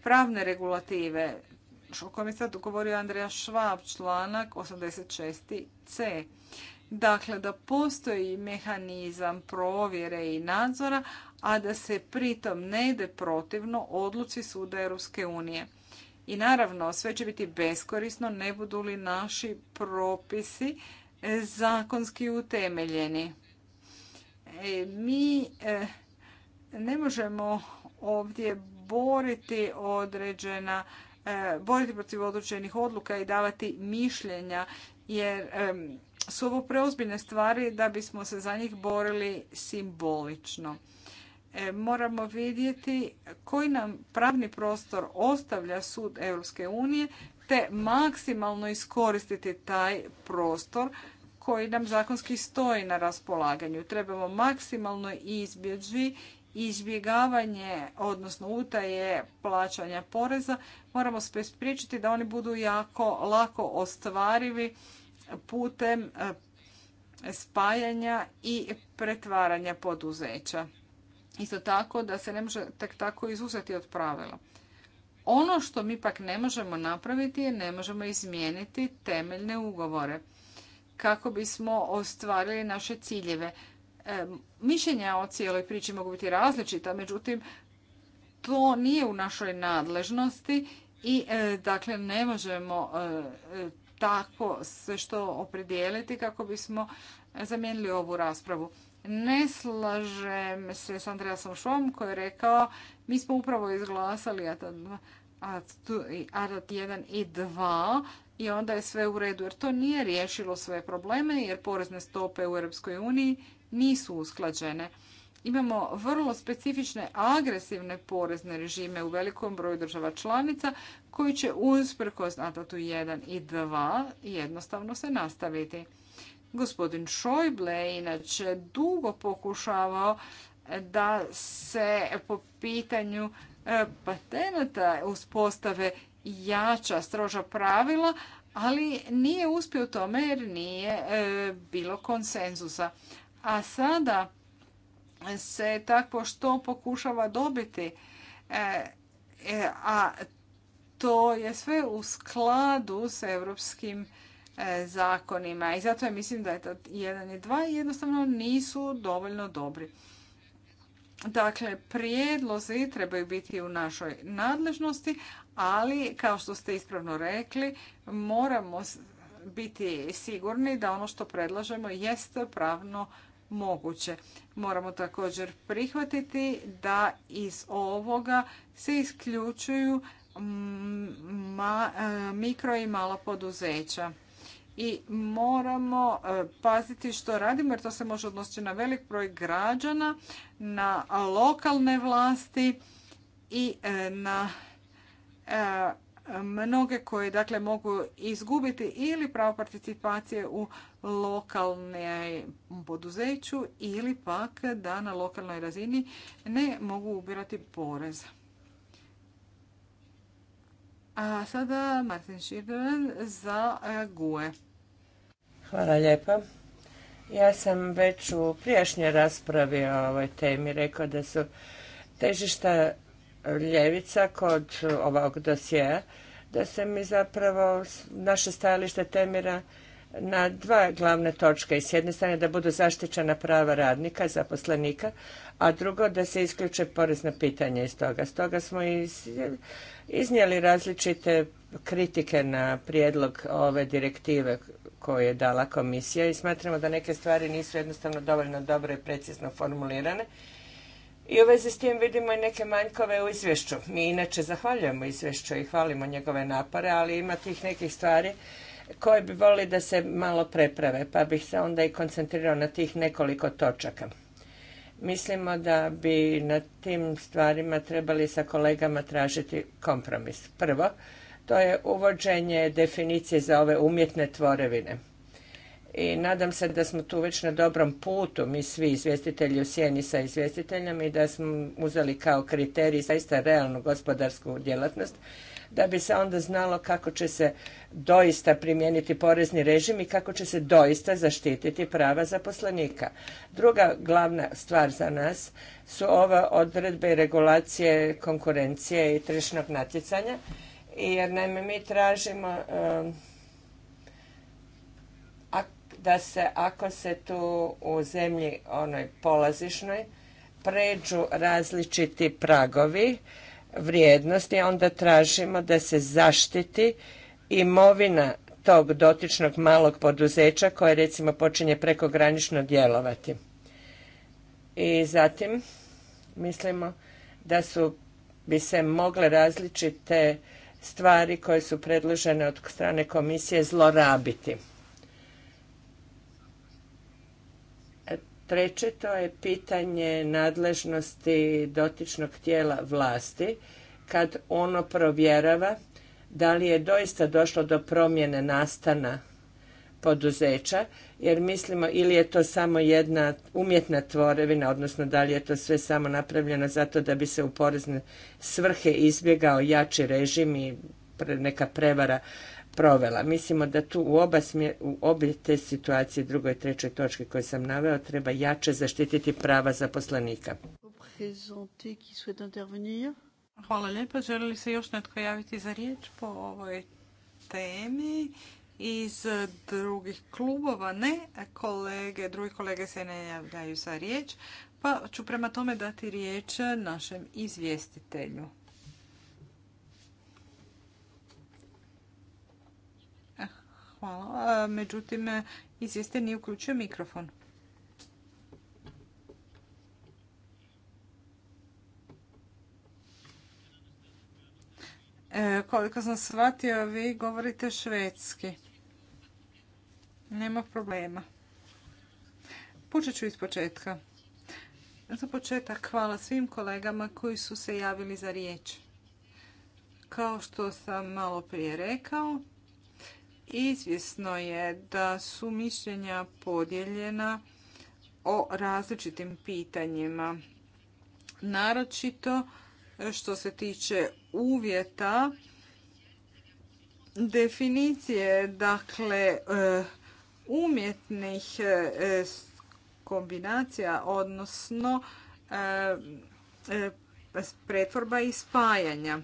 pravne regulative, o kojem je sad govorio Andreja Švab, članak 86c. Dakle, da postoji mehanizam provjere i nadzora, a da se pritom ne ide protivno odluci Suda Europske unije. I naravno, sve će biti beskorisno ne budu li naši propisi zakonski utemeljeni. E, mi e, ne možemo ovdje boriti određena e, boriti protiv određenih odluka i davati mišljenja jer su ovo preozbiljne stvari da bismo se za njih borili simbolično. E, moramo vidjeti koji nam pravni prostor ostavlja sud Europske unije te maksimalno iskoristiti taj prostor koji nam zakonski stoji na raspolaganju. Trebamo maksimalno izbjeđi, izbjegavanje, odnosno utaje plaćanja poreza. Moramo spriječiti da oni budu jako lako ostvarivi putem e, spajanja i pretvaranja poduzeća. Isto tako da se ne može tek tako izuzeti od pravila. Ono što mi pak ne možemo napraviti je ne možemo izmijeniti temeljne ugovore kako bismo ostvarili naše ciljeve. E, mišljenja o cijeloj priči mogu biti različita, međutim, to nije u našoj nadležnosti i e, dakle ne možemo tako sve što opredijeliti kako bismo zamijenili ovu raspravu. Ne slažem se s Andreasom Švom koji je rekao mi smo upravo izglasali ADAT 1 i 2 i onda je sve u redu jer to nije riješilo sve probleme jer porezne stope u EU nisu usklađene. Imamo vrlo specifične agresivne porezne režime u velikom broju država članica koji će usprkos NATO-tu 1 i 2 jednostavno se nastaviti. Gospodin Šojble je inače dugo pokušavao da se po pitanju e, patenata uspostave jača, stroža pravila, ali nije uspio tome jer nije e, bilo konsenzusa. A sada se tako što pokušava dobiti, e, a to je sve u skladu s europskim e, zakonima i zato ja mislim da je to jedan i dva jednostavno nisu dovoljno dobri. Dakle, prijedlozi trebaju biti u našoj nadležnosti, ali kao što ste ispravno rekli, moramo biti sigurni da ono što predlažemo jeste pravno moguće. Moramo također prihvatiti da iz ovoga se isključuju E, mikro i mala poduzeća. I moramo e, paziti što radimo jer to se može odnositi na velik broj građana, na lokalne vlasti i e, na mnoge koje dakle mogu izgubiti ili pravo participacije u lokalnoj poduzeću ili pak da na lokalnoj razini ne mogu ubirati poreza. A sada Martin Šibelen za e, GUE. Hvala
lijepa. Ja sam već u prijašnjoj raspravi o ovoj temi rekao da su težišta ljevica kod ovog dosjea, da se mi zapravo naše stajalište temira na dva glavne točke. S jedne strane da budu zaštićena prava radnika, zaposlenika, a drugo da se isključe porezna pitanja iz toga. Stoga smo iznijeli različite kritike na prijedlog ove direktive koje je dala komisija i smatramo da neke stvari nisu jednostavno dovoljno dobro i precizno formulirane. I u vezi s tim vidimo i neke manjkove u izvješću. Mi inače zahvaljujemo izvješću i hvalimo njegove napore, ali ima tih nekih stvari koje bi volili da se malo preprave, pa bih se onda i koncentrirao na tih nekoliko točaka. Mislimo da bi na tim stvarima trebali sa kolegama tražiti kompromis. Prvo, to je uvođenje definicije za ove umjetne tvorevine. I nadam se da smo tu već na dobrom putu, mi svi izvjestitelji u sjeni sa izvjestiteljem i da smo uzeli kao kriterij zaista realnu gospodarsku djelatnost, da bi se onda znalo kako će se doista primijeniti porezni režim i kako će se doista zaštititi prava zaposlenika. Druga glavna stvar za nas su ove odredbe i regulacije konkurencije i tržišnog natjecanja, jer naime mi tražimo um, da se ako se tu u zemlji onoj polazišnoj pređu različiti pragovi vrijednosti, onda tražimo da se zaštiti imovina tog dotičnog malog poduzeća koje recimo počinje prekogranično djelovati. I zatim mislimo da su bi se mogle različite stvari koje su predložene od strane komisije zlorabiti. Treće, to je pitanje nadležnosti dotičnog tijela vlasti kad ono provjerava da li je doista došlo do promjene nastana poduzeća, jer mislimo ili je to samo jedna umjetna tvorevina, odnosno da li je to sve samo napravljeno zato da bi se u porezne svrhe izbjegao jači režim i neka prevara provela. Mislimo da tu u, oba u obje te situacije, drugoj i trećoj točki koje sam naveo, treba jače zaštititi prava zaposlenika.
Hvala lijepa. Želi li se još netko javiti za riječ po ovoj temi? Iz drugih klubova ne, kolege, drugi kolege se ne javljaju za riječ, pa ću prema tome dati riječ našem izvjestitelju. Hvala. Međutim, izvijeste nije uključio mikrofon. E, koliko sam shvatio, vi govorite švedski. Nema problema. Počet ću iz početka. Za početak hvala svim kolegama koji su se javili za riječ. Kao što sam malo prije rekao, Izvjesno je da su mišljenja podijeljena o različitim pitanjima. Naročito što se tiče uvjeta definicije dakle eh, umjetnih eh, kombinacija odnosno eh, pretvorba i spajanja.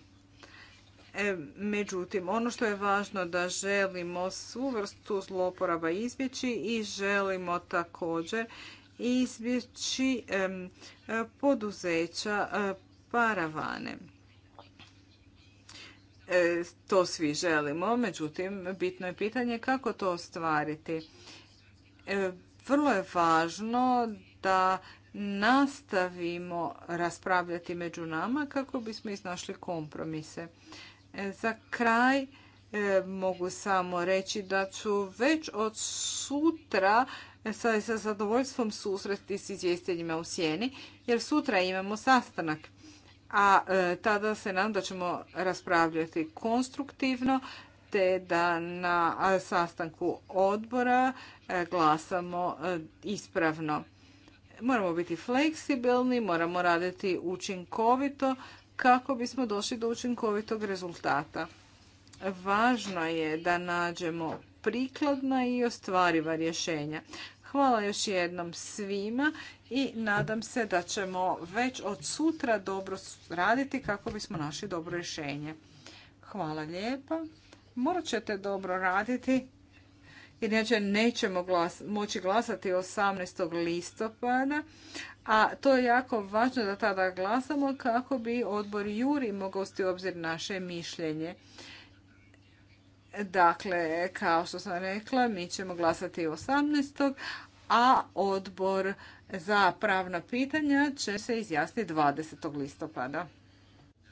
E, međutim, ono što je važno da želimo svu vrstu zloporaba izbjeći i želimo također izbjeći poduzeća e, paravane. E, to svi želimo, međutim, bitno je pitanje kako to ostvariti. Vrlo je važno da nastavimo raspravljati među nama kako bismo iznašli kompromise. E, za kraj e, mogu samo reći da ću već od sutra e, sa, zadovoljstvom susreti s izvjestiteljima u sjeni, jer sutra imamo sastanak. A tada se nam da ćemo raspravljati konstruktivno, te da na sastanku odbora glasamo ispravno. Moramo biti fleksibilni, moramo raditi učinkovito, kako bismo došli do učinkovitog rezultata. Važno je da nađemo prikladna i ostvariva rješenja. Hvala još jednom svima i nadam se da ćemo već od sutra dobro raditi kako bismo našli dobro rješenje. Hvala lijepa. Morat ćete dobro raditi inače nećemo glas, moći glasati 18. listopada, a to je jako važno da tada glasamo kako bi odbor Juri mogao sti u obzir naše mišljenje. Dakle, kao što sam rekla, mi ćemo glasati 18. a odbor za pravna pitanja će se izjasniti 20. listopada.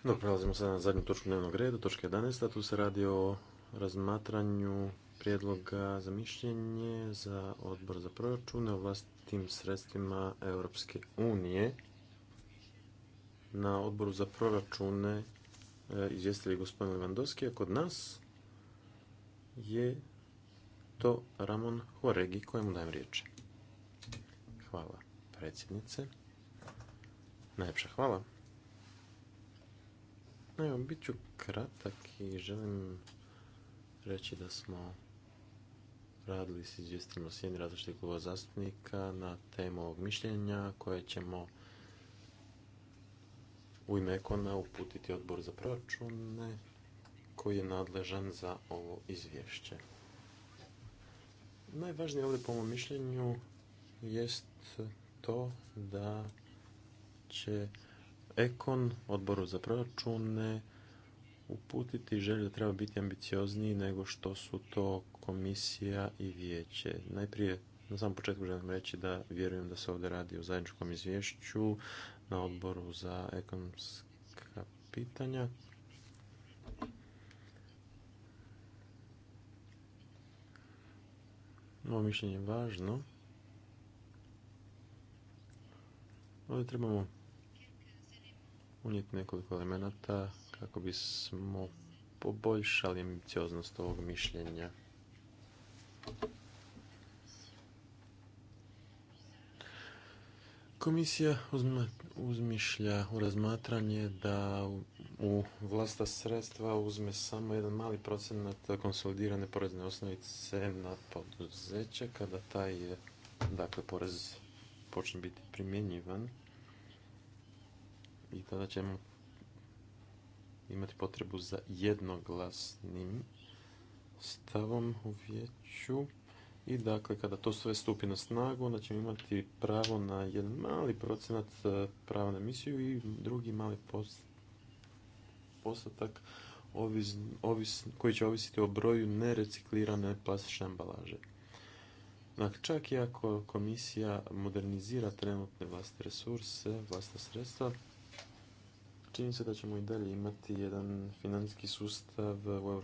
No, prelazimo sada na zadnju točku dnevnog reda, točka 11. Tu se radi o razmatranju prijedloga za mišljenje za odbor za proračune o vlastitim sredstvima Europske unije. Na odboru za proračune e, izvjestili gospodin Lewandowski, a kod nas je to Ramon Horegi kojemu dajem riječ. Hvala predsjednice. Najljepša hvala. Evo, bit ću kratak i želim reći da smo radili s izvjestiteljima sjeni različitih kluba zastupnika na temu ovog mišljenja koje ćemo u ime Ekona uputiti odbor za proračune koji je nadležan za ovo izvješće. Najvažnije ovdje po mom mišljenju jest to da će Ekon odboru za proračune uputiti želju da treba biti ambiciozniji nego što su to komisija i vijeće. Najprije na samom početku želim reći da vjerujem da se ovdje radi o zajedničkom izvješću na odboru za ekonomska pitanja. Ovo mišljenje je važno. Ovdje trebamo unijeti nekoliko elemenata kako bismo poboljšali ambicioznost ovog mišljenja. Komisija uzmišlja u razmatranje da u vlasta sredstva uzme samo jedan mali procenat konsolidirane porezne osnovice na poduzeće kada taj dakle, porez počne biti primjenjivan i tada ćemo imati potrebu za jednoglasnim stavom u vijeću. I dakle, kada to sve stupi na snagu, onda ćemo imati pravo na jedan mali procenat e, prava na emisiju i drugi mali post, postatak ovis, koji će ovisiti o broju nereciklirane plastične ambalaže. Dakle, čak i ako komisija modernizira trenutne vlastite resurse, vlastite sredstva, čini se da ćemo i dalje imati jedan financijski sustav u EU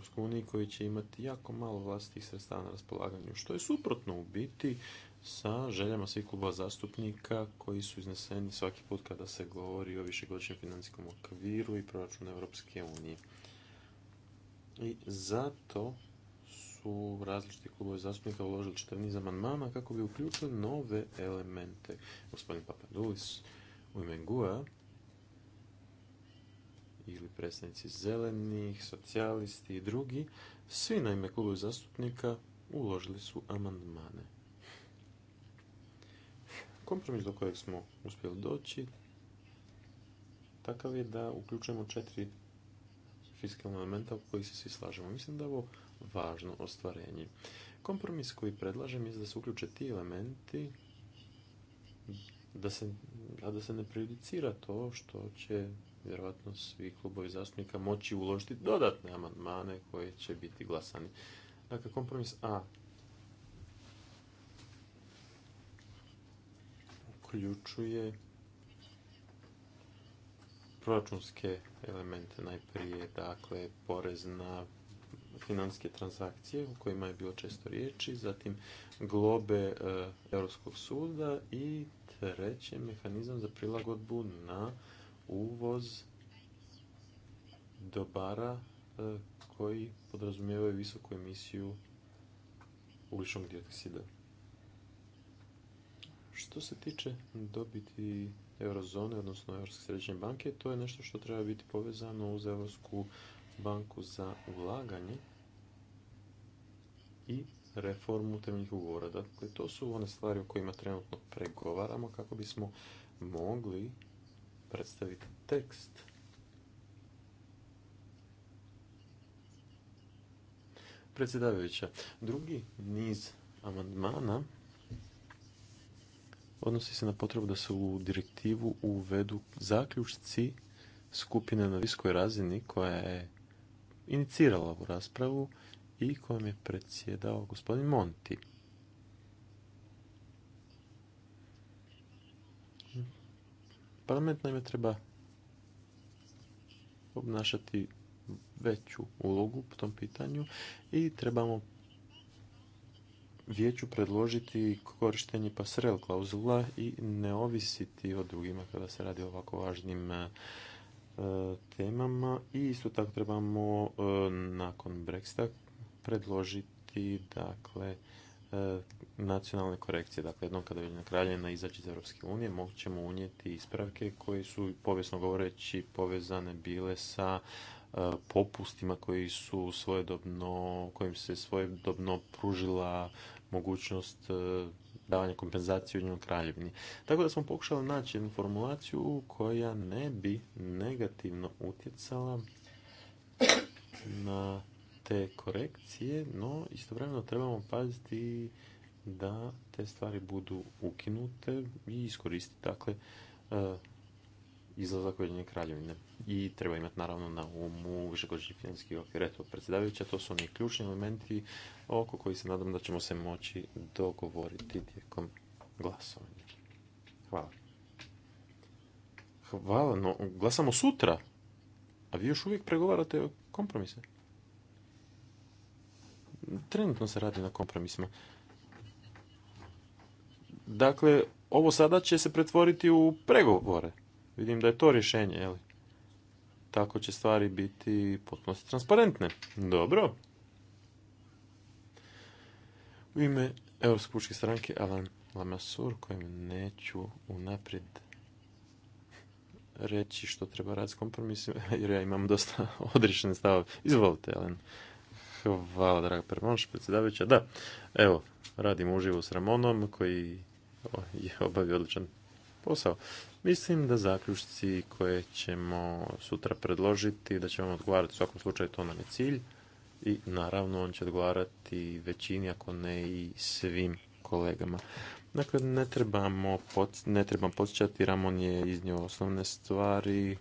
koji će imati jako malo vlastitih sredstava na raspolaganju, što je suprotno u biti sa željama svih kluba zastupnika koji su izneseni svaki put kada se govori o višegodišnjem financijskom okviru i proračunu EU. unije. I zato su različiti klubovi zastupnika uložili čitav niz amandmana kako bi uključili nove elemente. Gospodin Papadulis u ime GUA ili predstavnici zelenih, socijalisti i drugi, svi na ime klubu zastupnika uložili su amandmane. Kompromis do kojeg smo uspjeli doći takav je da uključujemo četiri fiskalna elementa u koji se svi slažemo. Mislim da je ovo važno ostvarenje. Kompromis koji predlažem je da se uključe ti elementi a da se ne prejudicira to što će vjerojatno svi klubovi zastupnika moći uložiti dodatne amandmane koji će biti glasani. Dakle, kompromis A uključuje proračunske elemente najprije, dakle, porez na financijske transakcije o kojima je bilo često riječi, zatim globe e, Europskog suda i treće mehanizam za prilagodbu na uvoz dobara e, koji podrazumijevaju visoku emisiju ugljičnog dioksida. Što se tiče dobiti eurozone, odnosno Europske središnje banke, to je nešto što treba biti povezano uz Europsku banku za ulaganje i reformu temeljnih ugovora. Dakle, to su one stvari o kojima trenutno pregovaramo kako bismo mogli predstaviti tekst. Predsjedavajuća, drugi niz amandmana odnosi se na potrebu da se u direktivu uvedu zaključci skupine na viskoj razini koja je inicirala ovu raspravu i kojom je predsjedao gospodin Monti. Parlament naime treba obnašati veću ulogu po tom pitanju i trebamo vijeću predložiti korištenje pasrel klauzula i ne ovisiti o drugima kada se radi o ovako važnim e, temama i isto tako trebamo e, nakon Brexita predložiti dakle E, nacionalne korekcije. Dakle, jednom kada Ujedinjena kraljevina izađe iz Europske unije, moći ćemo unijeti ispravke koje su, povijesno govoreći, povezane bile sa e, popustima koji su svojedobno, kojim se svojedobno pružila mogućnost e, davanja kompenzacije Ujedinjenoj kraljevini. Tako da smo pokušali naći jednu formulaciju koja ne bi negativno utjecala na te korekcije, no istovremeno trebamo paziti da te stvari budu ukinute i iskoristiti dakle eh, izlazak Ujedinjene kraljevine. I treba imati naravno na umu višegodišnji financijski okvir. Eto, predsjedavajuća, to su oni ključni elementi oko koji se nadam da ćemo se moći dogovoriti tijekom glasovanja. Hvala. Hvala, no glasamo sutra, a vi još uvijek pregovarate o kompromise trenutno se radi na kompromisima. Dakle, ovo sada će se pretvoriti u pregovore. Vidim da je to rješenje, Tako će stvari biti potpuno transparentne. Dobro. U ime Europske pučke stranke Alan Lamassur, kojem neću unaprijed reći što treba raditi s kompromisima, jer ja imam dosta odrišene stave. Izvolite, Alan. Hvala, draga predsjedavajuća. Da, evo, radimo uživo s Ramonom koji je obavio odličan posao. Mislim da zaključci koje ćemo sutra predložiti, da ćemo odgovarati u svakom slučaju to nam je cilj i naravno on će odgovarati većini ako ne i svim kolegama. Dakle, ne trebamo, ne podsjećati, Ramon je iznio osnovne stvari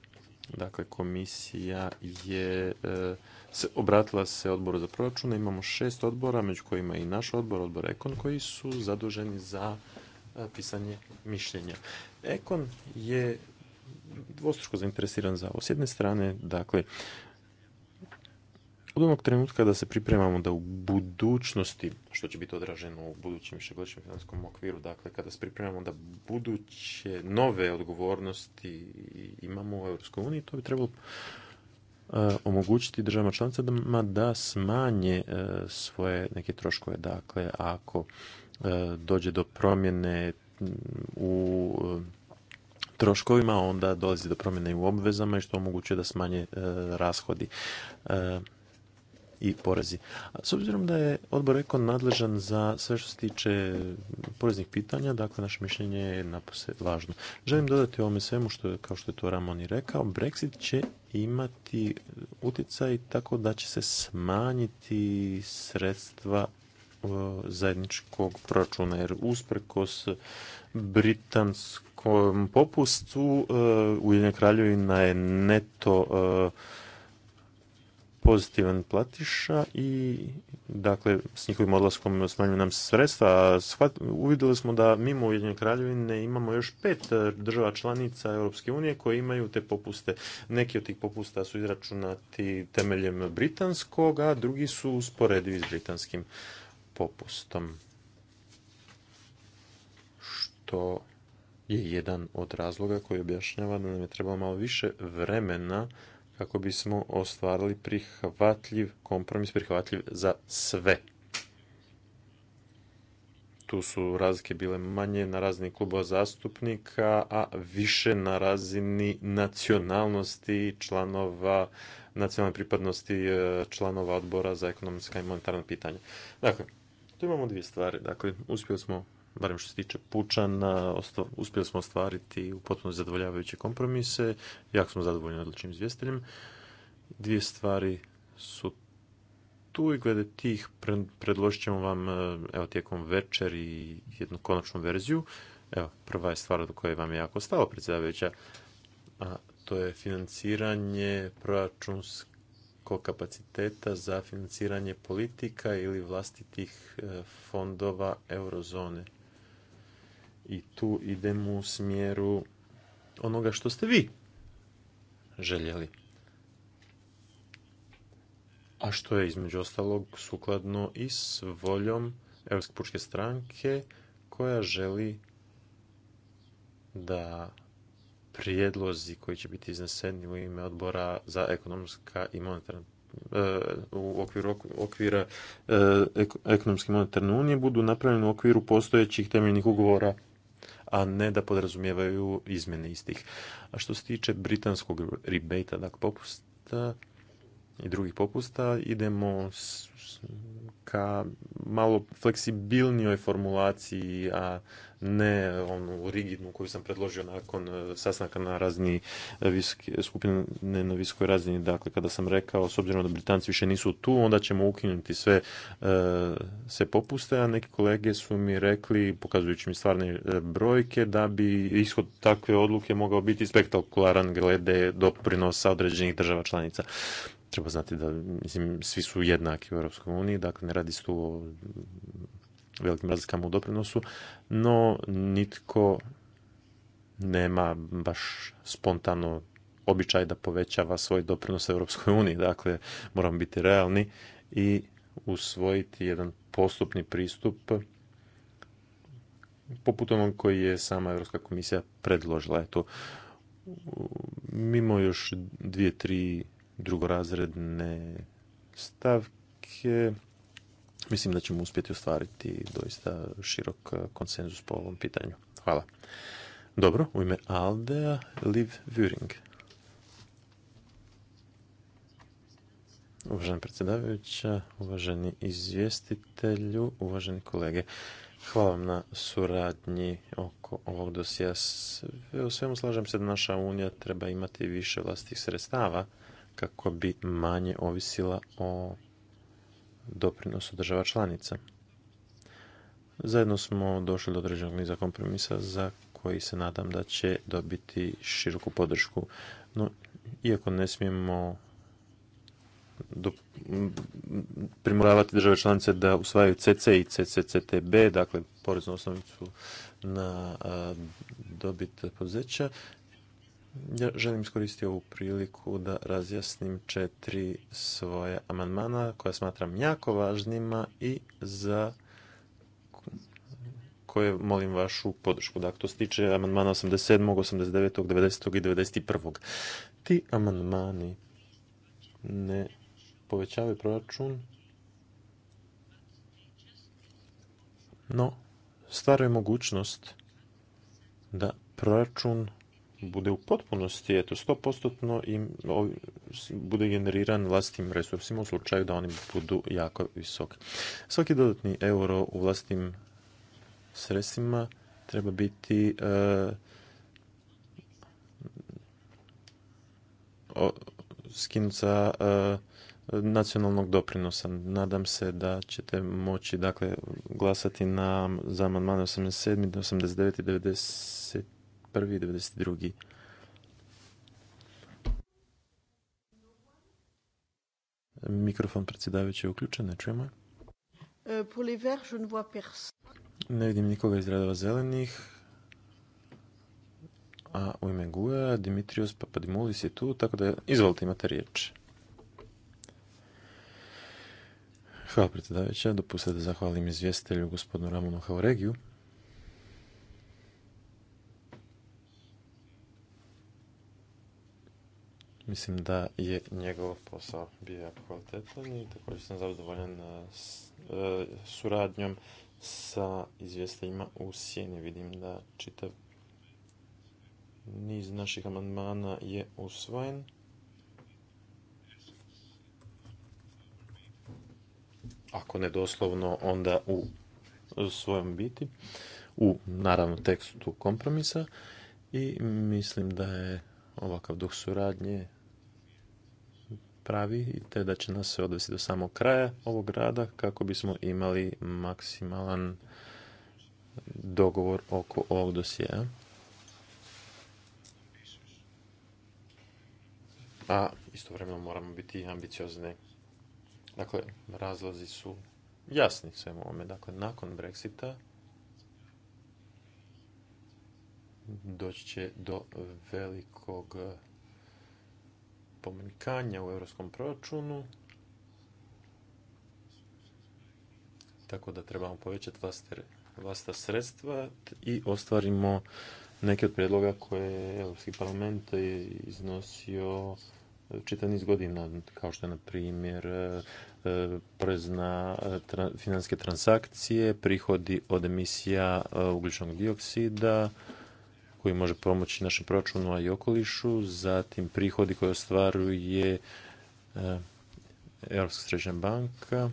Dakle, komisija je e, se obratila se odboru za proračune. Imamo šest odbora, među kojima i naš odbor, odbor Ekon, koji su zaduženi za e, pisanje mišljenja. Ekon je dvostruko zainteresiran za ovo. S jedne strane, dakle, od onog trenutka da se pripremamo da u budućnosti, što će biti odraženo u budućem višegodišnjem financijskom okviru, dakle kada se pripremamo da buduće nove odgovornosti imamo u EU, to bi trebalo e, omogućiti državama članicama da smanje e, svoje neke troškove. Dakle, ako e, dođe do promjene u troškovima, onda dolazi do promjene i u obvezama i što omogućuje da smanje rashodi i porezi. S obzirom da je odbor eko nadležan za sve što se tiče poreznih pitanja, dakle naše mišljenje je napose važno. Želim dodati ovome svemu, što, kao što je to Ramon i rekao, Brexit će imati utjecaj tako da će se smanjiti sredstva zajedničkog proračuna, jer usprkos britanskom popustu e, Ujedinjena kraljevina je neto e, pozitivan platiša i dakle s njihovim odlaskom smanjuju nam sredstva. uvidjeli smo da mimo Ujedinjene kraljevine imamo još pet e, država članica Europske unije koje imaju te popuste. Neki od tih popusta su izračunati temeljem britanskog, a drugi su usporedivi s britanskim popustom. Što je jedan od razloga koji objašnjava da nam je trebalo malo više vremena kako bismo ostvarili prihvatljiv kompromis, prihvatljiv za sve. Tu su razlike bile manje na razini klubova zastupnika, a više na razini nacionalnosti članova, nacionalne pripadnosti e, članova odbora za ekonomska i monetarna pitanja. Dakle, tu imamo dvije stvari. Dakle, uspjeli smo barem što se tiče pučana, uspjeli smo ostvariti u potpuno zadovoljavajuće kompromise, jako smo zadovoljni odličnim izvjestiteljem. Dvije stvari su tu i glede tih predložit ćemo vam e, evo, tijekom večer i jednu konačnu verziju. Evo, prva je stvar do koje vam je jako stalo predsjedavajuća, a to je financiranje proračunskog kapaciteta za financiranje politika ili vlastitih e, fondova eurozone i tu idemo u smjeru onoga što ste vi željeli. A što je između ostalog sukladno i s voljom Europske pučke stranke koja želi da prijedlozi koji će biti izneseni u ime odbora za ekonomska i monetarna e, u okviru okvira e, ekonomske monetarne unije budu napravljeni u okviru postojećih temeljnih ugovora a ne da podrazumijevaju izmjene istih. A što se tiče britanskog rebate, dakle popusta, i drugih popusta idemo ka malo fleksibilnijoj formulaciji, a ne onu rigidnu koju sam predložio nakon e, sastanka na razini e, skupine na viskoj razini. Dakle, kada sam rekao, s obzirom da Britanci više nisu tu, onda ćemo ukinuti sve, e, sve popuste, a neki kolege su mi rekli, pokazujući mi stvarne brojke, da bi ishod takve odluke mogao biti spektakularan glede doprinosa određenih država članica treba znati da mislim, svi su jednaki u Europskoj uniji, dakle ne radi se tu o velikim razlikama u doprinosu, no nitko nema baš spontano običaj da povećava svoj doprinos Europskoj uniji, dakle moramo biti realni i usvojiti jedan postupni pristup poput onog koji je sama Europska komisija predložila. Eto, mimo još dvije, tri drugorazredne stavke, mislim da ćemo uspjeti ostvariti doista širok eh, konsenzus po ovom pitanju. Hvala. Dobro, u ime Aldea, Liv Vuring. Uvažena predsjedavajuća, uvaženi izvjestitelju, uvaženi kolege. Hvala vam na suradnji oko ovog dosija. u svemu slažem se da naša unija treba imati više vlastitih sredstava kako bi manje ovisila o doprinosu država članica. Zajedno smo došli do određenog niza kompromisa za koji se nadam da će dobiti široku podršku. No, iako ne smijemo primoravati države članice da usvajaju CC i CCCTB, dakle poreznu osnovicu na dobit poduzeća, ja želim iskoristiti ovu priliku da razjasnim četiri svoje amandmana koje smatram jako važnima i za koje molim vašu podršku. Dakle, to se tiče amandmana 87., 89., 90. i 91. Ti amandmani ne povećavaju proračun, no stvaraju mogućnost da proračun bude u potpunosti, eto, postotno i bude generiran vlastitim resursima u slučaju da oni budu jako visoki. Svaki dodatni euro u vlastitim sredstvima treba biti e, skinca e, nacionalnog doprinosa. Nadam se da ćete moći dakle, glasati na, za amandmane 87. do 89. i 90 91. i 92. Mikrofon predsjedavajući je uključen, ne čujemo. E, ne vidim nikoga iz redova zelenih. A u ime Guja, Dimitrios Papadimulis je tu, tako da izvolite imate riječ. Hvala predsjedavajuća, dopustite da zahvalim izvjestitelju gospodinu Ramonu Hauregiju Mislim da je njegov posao bio jako kvalitetan i također sam zadovoljan e, e, suradnjom sa izvjestiteljima u sjeni. Vidim da čitav niz naših amandmana je usvojen. Ako ne doslovno, onda u svojom biti, u naravno tekstu kompromisa i mislim da je ovakav duh suradnje pravi, te da će nas se odvesti do samog kraja ovog grada kako bismo imali maksimalan dogovor oko ovog dosjeja. A istovremeno moramo biti ambiciozni. Dakle, razlazi su jasni svemu ovome. Dakle, nakon Brexita doći će do velikog pomanjkanja u europskom proračunu, tako da trebamo povećati vasta sredstva i ostvarimo neke od predloga koje je Europski parlament iznosio čitav niz godina, kao što je na primjer e, e, prezna na e, financijske transakcije, prihodi od emisija ugljičnog dioksida, koji može pomoći našem proračunu, a i okolišu, zatim prihodi koje ostvaruje e, Europska središnja banka,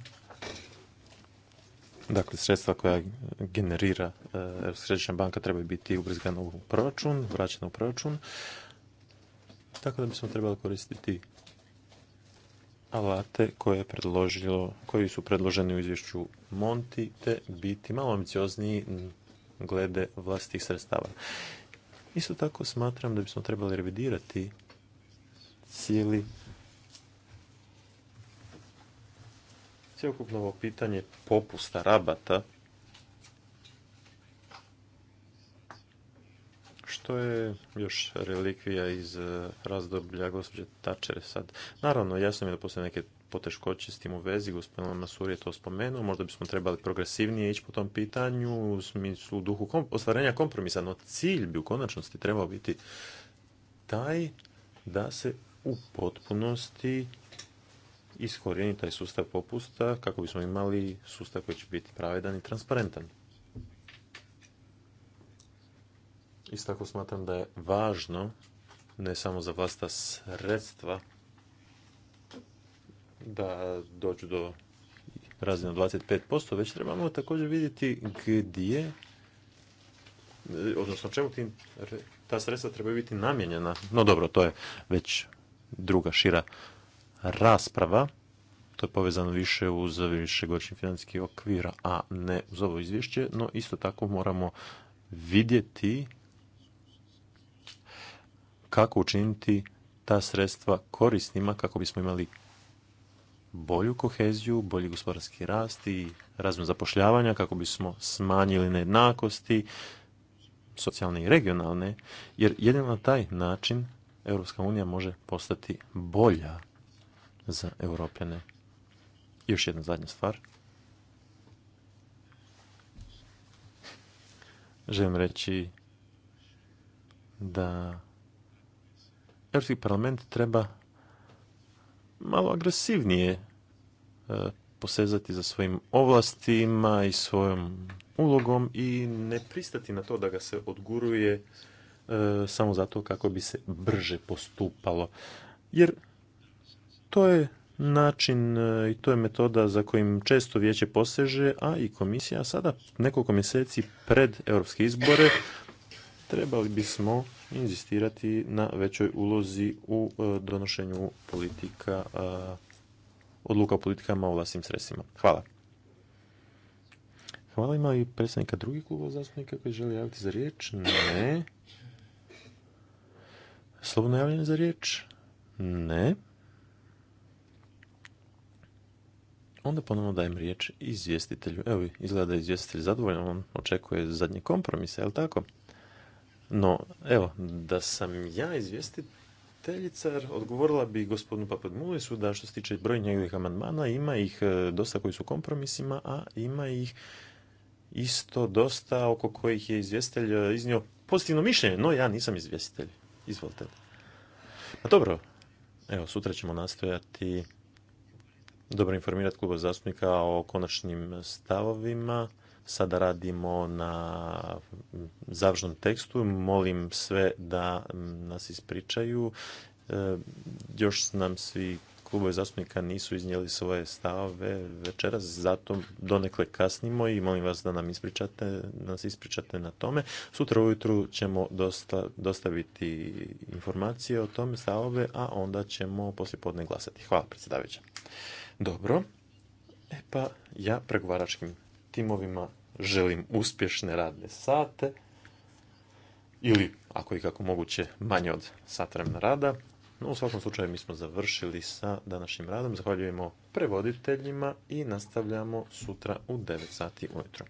dakle sredstva koja generira e, Europska središnja banka treba biti ubrizgana u proračun, vraćena u proračun, tako da bismo trebali koristiti alate koje je predložilo, koji su predloženi u izvješću Monti, te biti malo ambiciozniji glede vlastitih sredstava. Isto tako smatram da bismo trebali revidirati cijeli cijelokupno ovo pitanje popusta rabata to je još relikvija iz e, razdoblja gospođe Tačere sad. Naravno, jasno mi je da postoje neke poteškoće s tim u vezi, gospodin Masur je to spomenuo, možda bismo trebali progresivnije ići po tom pitanju u smislu duhu ostvarenja kompromisa, no cilj bi u konačnosti trebao biti taj da se u potpunosti iskorijeni taj sustav popusta kako bismo imali sustav koji će biti pravedan i transparentan. Isto tako smatram da je važno, ne samo za vlasta sredstva, da dođu do razine 25%, već trebamo također vidjeti gdje, odnosno čemu ti, ta sredstva trebaju biti namjenjena. No dobro, to je već druga šira rasprava. To je povezano više uz ovaj višegodišnji financijski okvir, a ne uz ovo izvješće, no isto tako moramo vidjeti kako učiniti ta sredstva korisnima kako bismo imali bolju koheziju, bolji gospodarski rast i razvoj zapošljavanja, kako bismo smanjili nejednakosti, socijalne i regionalne, jer jedino na taj način Europska unija može postati bolja za Europljane. Još jedna zadnja stvar. Želim reći da Europski parlament treba malo agresivnije e, posezati za svojim ovlastima i svojom ulogom i ne pristati na to da ga se odguruje e, samo zato kako bi se brže postupalo. Jer to je način e, i to je metoda za kojim često vijeće poseže, a i komisija sada nekoliko mjeseci pred europske izbore trebali bismo inzistirati na većoj ulozi u e, donošenju politika, e, odluka o politikama u vlastnim sredstvima. Hvala. Hvala ima i predstavnika drugih klubova zastupnika koji želi javiti za riječ. Ne. Slobodno javljanje za riječ? Ne. Onda ponovno dajem riječ izvjestitelju. Evo, izgleda da je izvjestitelj zadovoljan, on očekuje zadnji kompromis, je li tako? No, evo, da sam ja izvjestiteljica, odgovorila bi gospodinu Papadmulisu da što se tiče broj njegovih amandmana, ima ih e, dosta koji su kompromisima, a ima ih isto dosta oko kojih je izvjestitelj e, iznio pozitivno mišljenje, no ja nisam izvjestitelj. Izvolite. Pa dobro, evo, sutra ćemo nastojati dobro informirati kluba zastupnika o konačnim stavovima. Sada radimo na završnom tekstu. Molim sve da nas ispričaju. E, još nam svi klubovi zastupnika nisu iznijeli svoje stavove večeras, zato donekle kasnimo i molim vas da nam ispričate, nas ispričate na tome. Sutra ujutru ćemo dostaviti informacije o tome stavove, a onda ćemo poslijepodne glasati. Hvala predsjedavajuća. Dobro. E pa ja pregovaračkim timovima želim uspješne radne sate ili ako i kako moguće manje od sat vremena rada. No, u svakom slučaju mi smo završili sa današnjim radom. Zahvaljujemo prevoditeljima i nastavljamo sutra u 9 sati ujutro.